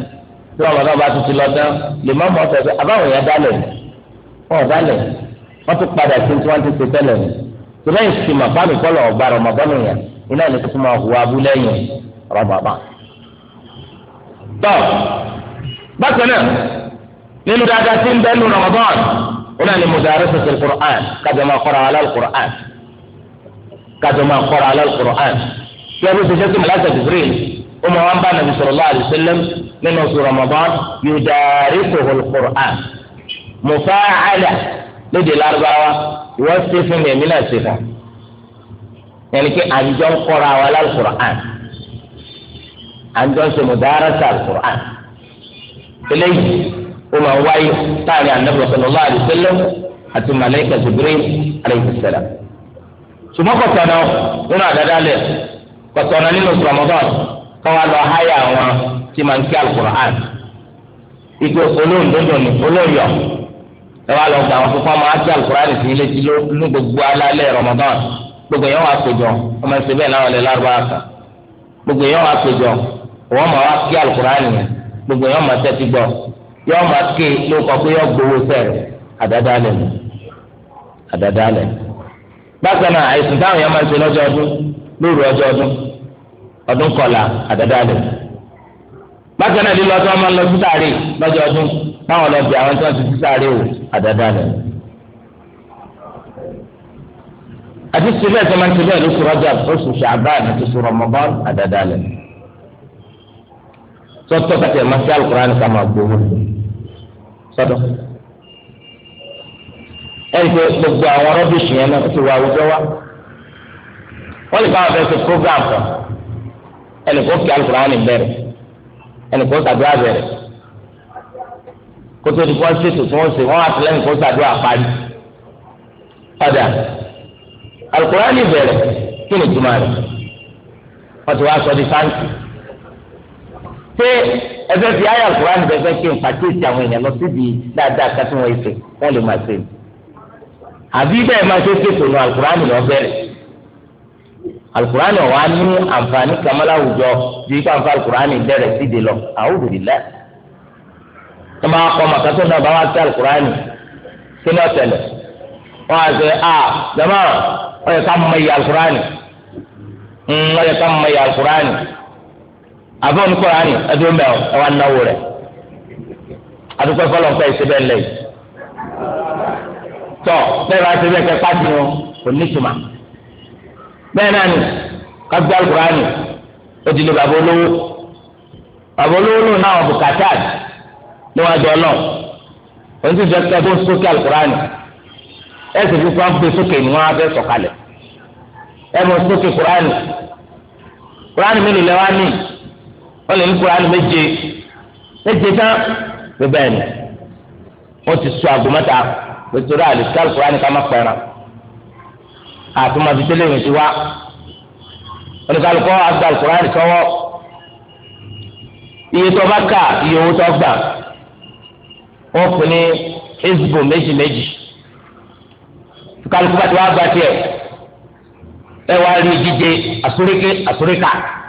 S1: tí wọ́n bá tún ti lọ dán lè má mọ́ ọ̀sẹ̀ àbáwọn yẹn dálẹ̀ wọ́n dálẹ̀ wọ́n tún padà sí tí wọ́n ti ṣe tẹ́lẹ̀ ní tìlẹ̀ ìsìmọ̀ bámi kọ́lọ̀ ọ̀gbà rọ̀mọ̀gbọ́nù yẹn iná ní tuntun máa hùwà abúlé yẹn rọ̀mọ̀gbọ́n. tọ́ bákan náà nínú dáadáa tí ń bẹ nínú Ramadan wọn náà ni mudarasat al-Qur'an kájọ máa kọ́ra alal Qur'an kájọ máa kọ́ra alal Qur'an kí ẹbí ṣe ṣẹ́kì mọ̀láṣà Jibril ó máa wá ń bá nàbí sallallahu alaihi wasallam nínú oṣù Ramadan yudarisuhu al-Qur'an mufaala lédè lárúbáwá ìwọ́n ṣe fún mi èmi náà ṣe fún yẹn ni pé àjọ ń kọ́ra wa lálùkùrán àjọ ń ṣe mudarasa al-Qur'an ó máa wáyé láàrin anabi sallallahu alaihi wasallam àti malayika jibril alayhi salam ṣùgbọ́n kọ̀tọ̀nà nínú àdáda lẹ̀ kọ̀tọ̀nà nínú ramadan káwa lọ háyà àwọn tí máa ń kí alukur'an ìgbé olóńdòdò ni olóyọ̀ káwa lọ gba àwọn fúnfọ́ máa kí alukur'an sí ilé tí ló gbogbo alálẹ̀ ramadan gbogbo yẹn wà péjọ ọmọ ẹsẹ bẹ́ẹ̀ náà lè lárúbá kan gbogbo yẹn wà péjọ òun máa wá kí alukur'an yẹn gbogbo yẹn máa tẹ́tí gbọ́ yọ máa ké ló kọ pé yọ gbowó sẹ́rẹ̀ àdáda lẹ̀ mọ́ àdáda lẹ̀ bákan náà àìsàn táwọn yẹn máa ń ṣe lọ́jọ́ ọdún lóru ọjọ́ ọdún ọdún kọlà àdáda lẹ̀ bákan náà lílọ tí wọ́n máa ń lọ sí sáré lọ́jọ́ ọdún táwọn lọ bí àwọn tí wọ́n ti sí sáré o àdáda lẹ̀
S2: àti síbẹ̀ tí máa ń ṣe bẹ́ẹ̀ lóṣù rọ́jà lóṣù ṣàbáà àti
S1: oṣù Ramadan àdáda lẹ̀ sọ́tọ́ kàtẹ́ máa ṣe àlùkò sọ́dọ̀ ẹni pé gbogbo àwọn rọ́bìṣì yẹn náà ti wà àwùjọ wa wọ́n lè fáwọn fẹ́ẹ́ ṣe program kan ẹnì kó kí alukuraani bẹ̀rẹ̀ ẹnì kó sàdúrà bẹ̀rẹ̀ kótó ti fọ́n ṣètò tí wọ́n ṣe wọ́n àtìlẹ́yìn kó sàdúrà parí ọ̀dà alukuraani bẹ̀rẹ̀ kí ni jùmọ̀ rẹ̀ wọ́n ti wá sọ di fáńtì ṣé ẹfẹ fi àyà kura ní bẹfẹ kí n pàkíyèsí àwọn èèyàn lọ síbi dáadáa kátó wọn ìfẹ́ wọn lè máa ṣe àbí bẹ́ẹ̀ máa ṣe ṣètò ní alukurani lọ bẹ̀rẹ̀ alukurani ọwọ á ní àǹfààní kamala àwùjọ ju ipa nfa alukurani bẹ̀rẹ̀ síde lọ àwùjọ lílẹ ẹ máa kọ màkàtó náà bá wà sí alukurani kí ni ọtẹlẹ wọn á sọ a jama ọyẹ ká mọ iye alukurani ọyẹ hm, ká mọ iye alukurani àbọ̀ ní kọ́ránì ẹdún bẹ́ẹ̀ ẹ wá náwó rẹ̀
S3: àdúgbò ẹ̀fọ́ lọ́nkọ́ ẹ̀ ṣe bẹ́ẹ̀ lẹ́yìn tọ́ bẹ́ẹ̀ bá ṣe bẹ́ẹ̀ kẹ́ pàdé
S1: wọn kò ní tuma bẹ́ẹ̀ náà ni kágbá kọ́ránì òdìlẹ̀ bàbá olówó bàbá olówó lòun náà wọ̀ bùkátà níwájú ọlọ́ọ̀ òun ti fẹ́ kẹ́ tó sókè àlùkùránì ẹ̀ sì fi kọ́ gbé sókè ni wọ́n fẹ́ sọ̀kalẹ̀ ẹ̀ mọ̀ sókè kọ́ránì ó lè ní kuraani méje méje
S2: tán bíbẹ ẹni
S1: wọn ti sọ àgùmọta pẹtùrọ àlùkàl kuraani ká má pẹran àtúmọ̀tí tẹ́lẹ̀ ìrìn ti wá oníkàlùkọ́ àgbàl kuraani sọ́wọ́ iye tó bá kà iye owó tó gbà wọn pè ní ezbo méjì méjì kálukú bá ti wá gba ẹ wá rí jíjẹ àsoríkè àsoríkà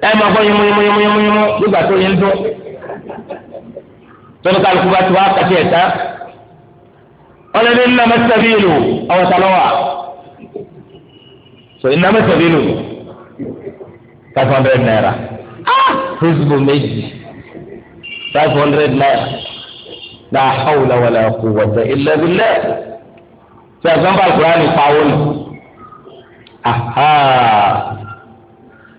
S2: ẹ máa gbọ́ yinmu yinmu yinmu yinmu yinmu nígbà tó yẹn dún tóbi kálukú bá ti wá kàtí ẹ̀ tá
S1: ọlọ́dẹ ní nàmẹ́ sẹ́bíìlù àwọn sàlọ́wà so nàmẹ́ sẹ́bíìlù five hundred naira
S2: ah! fúsùbù
S1: méjì five hundred naira la hawla wala quwwata illa billah sọ̀rọ̀ sọ́nbà kúránì pawó ni aha.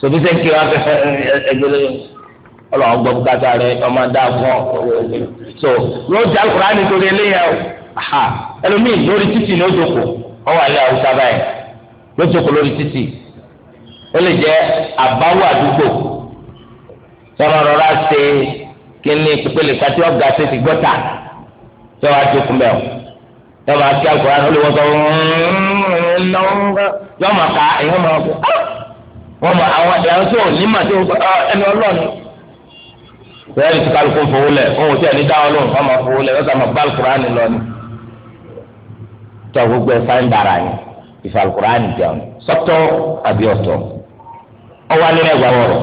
S1: sobi sẹ ń kí wọn fẹ ẹgbẹrẹ Ọlọ́run gbọ́ bùkátà rẹ ọmọ dá fún so yóò jẹ alukura nítorí eléyà o aha ẹlòmíì lórí títì ní ojoko ọwọ́ alẹ awusa báyìí lójoko lórí títì ó lè jẹ àbáwò àdúgbò sọ̀rọ̀ rọra ṣe kíni pípélé kátí ọgá ṣe ti gbọta tí wọn adúgbò mẹ o tí wọn akí alukura ní olùwọ́sọ yọọ ma ká èèyàn máa kó ah
S2: wọn mọ àwọn ẹ̀rọ tí ò ní mà tí ah, ẹni ọlọ́ọ̀ni bẹ́ẹ̀ ni kíkálukú fowó lẹ̀ fún òtí ẹni dáwọn lóhùn fún ọmọ fowó lẹ̀ lọ́sàmọ̀ bálùkùránì
S1: lọ ni tọ́ gbogbo ẹ̀ fáin bàrà ni ìfàlùkùránì jẹun sọ́tọ̀ àbí ọ̀tọ̀ ọwọ́ alẹ́ ẹgbàá wọ̀rọ̀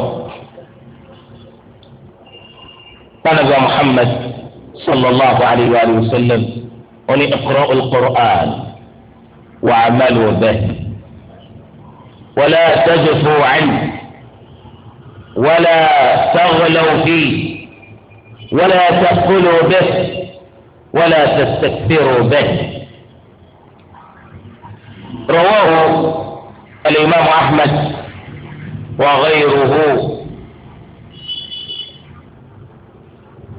S1: pànàbà Muhammad sallallahu alayhi wa sallam oní iqra'ul Qur'an wa'malu bihi. ولا تجفوا عنه ولا تغلوا فيه ولا تأكلوا به ولا تستكثروا به رواه الإمام أحمد وغيره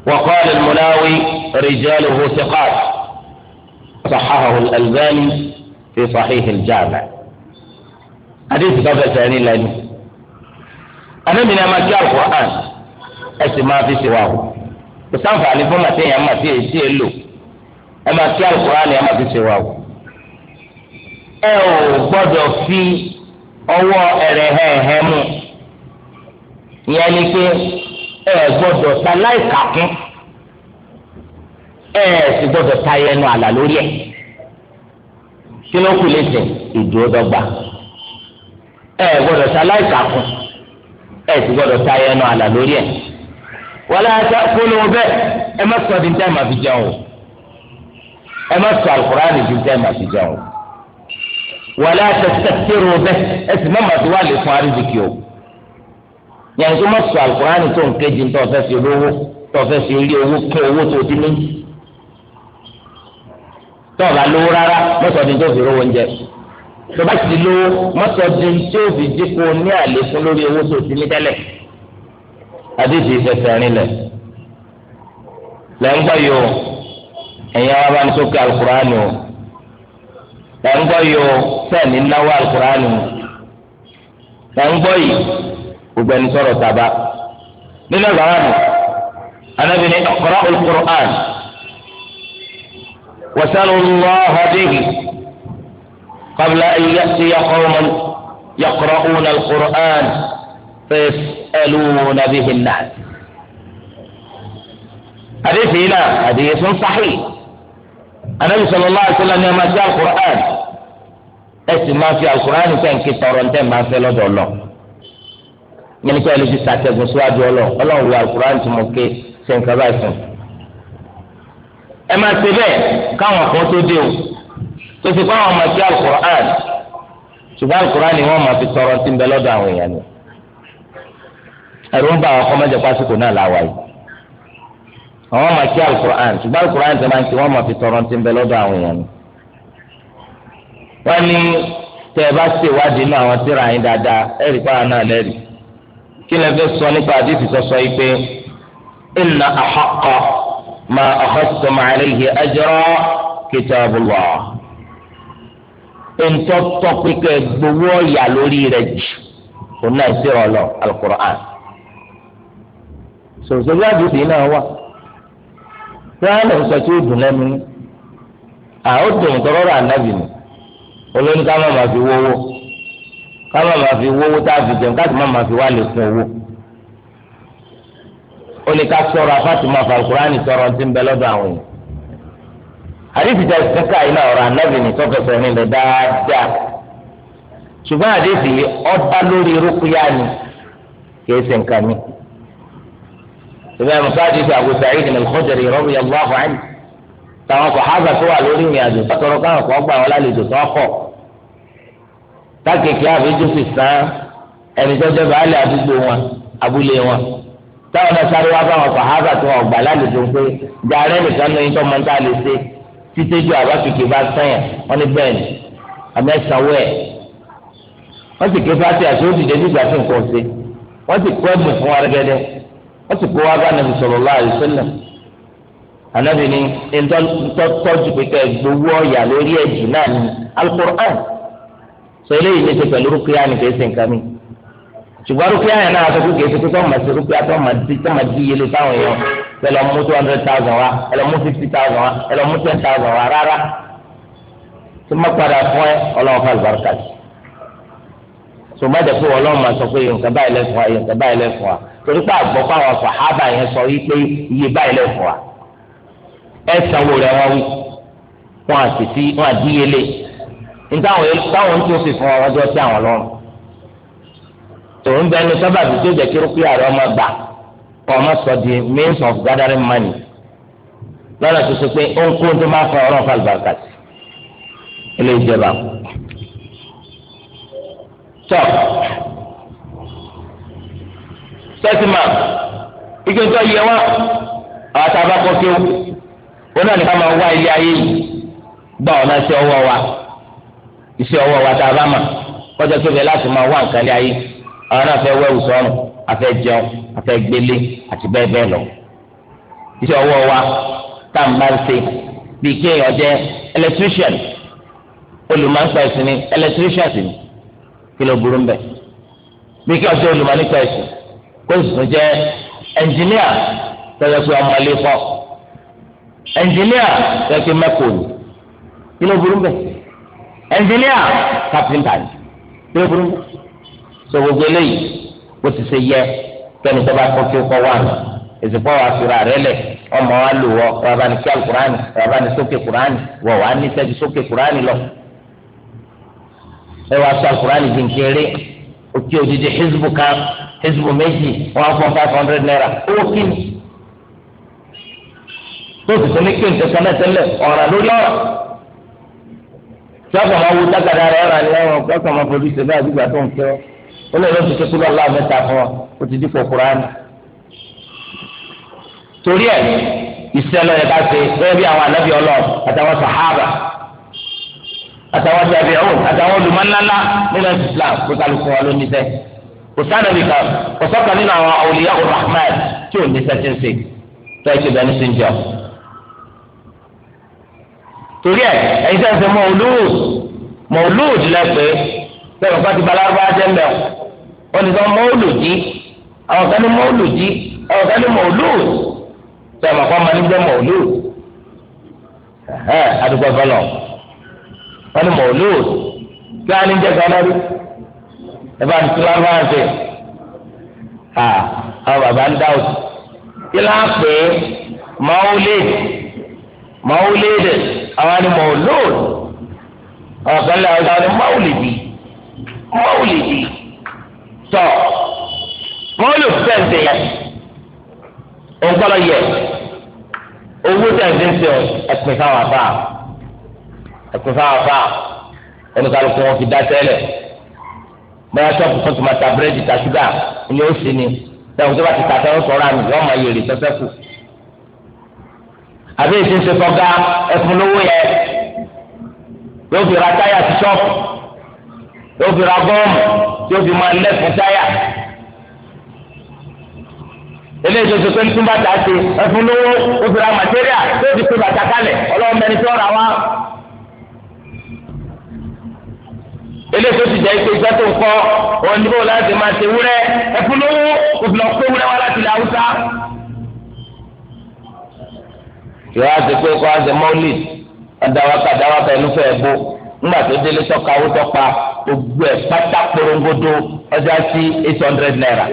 S3: وقال المناوي
S1: رجاله ثقات صححه الألباني في صحيح الجامع àdéhùn tó fẹsẹ̀ rìn lẹ́nu. àdébì ni a máa kí alukur'an ẹ sì máa fi ṣe wà o kò sáǹfààní fún màtíyàn màtí èyí tí ẹ lò ẹ máa kí alukur'an ẹ máa fi ṣe wà o. ẹ ò gbọ́dọ̀ fi ọwọ́ ẹ̀rẹ̀ hẹ́ẹ̀hẹ́ mu ìyẹn ni pé ẹ ò gbọ́dọ̀ ta láìka kún ẹ ẹ sì gbọ́dọ̀ ta ẹnu àlà lórí ẹ kí ló kù lè sè ìdúró dọ́gba ẹ gbọ́dọ̀ ta láìkàkùn ẹ sì gbọ́dọ̀ ta ẹnu àlà lórí ẹ wàlá ata kóló bẹ́ẹ̀ ẹ má sọ di ntẹ́ màá fi jẹun o ẹ má sọ alukurani di ntẹ́ màá fi jẹun o wàlá ata sẹ́kítẹ́rù bẹ́ẹ̀ ẹ sì má màá fi wà lè fún arizikì o yẹn tó má sọ alukurani tó nkéjì ntọ́ fẹ́ fi olówó tó fẹ́ fi rí owó kún owó tó ti ní tọ́ọ̀bà lówó rárá mọ́sọ̀dí tó fi rówó oúnjẹ tó bá ti lówó mọ́tò di tí ó fi dínkù ní àlékún lórí owó tó ti ní tẹ́lẹ̀ àdéhùn ìfẹsẹ̀ rinlẹ̀ lẹ́ńgbọ́ yìí o ẹ̀yin ara bá ní sókè alukur'ani o lẹ́ńgbọ́ yìí o sẹ́ẹ̀ni náwó alukur'ani o lẹ́ńgbọ́ yìí gbogbo ẹni sọ̀rọ̀ sábà nínú ìgbàlánu anabi ni ọ̀kọ́rọ̀ alukur'ani wọ́sálù lọ́ọ́ họ́dẹ́gì.
S2: قبل أن يأتي قوم يقرؤون القرآن فيسألون به الناس حديث
S1: هنا حديث صحيح
S2: النبي صلى الله عليه وسلم ما في القرآن ẹsì máa fi alukur'an kàn kí
S1: tọrọ ntẹ máa fẹ lọdọ ọlọ yẹn kí ẹlẹsì sàtẹgùn síwájú ọlọ Ọlọ́run wo alukur'an tí mo ké ṣe nǹkan báyìí fún ẹ máa ṣe bẹ́ẹ̀ káwọn kan tó dé o
S2: tó ti fáwọn ọmọ sí alukur'an ṣùgbọ́n alukur'an ni wọ́n máa fi tọrọ ti ń bẹ
S1: lọ́dọ̀ àwọn èèyàn ni ẹ̀rù ń bá àwọn kọ́mọ́jọ pásítọ̀ náà láwa yìí àwọn máa kí alukur'an ṣùgbọ́n alukur'an ti máa ń ti wọ́n máa fi tọrọ ti ń bẹ lọ́dọ̀ àwọn èèyàn ni wọ́n ní tẹ́ ẹ bá ṣèwádìí náà àwọn tíra yín dáadáa ẹ̀rì pàrọ̀ náà lẹ́rì kí fẹ́ sọ nípa àdìsí sọ́sọ́ yìí pé
S2: inna ahaqqa
S1: ma akhadtum alayhi ajra kitabullah ntọ́ tọ́pẹ́kẹ́ gbowó ọ̀yà lórí rẹ̀ jù kò náà ṣe ọlọ alukur'an sòsòrò àdùsí náà wà sọ́yìn náà sọ tí ó dùn lẹ́nu ní àwọn dùn tọrọ rà nábì ní olórí ká má máa fi wówó ká má máa fi wówó tá a fi jẹun káàtì má fi wá lè fún owó ó ní ká sọ̀rọ̀ afátùmọ̀ àfàlùkùránì sọ̀rọ̀ ti ń bẹ lọ́dọ̀ àwọn yìí àdìsí ta ìsìn ká iná ọ̀rọ̀ anábì ní tọ́kẹsẹ̀ nílẹ̀ dáadáa ṣùgbọ́n àdìsí ọ̀dá lórí rúkúyà ni kìí ṣe nǹkan mi. ìbẹ́ musa àdìsí Abu Sa'id al-Khudri radiyallahu anhu táwọn kò hábà tó wà lórí ìrìn àjò sọ́tọ́rọ́ káwọn kò gbà wọn lálejò tó ọkọ̀ tákìkì àbíjú sì sàn ẹni tó jẹ́ baálé àdúgbò wọn abúlé wọn táwọn náà sáré wá báwọn kò hábà tó wọn gbà lálejò pé jàre nìkan lóyún tó mọ títí ju àbátútù bá sẹ́yìn wọ́n ní bẹ́ẹ̀ ni àmì ẹ̀sánwó ẹ̀ wọ́n sì ké fásitì àti òdìdẹ nígbà tí nǹkan ṣe wọ́n sì kọ́ ẹ̀bùn fún arẹ́gẹ́dẹ́ wọ́n sì kó wá bá nàbì sallallahu alaihi wasallam ànábì ni ntọ́jú pípẹ́ gbowó ọ̀yà lórí ẹ̀jì náà ní alukur'an sọ eléyìí ní ti pẹ̀lú rúkìá nìkan ẹ̀sìn kan mìíràn ṣùgbọ́n rúkìá yẹn náà sọ́kù kìí ṣe tó máa ṣe rúkìá tó máa di tó máa di yẹlẹ táwọn èèyàn ẹ lọ mú two hundred thousand wa ẹ lọ mú fifty thousand wa ẹ lọ mú ten thousand wa rárá tó má padà fún ẹ ọlọ́run fún àlùbáríkà jù tó má jẹ́ pé ọlọ́run máa sọ pé yòǹkà báyìí lẹ́fọ̀ wa yòǹkà báyìí lẹ́fọ̀ wa torí pé àgbọ̀ fáwọn sàhábà yẹn sọ wípé iye báyìí lẹ́fọ̀ wa ẹ sanwó rẹ̀ wọ́n wí wọ́n àti sí wọ́n àdíyelé ní táwọn táwọn tó sì fún wa wọ́n sí àwọn lọ́rùn tòun bẹ ẹni sábàbí tó jẹ kí rúkìá rẹ ọmọ gbà kọ ọmọ sọ di means of gathering money lọ́nà tó so pé ó ń kó tó máa fọ ọ̀rọ̀ ike tó yẹ wá a ó náà ní ká máa wá ilé ayé yìí gbà ọ̀nà sí ọwọ́ wa iṣẹ́ ọwọ́ wa tá a bá àwọn náà fẹ́ wẹ̀wù sọ́run afẹ́ jẹun afẹ́ gbélé àti bẹ́ẹ̀ bẹ́ẹ̀ lọ. iṣẹ́ ọwọ́ wa
S2: tá à ń bá ń ṣe
S1: bíi kéèyàn jẹ́ electrician olùmọ̀ọ́sọ ẹ̀sìn ni electrician sì ni kí ló burú mbẹ́ bíi kéèyàn jẹ́ olùmọ̀ọ́sọ ẹ̀sìn kó sì tún jẹ́ engineer tẹ́lẹ̀ pé ọmọ ilé kọ́ engineer tẹ́lẹ̀ pé mẹ́kọ̀ọ́ ni kí ló burú mbẹ́ engineer carpenter ni kí ló burú mbẹ́ sọ gbogbo eléyìí bó ti ṣe yẹ kẹ́ni tó bá kọ́ kí ó kọ́ wà nù ìsìnkú wa fira rẹ lẹ ọmọ wa lò wọ rabani kí alukurani rabani sókè kurani wọ wà ní sẹ́jú sókè kurani lọ ẹ wá sọ alukurani di nkéré òkè òdìdí hizbu kan hizbu méjì one four five hundred naira owó kíni tó ti sọ ní kí nǹkan náà tẹ́lẹ̀ ọ̀ràn lórí ọ̀ràn tí wọ́n sọ ma wo dákàdá rẹ̀ ọ̀ràn ni wọ́n kọ́ sọ ma fojú sí báyìí àdúgbò àti òǹkẹ́wọ́ olóòrùn ti ké kúlọ̀ láwọn mẹ́ta fún ọ ó ti dípò kúránì. torí ẹ̀ ìṣẹ̀lẹ̀ yẹn ká ṣe bẹ́ẹ̀ bí àwọn anábì ọlọ́ọ̀ àtàwọn sàhábà àtàwọn
S2: tabi'un àtàwọn olùmọ̀nlá nínú islam pé kálukú wa ló ní sẹ́ kò sáré mi kan
S1: kò sọ́kàn nínú àwọn awliya rahman tí ò ní sẹ́tí ń sè tó ẹ̀ ti bẹ́ẹ̀ ní sí torí ẹ̀ ẹ̀yin sẹ́sẹ̀ mọ̀ olóòd mọ̀ olóòd bẹ́ẹ̀ bá ti ba lárúbá jẹ́ mbẹ́ o ní sọ mọ́ọ̀lùdí àwọn kan ní mọ́ọ̀lùdí àwọn kan ní mọ́ọ̀lùd sọ ma kọ́ ma ní jẹ́ mọ́ọ̀lùd ẹ̀ adúgbò fọlọ́ wọ́n ní mọ́ọ̀lùd kí wọ́n á ní jẹ́ sọ́nọ́rí ẹ̀ bá ti tu lárúbá ṣe àwọn bàbá ń dá òtù kí ló ń pè é mọ́ọ̀lùd mọ́ọ̀lùd àwọn ni mọ́ọ̀lùd àwọn kan lè àwọn ni mọ́ọ̀lùdì mọ́wùlìdì tọ̀ mọ́wùlì fẹ́ǹsì yẹn òǹkọ́lọ́ yẹ owó tẹ̀sí ṣe ẹ̀pìn fáwọn afá ẹ̀pìn fáwọn afá oníkàlùkù wọn fi dá tẹ́lẹ̀ bóyá ṣọ́ọ̀bù kan tó máa ta búrẹ́dì ta ṣúgà ni ó sì ni lẹ́yìn tó bá ti ta tẹ́wọ́ sọ̀rọ̀ àmì yọ́ọ́ máa yèrè sẹ́sẹ́ kù
S2: àbí èsì ń ṣe kọ́gá ẹ̀fún lówó yẹ yóò fi ra táyà sí ṣọ́ọ̀bù yóò fi ra bọ́ọ̀mù tí ó fi máa lẹ́kùn táyà
S1: eléyìí tó ti pé tún bàtà ṣe ẹfun lówó ó fi ra màtíríà tó ti pé bàtà kalẹ̀ ọlọ́run mẹ́rin tó ra
S2: wá.
S3: eléyìí tó ti jẹ́ ike ìgbà tó ń kọ́ òun níbo láti máa ṣe wúrẹ́ ẹfun lówó
S1: kò fi lọ pé wúrẹ́ wá láti ilẹ̀ haúsá. ìwádìí pé kó a ṣe mọ́lì ọ̀dà wákàtí àwọn akẹ́lùfẹ́ ẹ̀ bó. ńgbà tó délé tọ́ka owó tọ́pa gbogbo ẹ̀ pátá korongodo
S2: ọjà sí eight hundred naira.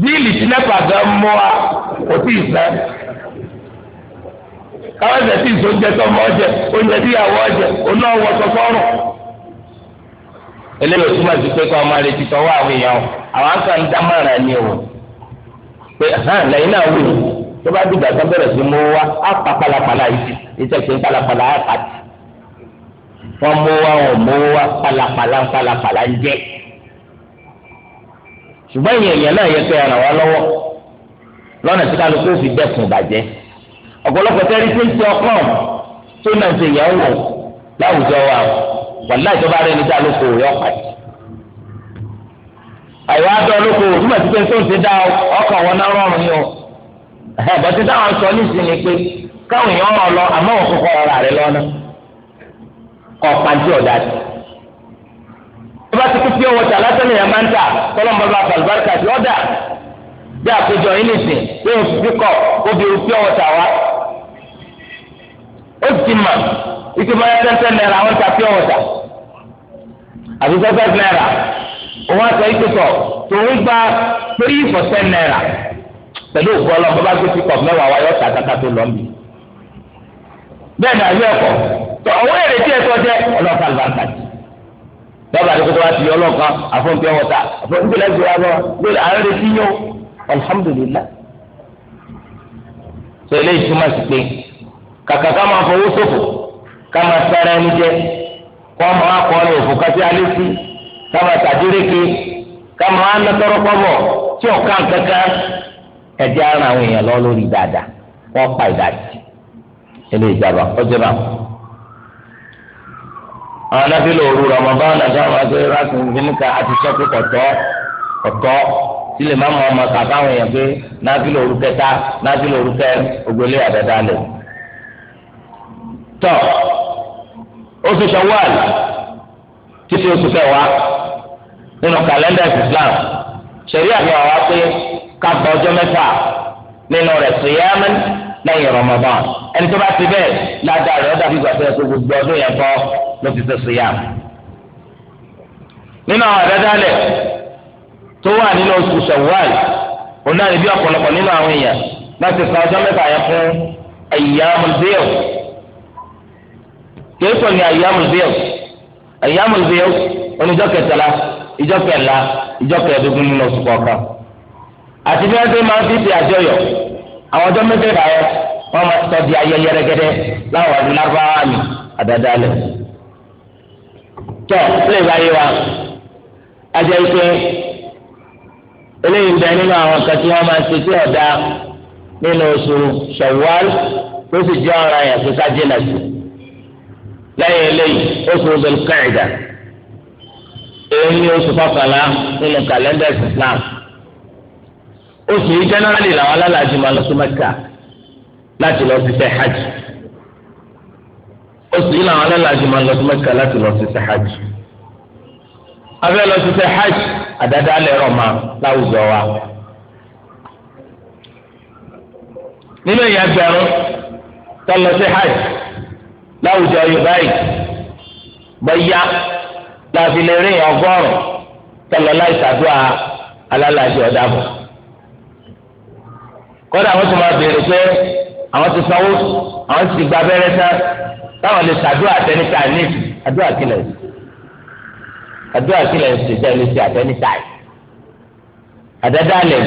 S2: bíìlì tí nẹ́pà gan mọ́ kò tí ì sẹ́ káwọn ẹsẹ̀ tí ìsọ oúnjẹ tó mọ ọjẹ oúnjẹ tí ìyàwó ọjẹ oná ọwọ́ sọfọ́rọ̀.
S1: eléyìí òtún máa ti pé kọ́ ọmọ rẹ̀ ti tọ́wọ́ àwọn èèyàn àwọn ni o pé hàn lẹ́yìn náà wù tó bá dìgbà tó bẹ̀rẹ̀ sí mú wa á pa palapala yìí ìtẹ̀ sí palapala á pa
S2: wọn mú wa wọn mú wa palapala palapala ń
S1: jẹ ṣùgbọ́n ìyẹn ìyẹn náà yẹ kẹ́ ẹ ràn wá lọ́wọ́ lọ́nà tí kálukú fi dẹ́kun bàjẹ́ ọ̀pọ̀lọpọ̀ tẹ́lí tí ń ti ọkàn tó náà ti yẹ̀ ń wò láwùjọ wa wàlá ìjọba rẹ̀ níta ló kò yọ
S2: pàdé àyọ̀ adọ́ ló kò túmọ̀ sí pé tó ń ti dá ọkàn wọn náà bọ́tí táwọn sọ nísìnyí pé káwọn èèyàn rọ lọ àmọ́ òun kọ́kọ́ ọ̀rọ̀ rẹ lọ́nà
S1: kọ́ pàǹtí ọ̀dà sí. bí wọ́n ti kú pé wọ́tà látọ̀lẹ̀ yẹn máa ń tà tọ́lọ́mọ bá bàlùbáríkà sí ọ̀dà
S2: bí àpéjọ yín nìsín pé oṣù kíkọ obìnrin pé wọ́tà wá. ó ti mà
S1: ike bọ́yá tẹ́tẹ́ náírà wọ́n ta pé wọ́tà àti tẹ́tẹ́ náírà
S2: òun àtọ̀ ìkẹtọ̀ tòun gba three percent náírà. pẹ̀lú òkú ọlọ́mọ bá gbé pípọ̀ mẹ́wàá wáyé ọ̀tà kàkà
S1: tó lọ́mì. bẹ́ẹ̀ náà yọ ẹ̀kọ́ tó ọwọ́ èrè tí ẹ tọ́ jẹ́ ọlọ́ọ̀ta àlùbáńkà jì. lọ́ba àti kókó wa ti yọ ọlọ́ọ̀kan àfọ̀npẹ́ wọ̀ta àfọ̀npẹ́ lẹ́gbẹ̀ẹ́ wa kama ẹ̀jẹ̀ ara àwọn èèyàn lọ lórí dáadáa wọ́n pa ìdajì ilé ìjàmbá ọjọ́ náà. àwọn anáfíìlì òru rọmọbáwọn náà sáwọn máa ṣe ráàkì nìkan àti sọ́kù kọ̀tọ́ kọ̀tọ́ sílẹ̀ máa mọ ọmọ kàkà àwọn èèyàn pé òru kẹta òru kẹ àdáda
S2: Tọ, oṣù títí oṣù kẹwàá nínú àwọn kagbọ ọjọ́ mẹ́fà
S1: nínú rẹ̀ sèyámẹ lẹ́yìn Ramadan ẹni tó bá ti bẹ́ẹ̀ ládàá rẹ̀ ọdà fígbà tó yẹ kó gbogbo ọdún yẹn kọ ló ti tẹ sèyámẹ. nínú àwọn àdádálẹ̀
S2: tó wà nínú oṣù Shawwal òun náà níbi ọ̀pọ̀lọpọ̀ nínú àwọn èèyàn láti ka ọjọ́ mẹ́fà yẹn fún
S1: ayyamul biyu kéèkó ni ayyamul biyu ayyamul kẹtàlá ìjọ́ kẹlá ìjọ́ kẹẹ̀dógún nínú oṣù kọ̀ọ̀kan àti bí wọn ṣe máa fi ti àjọyọ̀ àwọn ọjọ́ mẹ́tẹ̀ẹ̀ta yẹ wọn máa sọ di ayẹyẹ rẹgẹdẹ láwọn ọdún mi àdáda lẹ. tọ ilé ìbáyé wa ajẹ́ ike eléyìí ń bẹ nínú àwọn kan tí wọ́n máa ń ṣe sí ọ̀dà nínú oṣù Ṣawwal tó sì jẹ́ ọ̀ràn yẹn tó ká jìnà sí. lẹ́yìn eléyìí oṣù Dhul-Qa'dah èyí ni oṣù kọkànlá nínú kàlẹ́ndà Islam. oṣù yìí jẹ́nẹ́rálì làwọn alálàájì máa lọ sí mẹ́kà láti lọ hajj oṣù yìí làwọn alálàájì máa lọ sí láti lọ hajj abẹ́ lọ hajj àdádálẹ̀ rọ̀ máa láwùjọ wa nínú ìyá gbẹrún tó lọ hajj láwùjọ yorùbá yìí lè tó lọ alálàájì kódà àwọn tó máa béèrè pé àwọn ti sanwó àwọn ti gba abẹ́rẹ́ tán táwọn lè ṣàdúrà àtẹnitá ní àdúrà kílẹ̀ àdúrà kílẹ̀ ń ṣe tẹ́lẹ̀ ṣe àtẹnitá yìí àdáda lẹ̀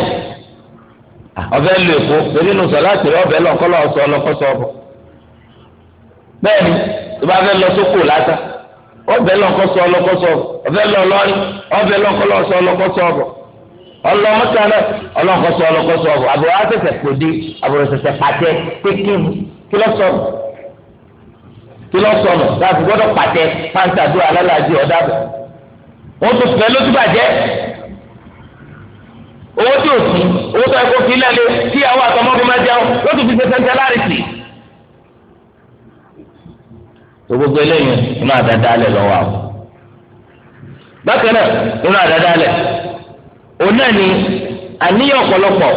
S1: ọbẹ̀ lu èkó torí nu sọ láti rí ọbẹ̀ lọ́kọ́lọ́ sọ ọlọ́kọ́sọ ọbọ̀ bẹ́ẹ̀ni tó bá fẹ́ lọ sóko lásán ọbẹ̀ lọ́kọ́sọ ọlọ́kọ́sọ ọbẹ̀ lọ ọlọmọta náà ọlọkọsọ ọlọkọsọ ọbọ àbúrò asẹsẹ kpòdì àbúrò sẹsẹ pàtẹ kékin kílọsọ kílọsọ nù láti gbọ́dọ̀ pàtẹ pàǹtà dúró alálàájì ọdá bọ wọn tún fẹ lójú bàjẹ
S3: owó tí o sí owó tó ẹ̀kọ́ fi lẹlẹ tí àwọn àtọmọ fi máa jẹun yóò tún fi ṣe sẹńtẹ láàrin sí.
S1: gbogbo eléyìí inú àdáda alẹ lọ wà o bákan náà inú àdáda alẹ. òun náà ni ike ọ̀pọ̀lọpọ̀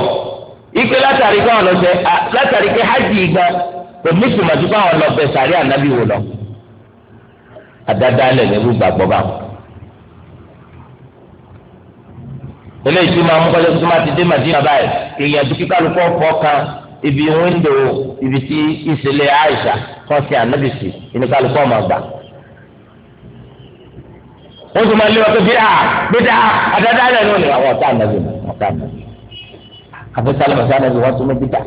S1: ipe ike ha àwọn ọ̀sẹ̀ látàrí pé hajj igba kò ní ìtumọ̀ tó báwọn lọ bẹ̀ sàrí ànábì wò lọ. àdáda lẹ̀ nínú gbàgbọ́ bá wọn. eléyìí máa ń kọ́lé tó máa ti dé màdínà báyìí ibi wíńdò ibi tí ìṣẹ̀lẹ̀ àìsà kọ́ sí sí ó sì máa lé wọn pé bídà bídà àdáda náà ló ní àwọn ọ̀tá ànábì ọ̀tá ànábì àfi sálámà sálámà wọn tún mọ bídà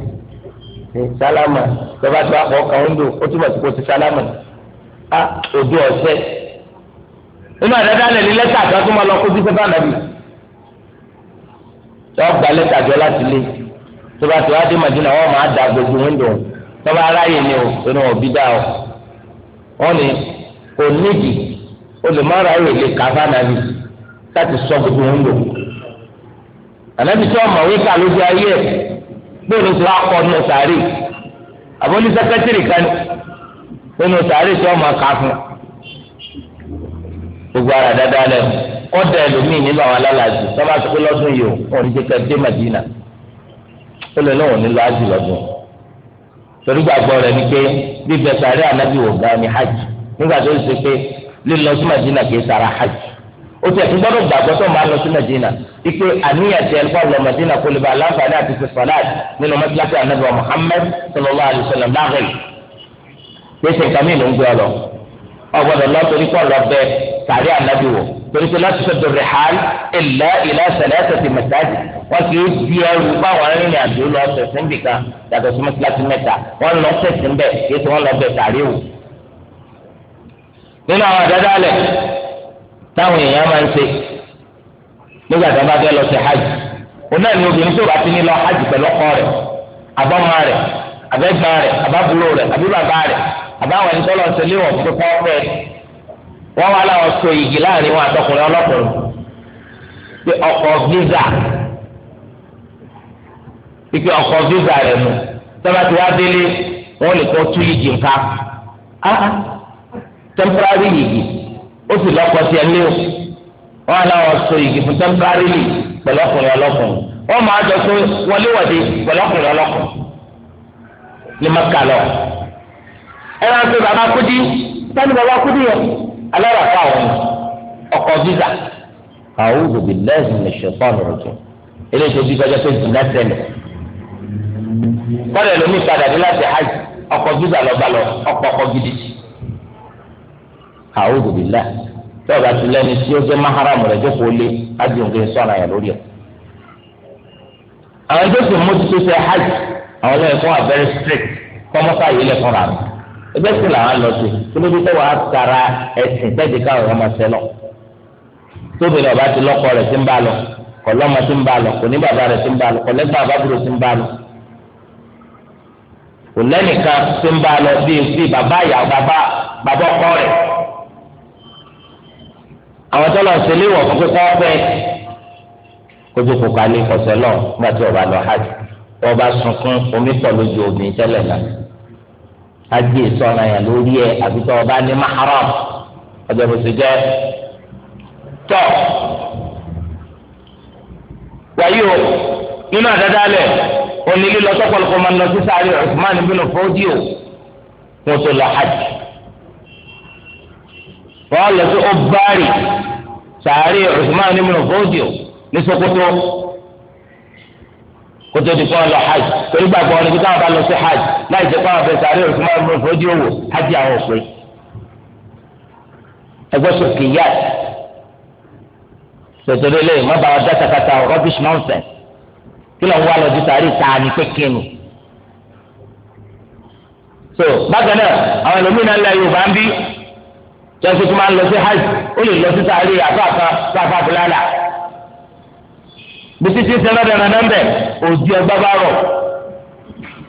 S1: sálámà bàbá tó akọ ọkàn ondo ó túbọ̀ sí kó ti sálámà á òdu ọ̀sẹ̀
S2: inú àdáda náà ní lẹ́tà àti ọtún máa lọ kó dípẹ́
S1: bá ànábì tó gba lẹ́tà jọ láti lé tó bá tó wá dé màdínà wọn máa dà gbogbo windo tó bá aráyè ni o inú òbí dá o o lè má ra ayé lè kà fún anabi láti sọ gbogbo ń lò anabi tí wọn mọ wíkà lójú ayé ẹ gbóòlù tí wọn kọ nù sàárè àbọ̀lí sẹkẹtìrì kan nínú sàárè tí wọn mọ kà fún gbogbo ara dáadáa lẹ kọ́dà ẹlòmíì nínú àwọn alálàájì tó bá lọ́dún yìí o ní jẹ́ dé Madina ó lè náà wọn nílò ájì lọ́dún torí gbàgbọ́ rẹ̀ ni pé bíbẹ̀ sàárè anabi ò gbà ní hajj nígbà tó ń ṣe pé lílọ sí Madina kì í sara hajj o tẹ fún gbọ́dọ̀ gbàgbọ́ tó máa lọ sí Madina ike àníyàn tẹ ẹ kó lọ Madina kó lè ba aláǹfààní àti sèfàlàd nínú mẹsàlásì anabi Muhammad sallallahu alayhi wa sallam láàrin pèsè nǹkan mìíràn ń gbé ọ lọ ọgbọ́dọ̀ lọ torí kọ lọ bẹ tàrí anabi wò torí pé láti sọdọ rẹ hàn ilẹ ilẹ sẹlẹ tẹsí mẹsàgì wọn kì í di ẹrù báwọn arìnrìn àjò lọ sẹsìn bìkan yàtọ̀ sí mẹsàlásì mẹ́ta wọn lọ sẹsìn bẹ nínú àwọn àdáda lẹ táwọn èèyàn máa ń ṣe nígbà tí wọn bá fẹ́ lọ sí hajj òun náà ni obìnrin tó bá ti ní lọ hajj ọkọ rẹ
S2: àbọmọ rẹ àbẹgbọn rẹ àbábúrò rẹ àbíbàbá rẹ àbáwọn ẹni lọ sí ilé fún
S1: wọn wá láwọn so igi láàrin wọn àtọkùnrin ọlọ́kùnrin pé ọkọ tẹmpirari yìí ó sì lọ́kọ sí ẹ léwu wọn aláwọ̀ sọ yìí fún tẹmpirari yìí pẹ̀lú ọkùnrin ọlọ́kùnrin wọn máa jọ pé wọléwọ̀de pẹ̀lú ọkùnrin ọlọ́kùnrin
S2: ní maka lọ ẹ máa ń pè bàbá kúdí
S1: sani bàbá kúdí yẹn alẹ́ fún àwọn ọkọ̀ visa a'udhu billahi minash shaitanir rajim eléyìí tó bí kọjá pé zina ṣẹlẹ̀
S2: kọ́lẹ̀ lómi padà dé láti hajj ọkọ̀ visa lọ́ba lọ ọkọ̀ ọkọ̀
S1: gidi a'udhu billah tó o bá ti lẹ́ni tí ó jẹ́ maharamu rẹ̀ jókòó lé ájúǹde sọ̀rọ̀ yẹn lórí ẹ̀.
S2: àwọn ẹjọ́ sì mójútó ṣe hajj
S1: àwọn lẹ́yìn fún very strict kọ́mọ́sá yìí lẹ́ fúnra mi ẹgbẹ́ sì làwọn lọ sí kí ló dé tó tara ẹ̀sìn tẹ́jì káwọn ọmọ ṣẹ lọ. tóbi ni ọba ti lọ́kọ rẹ̀ ti ń bá lọ ti ń bá lọ kò ní bàbá ti ń bá lọ
S2: àwọn tó lọ sílé wọ̀ fún kíkọ́ pẹ́
S1: kójú kò ká ní kọ̀sẹ́ lọ nígbà tí ọba lọ hajj ọba sunkún omi pọ̀ lójú obìnrin tẹ́lẹ̀ náà hajj sọ̀rọ̀ yẹn lórí ẹ̀ àbí tó ọba ní maharam ọjọ́ bó ti jẹ́ tọ́ wáyé o nínú àdáda lẹ̀ onílé lọ́sọ̀pọ̀lọpọ̀ máa ń lọ sí sáré Usman ibn Fodio wọ́n tó lọ hajj wọ́n lọ sí ọbaari sàárè Usman ibn Fodio ní Sokoto kótó ti kọ́ ọ lọ hajj torí gbàgbọ́ ọ ní kíkọ́ àbá lọ sí hajj láì jẹ́ pàwọn abẹ sàárè Usman ibn Fodio wò hajj àwọn òpè ẹgbẹ́ sọ̀kì yá sọ̀tọ̀dọ̀ lè má bàa dá takata rubbish nonsense kí ló ń wá lọ sí sàárè ni
S2: so bákan náà àwọn ẹlòmíràn lẹ Yorùbá tẹ́sí tó máa ń lọ sí hajj ó lè lọ sí sáré àfáàfá sáfá fúlàlà
S1: bí títí sẹ́lẹ̀ dáná náà bẹ̀ òdi ọgbà bá rọ̀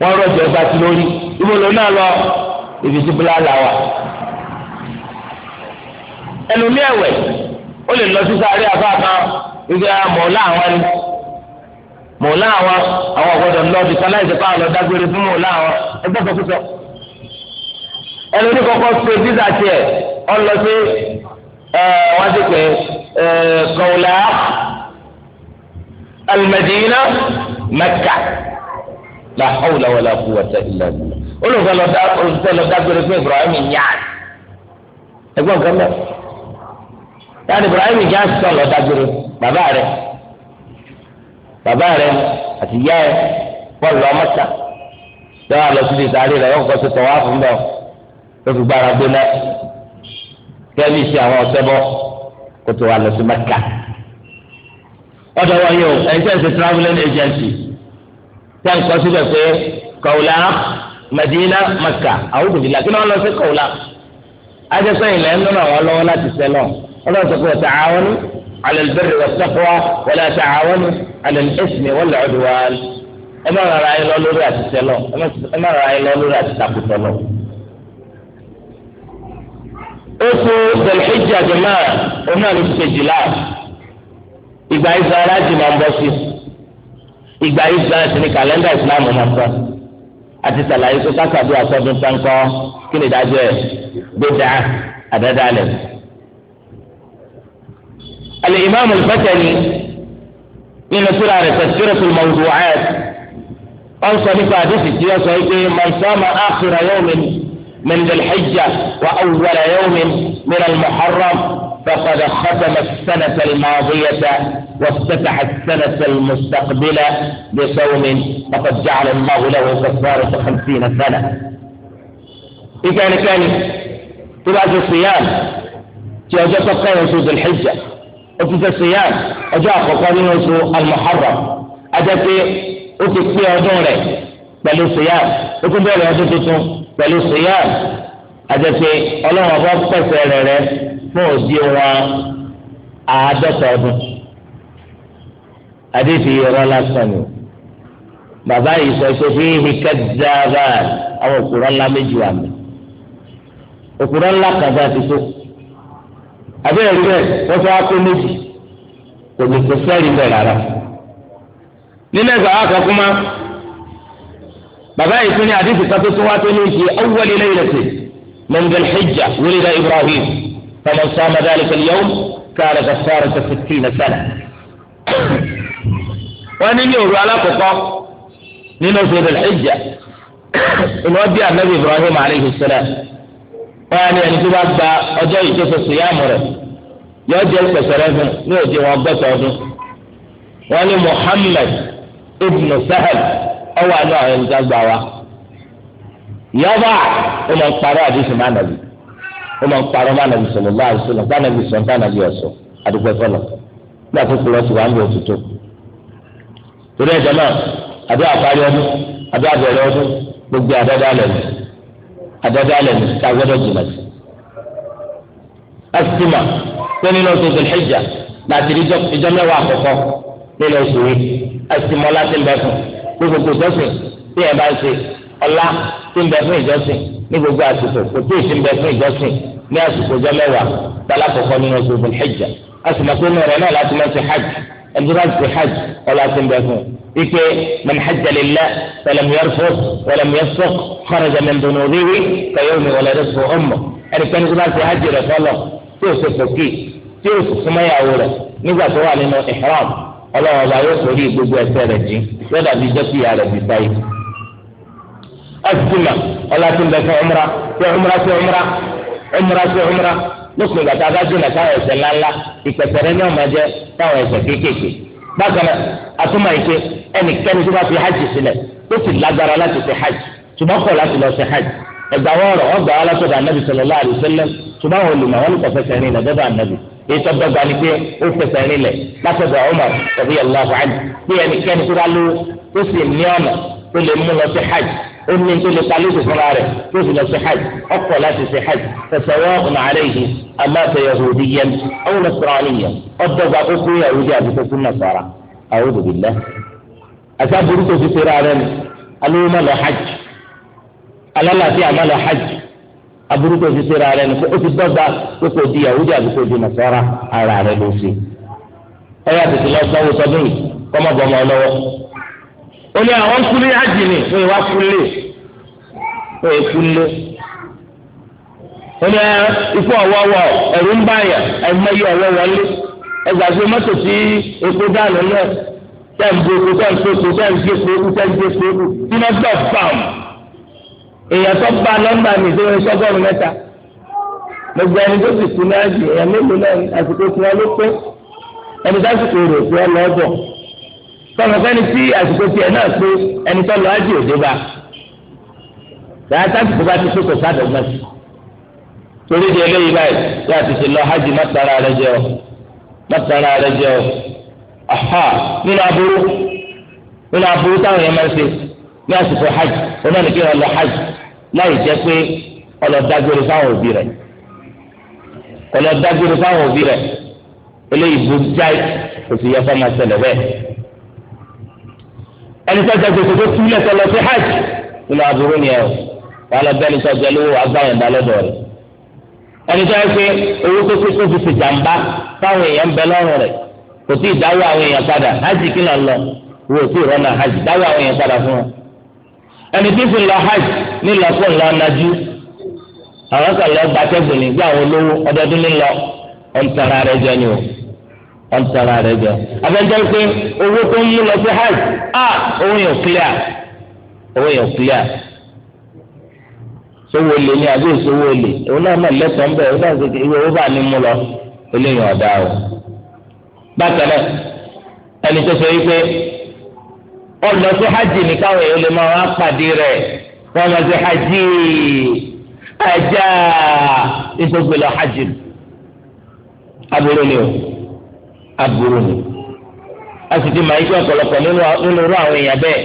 S1: wọ́n rọ̀ jẹ́ ọgbà sí lórí ibo ló náà lọ ibi tí fúlàlà wà. ẹlòmí ẹ̀wẹ̀ ó lè lọ sí sáré àfáàfá ibi mọ̀ọ́lá àwọn ni mọ̀ọ́lá àwọn àwọn ọ̀gbọ́dọ̀ ńlọ́ọ̀dì sáláìsì fáwọn lọ dágbére fún mọ̀ọ́lá àwọn ẹgbẹ́ ẹlòmí kọ́kọ́ ṣe visa tiẹ̀ ọlọ sí ẹ wọ́n ti pè ẹ kọ̀ọ̀lá
S2: alimẹdìínà mẹ́kà la hawla
S1: wala quwwata illa billah olùfẹ́ lọ dá olùfẹ́ lọ dá gbére fún Ibrahim yàn ẹgbọ́n kan mẹ́
S2: yàrá Ibrahim yàn sọ lọ dá gbére
S1: bàbá rẹ̀ bàbá rẹ̀ àti yá ẹ bọ́ọ̀lù ọmọ lọ́wọ́ àlọ́ sí ìsàlẹ̀ rẹ̀ wọ́n kọ́ tọ́wọ́ fún ló fi gbára gbóná kẹ́lí ṣe àwọn ọ̀sẹ́bọ kó tó wà lọ sí mẹ́kà. ọ̀dọ̀ wọ̀nyí o ẹ̀jẹ̀ ṣe travelling agency tẹ́ ń kọ́ síbẹ̀ pé kọ̀ọ̀lá Madina Mẹ́kà àwọn òbí la kí ni wọ́n lọ sí kọ̀ọ̀lá. ajẹ́sẹ́ ilẹ̀ ń lọ́nà àwọn lọ́wọ́ láti sẹ́lọ̀ ọlọ́run sọ pé ọ̀tà àwọn ní alẹ́lẹ́bẹ̀rẹ̀ wọ́sẹ̀kọ́ wọlé ọ̀tà àwọn ní alẹ́lẹ́sìn wọlé ọ̀dùwà ẹ má rárá ẹ lọ lórí àti sẹ́lọ̀ ẹ má rárá ẹ lọ lórí àti takùtọ̀ lọ
S2: oṣù zelhijja jama ọ̀nà ní kejìlá
S1: ìgbà ìsà aláàjì máa ń bọ́ sí ìgbà ìsà àti ní kàlẹ́ndà ìsìlámù máa ń bọ́ àti sàlàyé tó kákàdé àtọ́dún táǹkọ́ kí ni ìdájọ́ ẹ̀ gbéjà àdádálẹ̀. الإمام الفتني من سورة تفسير الموضوعات أوصى بقى حديث من صام آخر يوم من ذي الحجة وأول يوم من المحرم فقد ختم السنة الماضية وافتتح السنة المستقبلة بصوم فقد جعل الله له كفارة خمسين سنة إذا كان
S2: بعد الصيام
S1: جاء تقوى ذي الحجة وفي الصيام وجاء قوانين المحرم أجاك أتكفي أدوني بل الصيام وكذلك أجاك pẹ̀lú siyam àjẹpẹ́ ọlọ́run ọba pẹ̀sẹ̀ rẹ̀ rẹ̀ fún òdi wọn àádọ́ta ọdún àdéhìí irọ́ lásán ni bàbá yìí sọ pé fi hi kẹ́dáàbà àwọn òkúrọ́ ńlá méjì wà mí òkúrọ́ ńlá kàdá ti tó àbẹ́rẹ́ rẹ̀ wọ́n fẹ́ wá kó méjì kò ní kó sẹ́rìí bẹ̀ rárá nílẹ̀ ìgbà wà kọ́kọ́ máa. bàbá yìí tún ní àdìsí kan tó tún wá tó ní ìṣe awwali laylati min dhil hijja wulida ibrahim faman sama dhalika al-yawm kana kafarata sittina sana. wọ́n ní ní òru alákọ̀ọ́kọ́ nínú oṣù dhil hijja ìlú ọbí anabi ibrahim alayhi salam wọ́n á ní ẹni tó bá gba ọjọ́ yìí tó fẹsẹ̀ yá mọ̀ yọ jẹ́ pẹ̀sẹ̀rẹ́ fún ní òde wọn gbọ́sọ̀ ọdún wọ́n ní muhammad ibn sahel ọwọ́ àná àwọn ẹni gbàgbà wa yọba ó lọ parọ́ àdìsí má nàbí ó lọ má nàbí sọlọ bá àdìsí lọ bá nàbí sọ bá ọsọ àdúgbò fọlọ nígbà tó kúrọ sí wa ń bọ òtútù torí ẹjọ́ náà àparí ọdún ọdún gbogbo àdáda alẹ mi àdáda alẹ mi ká gbọ́dọ̀ jìnnà sí ní gbogbo ìjọsìn tí ẹ bá ṣe ọlá tí ń bẹ fún ìjọsìn ní gbogbo àsìkò kò tí ì sí ń bẹ fún ìjọsìn ní àsìkò ọjọ́ mẹ́wàá tálá kọ̀ọ̀kan nínú oṣù Dhul Hijja a sì máa pé inú rẹ̀ náà láti máa ṣe hajj ẹni tó bá ṣe hajj ọlá tí ń bẹ fún ike man hajja lillah falam yarfuth walam yafsuq kharaja min dhunubihi ka yawmi waladathu tó bá ṣe yọ̀dà bíi jẹ́kí ìyá rẹ̀ bíi báyìí.
S2: asima ọlá tí ń bẹ fún umra fún umra fún umra
S1: umra fún umra lópin ìgbà tá a bá dènà táwọn ẹ̀ṣẹ̀ ńláńlá ìpẹ̀tẹ̀rẹ̀ ní ọ̀mà jẹ́ táwọn ẹ̀ṣẹ̀ kéékèèké. bákan náà atúmọ̀ ìṣe ẹnikẹ́ni tó bá fi hajj sílẹ̀ tó sì lágbára láti fi hajj ṣùgbọ́n kọ̀ láti lọ sí hajj ẹgbàá wọ́ọ̀rọ̀ ọgbà alásọ̀dọ̀ anábì sallallahu alaihi wasallam ètò ọgbàgbà ni pé ó fẹsẹ̀ rinlẹ̀ látọ̀dọ̀ Umar radiyallahu anhu pé ẹnikẹ́ni tó bá lówó ó sì ní ọ̀nà tó lè mú lọ sí hajj ó ní tó lè palóso fúnra rẹ̀ tó sì lọ sí hajj ọkọ̀ láti sí hajj sawa'un alayhi amata yahudiyyan aw nasraniyyan ọ̀dọ́gba ó kú yahudi àti kókó nasara a'udhu billah àti aburú tó fi ṣe rárẹ̀ ni alówó má lọ hajj alálàáfíà má lọ hajj aburú tó fi síra rẹ ni ó ti dọ́gba pé kò di yahudi àbí kò di nasara ara rẹ ló fi ẹ yà tètè lọ sanwó sọdún yìí kọ́mọ bọ́ ọmọ lọ́wọ́ ó ní àwọn kúlé àjìní ó yẹ wá kúlé ó yẹ kúlé ó ní ikú ọ̀wọ́wọ́ ẹ̀rú ń báyà ẹ̀mẹ́yẹ ọ̀wọ́ wọlé ẹgbàá fi mọ́tò sí epo dànù náà tẹ̀ ń bo epo tẹ̀ ń so epo tẹ̀ ń gbé epo tẹ̀ ń gbé epo tí wọ́n gbọ́ fáwọn èèyàn tó bá nọ́mbà mi tó ń sọ́gọ́rùn mẹ́ta gbogbo ẹni tó sì kún náà jù èèyàn mélòó náà àsìkò tiwọn ló pé ẹni sásìkò rò pé ọ lọ́ọ́ bọ̀ tọ́lọ̀ fẹ́ni tí àsìkò tiẹ̀ náà pé ẹni tó lọ́ọ́ ájì òde bá dáa sásìkò bá ti sókò sádọ́gbà sí torí di eléyìí báyìí yóò ti ṣe lọ hajj mọ́tara rẹ jẹ ọ mọ́tara rẹ jẹ ọ aha nínú aburú nínú aburú táwọn yẹn máa ń ṣe. ní àsìkò hajj onáni kí wọn lọ hajj láì jẹ́ pé ọlọ́dágbére fáwọn òbí rẹ̀ ọlọ́dágbére fáwọn òbí rẹ̀ eléyìí bó jáì kò yẹ fún ọmọ ṣẹlẹ̀ ẹni gbèsè tó lọ sí hajj nínú aburú ni ẹ o wà lọ bẹ́ẹ̀ ni lówó ẹni pé owó kókó tó fi fáwọn èèyàn bẹ lọ́rùn kò àwọn èèyàn padà hajj kí lọ ò tí ì rọ́nà hajj dáwọ́ àwọn èèyàn padà fún wọn. ẹni tí ń fi lọ hajj ní ìlọsọ ńlọ nájú àwọn kan lọ gba tẹ́gùn ní gbà wọn lówó ọdọọdún nílọ ọ̀ǹtara rẹ jẹ ni o ọ̀ǹtara rẹ jẹ abẹ́jọ́ pé owó tó ń mú lọ sí hajj a owó yẹn clear owó yẹn clear sowó olè ni àbí ìsowó olè òun náà mọ̀ lẹ́tọ̀ọ́ ń òun náà ṣe ìwé bá ní mú lọ eléyìí ọ̀dà o bákan náà ẹni tó sọ yìí pé ọlọ sí hajj ní káwọn èèyàn lè máa wá pàdé rẹ wọn máa ṣe hajj ajá ìtòkè lọ hajj aburú ni o aburú ni a sì ti máa iṣẹ́ ọ̀pọ̀lọpọ̀ nínú irú àwọn èèyàn bẹ́ẹ̀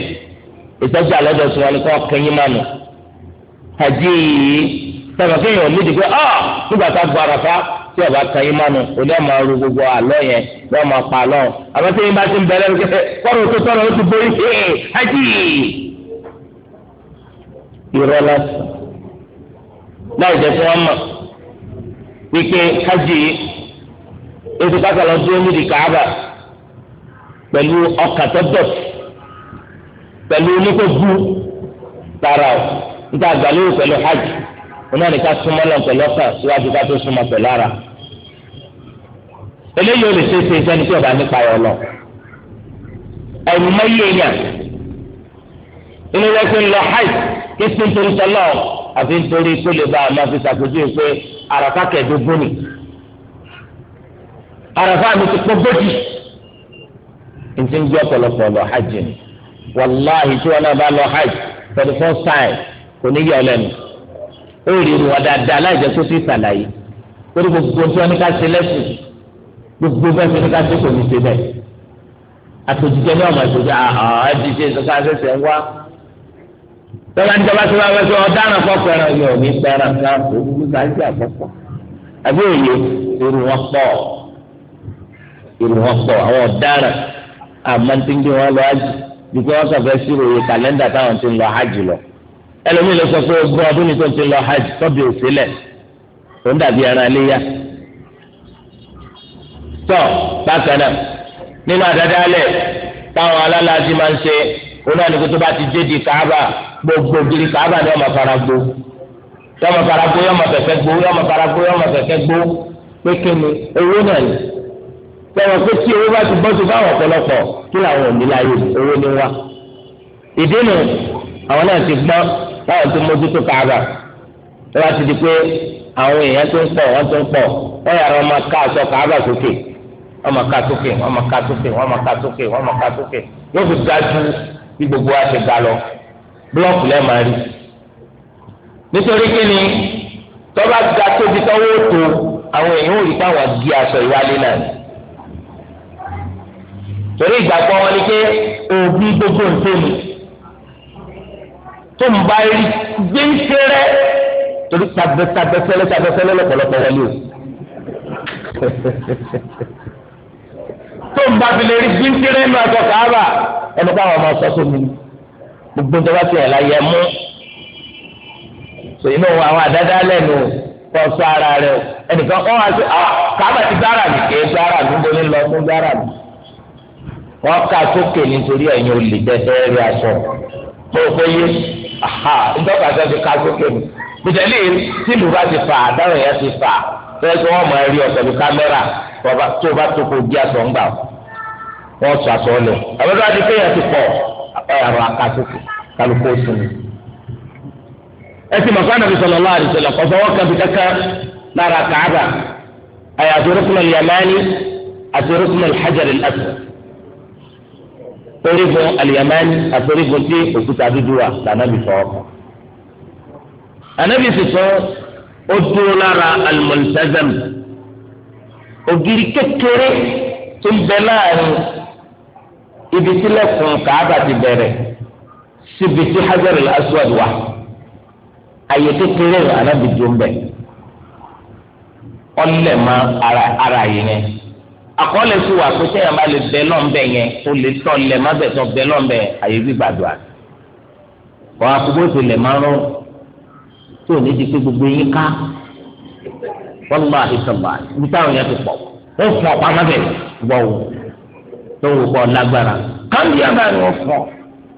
S1: ìtọ́jú àlọ́dọ̀ sí wọn ni kò kẹ́yìn máa nù hajj sábà kéèyàn ò ní ìdìbò ọ ah! nígbà tá a gbọ́ àràfá tí ọba kan yín mánu oní ọmọ ọrùn gbogbo àlọ́ yẹn ní ọmọ pa àlọ́ àmọ́ tí yín bá ti ń bẹ̀rẹ̀ kẹfẹ́ kọ́rọ̀ tó tọ́rọ̀ ó ti borí ṣe é ájì. irọ́ lásán láì jẹ́ kí wọ́n mọ̀ wípé kájí ètò kákàlọ́ dúró nídìí káábà pẹ̀lú ọkà tó dọ̀tí pẹ̀lú oníkó bú tara o níta àgbàlérò pẹ̀lú hajj onáà ní ká súnmọ́ lọ pẹ̀lú ọkà síwájú ká tó súnmọ́ pẹ̀lú ara eléyìí ò lè ṣe é ṣe sẹ́ni tí ọba nípa ẹ̀ lọ. ẹ̀rù mẹ́yìí èèyàn inú wọn fi ń lọ hajj kí sí nítorí sọlọ àfi nítorí kó lè bá a máa fi ṣàpèjúwe pé àràfà kẹ̀ẹ́dógún ni àràfà mi ti pọ́ gbòdì ntí ń jẹ́ ọ̀pọ̀lọpọ̀ lọ hajj ni wàláhì tí wọn náà bá lọ hajj for the first kò ní yẹ ọ lẹ́nu ó rí wọn dáadáa láì jẹ́ kó sì ṣàlàyé torí gbogbo tí wọn ní ká ṣe lẹ́sìn gbogbo bẹ́ẹ̀ fi ká sẹ́kọ̀ọ́ ní ṣe bẹ́ẹ̀ àtòjìjẹ ní ọmọ ìṣòjì àhàn ah, ah, ẹ̀dì ṣe ìṣòkà ṣẹ̀ṣẹ̀ ń wá tọ́lá ń jọba síbi abẹ́sẹ̀ ọ̀daràn fọ́pẹ̀rẹ̀ mi ò ní pẹ̀rẹ̀ ká òkú ká sí àkọ́kọ́ àbí òye irun wọn pọ̀ irun wọn pọ̀ àwọn ọ̀daràn àmọ́ntíngé wọn lọ ájì dùkú wọn sọ̀fẹ́ sírò iye kàlẹ́ndà táwọn ti ń lọ hajj lọ ẹlòmíì ló sọ pé ogún ọdún ni ti ń lọ hajj tọ́bi òsílẹ̀ tó ń dàbí ẹran aléyá tọ́ bákan náà nínú àdádálẹ̀ táwọn alálàájì máa ń ṣe oní àdìgbò tó bá ti dé di kàába gbogbo gírí kàába ni ọmọ fara gbó yọmọ fara gbó yọmọ fẹfẹ gbó yọmọ fara gbó yọmọ fẹfẹ gbó pé kíni owó náà ni tẹ̀wọ̀n pé tí owó bá ti bọ́ sí fáwọn ọ̀pọ̀lọpọ̀ kí làwọn ò ní láyé owó ni wá ìdí nu àwọn náà ti gbọ́n báwọn ti mójútó kàába wọ́n ti di pé àwọn èèyàn tó ń pọ̀ wọ́n tó ń pọ̀ wọ́n yàrá ọmọ ká aṣọ kàába sókè wọ́n máa ká sókè wọ́n máa ká sókè wọ́n máa ká sókè wọ́n máa ká sókè yóò fi ga ju bí gbogbo wa ṣe ga lọ búlọ́ọ̀kù lẹ́ẹ̀ máa rí nítorí kí ni tọ́ba ga tóbi tọ́wọ́ tó àwọn èèyàn ò rí káwọn gé aṣọ ìwálé náà ni torí ìgbàgbọ́ wọn ni pé òbí gbogbo ntòmí
S2: tó ń bá rí gbé ń kéré torí tabẹ́tabẹ́sẹ́lẹ́ tabẹ́sẹ́lẹ́ lọ́pọ̀lọpọ̀ wọlé o. tó ń bàbí lè rí bíntìrín nínú aṣọ káàbà ẹni káwọn ọmọ sọ sómi gbogbo tó bá ti ẹ̀
S1: láyé mú sèyí náà àwọn àdáda lẹ́nu kọ́ sọ ara rẹ ẹnìkan kọ́ wá sí ah, káàbà ti dára mi kì í dára mi ń bolí lọ fún dára mi wọ́n ká sókè nítorí ẹ̀yin olè tẹ́tẹ́ rí aṣọ tó o fẹ́ yé ntọ́ka sọ fi ká sókè mi bìtẹ́lí tìlù bá ti fà àdáhùn yẹn ti fà fẹ́ẹ́ sọ wọ́n mọ ẹ̀rí ọ̀sẹ̀ bí kámẹ́rà tó o bá tó kò di aṣọ ń gbà o. wọ́n sọ aṣọ lẹ̀ àbẹ́tọ́ àti kéèyàn ti pọ̀ ẹ̀rọ akásìkò kálukó oṣù mi.
S2: ẹ ti mọ̀ sọ́nà bisọ̀ lọ́wọ́ àdìsọ̀lọ̀ kọ́ sọ́wọ́ kan fi kẹ́kẹ́
S1: lára kàába àyàfi rúkúnà yamani àti rúkúnà hajar al-aswad orígun aliyamani àti orígun tí òkúta dúdú wa lànàbì fọwọ́. sọ̀ sọ̀tọ̀ ó dúró lára al-multazam ògiri kékeré tó ń bẹ láàrin.
S3: ibi tí lẹ́kùn kàába ti bẹ̀rẹ̀
S1: síbi tí hajar al-aswad wà
S3: àyè kékeré rẹ̀ anábìjú
S1: ń bẹ̀ ọlẹ̀ mọ ara yìí yẹn àkọọ́lẹ̀ sí wà pé sẹ́yìn bá lè bẹ́ lọ́nbẹ̀ yẹn o lè tọ́ lẹ̀ má bẹ̀ tọ́ bẹ́ lọ́nbẹ̀ àyè gbígbàdùà wọ́n akókó tó lẹ̀ má rún tó ní ti pé gbogbo yín ká wọ́n lọ́ọ́ àti sọ̀gbà níta òun yẹn ti pọ̀ ó fún ọ̀pá má bẹ̀ gbọ́ wò. tó wò kọ́ lágbára káńdì ọ ni wọ́n fọ́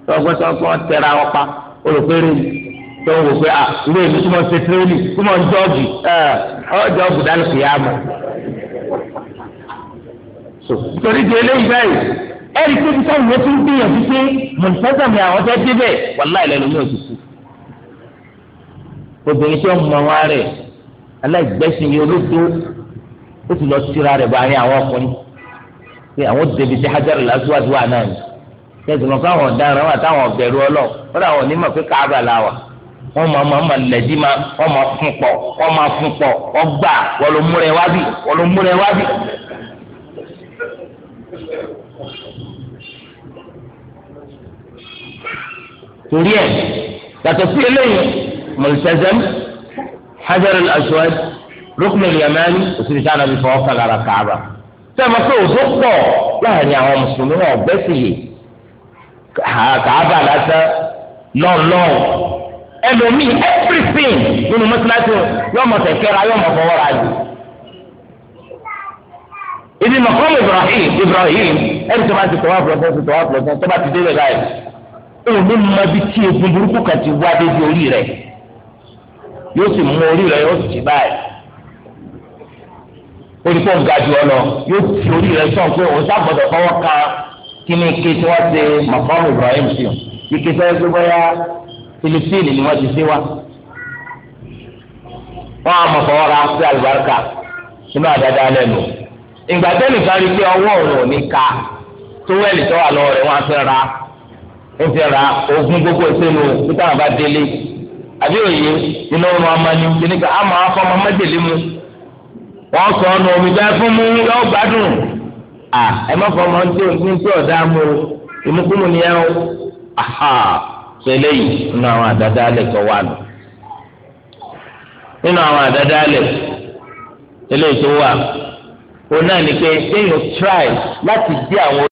S1: tó gbé tó wọ́n tẹ̀ra wọn pa
S2: olùkéré tó wò pé à ilé ìlú tí wọ́n ṣe tírénì tí wọ́n jọ́ọ̀gì torí di eléyìí báyìí
S1: tó ń gbìyànjú pé àwọn obìnrin mọ aláìgbẹ́sìn yìí ó ti lọ síra báyìí àwọn ọkùnrin pé àwọn débi tí hajarul aswad wà náà ni tẹsí mọ káwọn ọ̀daràn wà táwọn ọbẹrù ọlọ wọn àwọn onímọ̀ pé káàbà la wà wọn máa máa máa lẹdí máa wọn máa fún pọ wọn máa fún pọ wọn gbà wọn ló múra ẹ wá bì wọn ló múra ẹ wá bì. torí ẹ yàtọ̀ sí eléyìí mọ̀lẹ́sẹ̀sẹ̀m hajarul aswad rukn yamani òsì ní fọwọ́ kàlára káàbà. sẹ́mi pé òzó pọ̀ láàrin àwọn mùsùlùmí wọn ọ̀gbẹ́ sì yìí
S2: kàábà lásán lọ́ọ̀lọ́ọ̀ ẹlòmíì everything nínú mọ́tíláṣí yọmọ tẹ̀kẹ́ra yọmọ fọwọ́ra yìí. ibi mọ̀kọ́mù Ibrahim Ibrahim ẹni tó bá
S1: ti ti olùkọ́ ń ga jù ọ lọ yóò fi orí rẹ sàn ka kíní ike tí wọ́n ṣe si Ibrahim sí o ike ni wọ́n ti ṣe wá.
S3: wọ́n á mọ̀ ra sí àlùbáríkà sínú àdáda lẹ́nu.
S1: ìgbà pé ọwọ́ òun ò ní ka tówẹ́lì tó wà lọ́wọ́ rẹ̀ wọ́n á fẹ́ ra ó ra ogún gbogbo bá délé àbí wọ́n sọ ọ́nà omi fún mu yóò gbádùn à ẹ má fọ ọmọ tí o tí mu ni ẹ o aha sọ eléyìí nínú àwọn àdáda alẹ tó
S2: wà
S3: nù nínú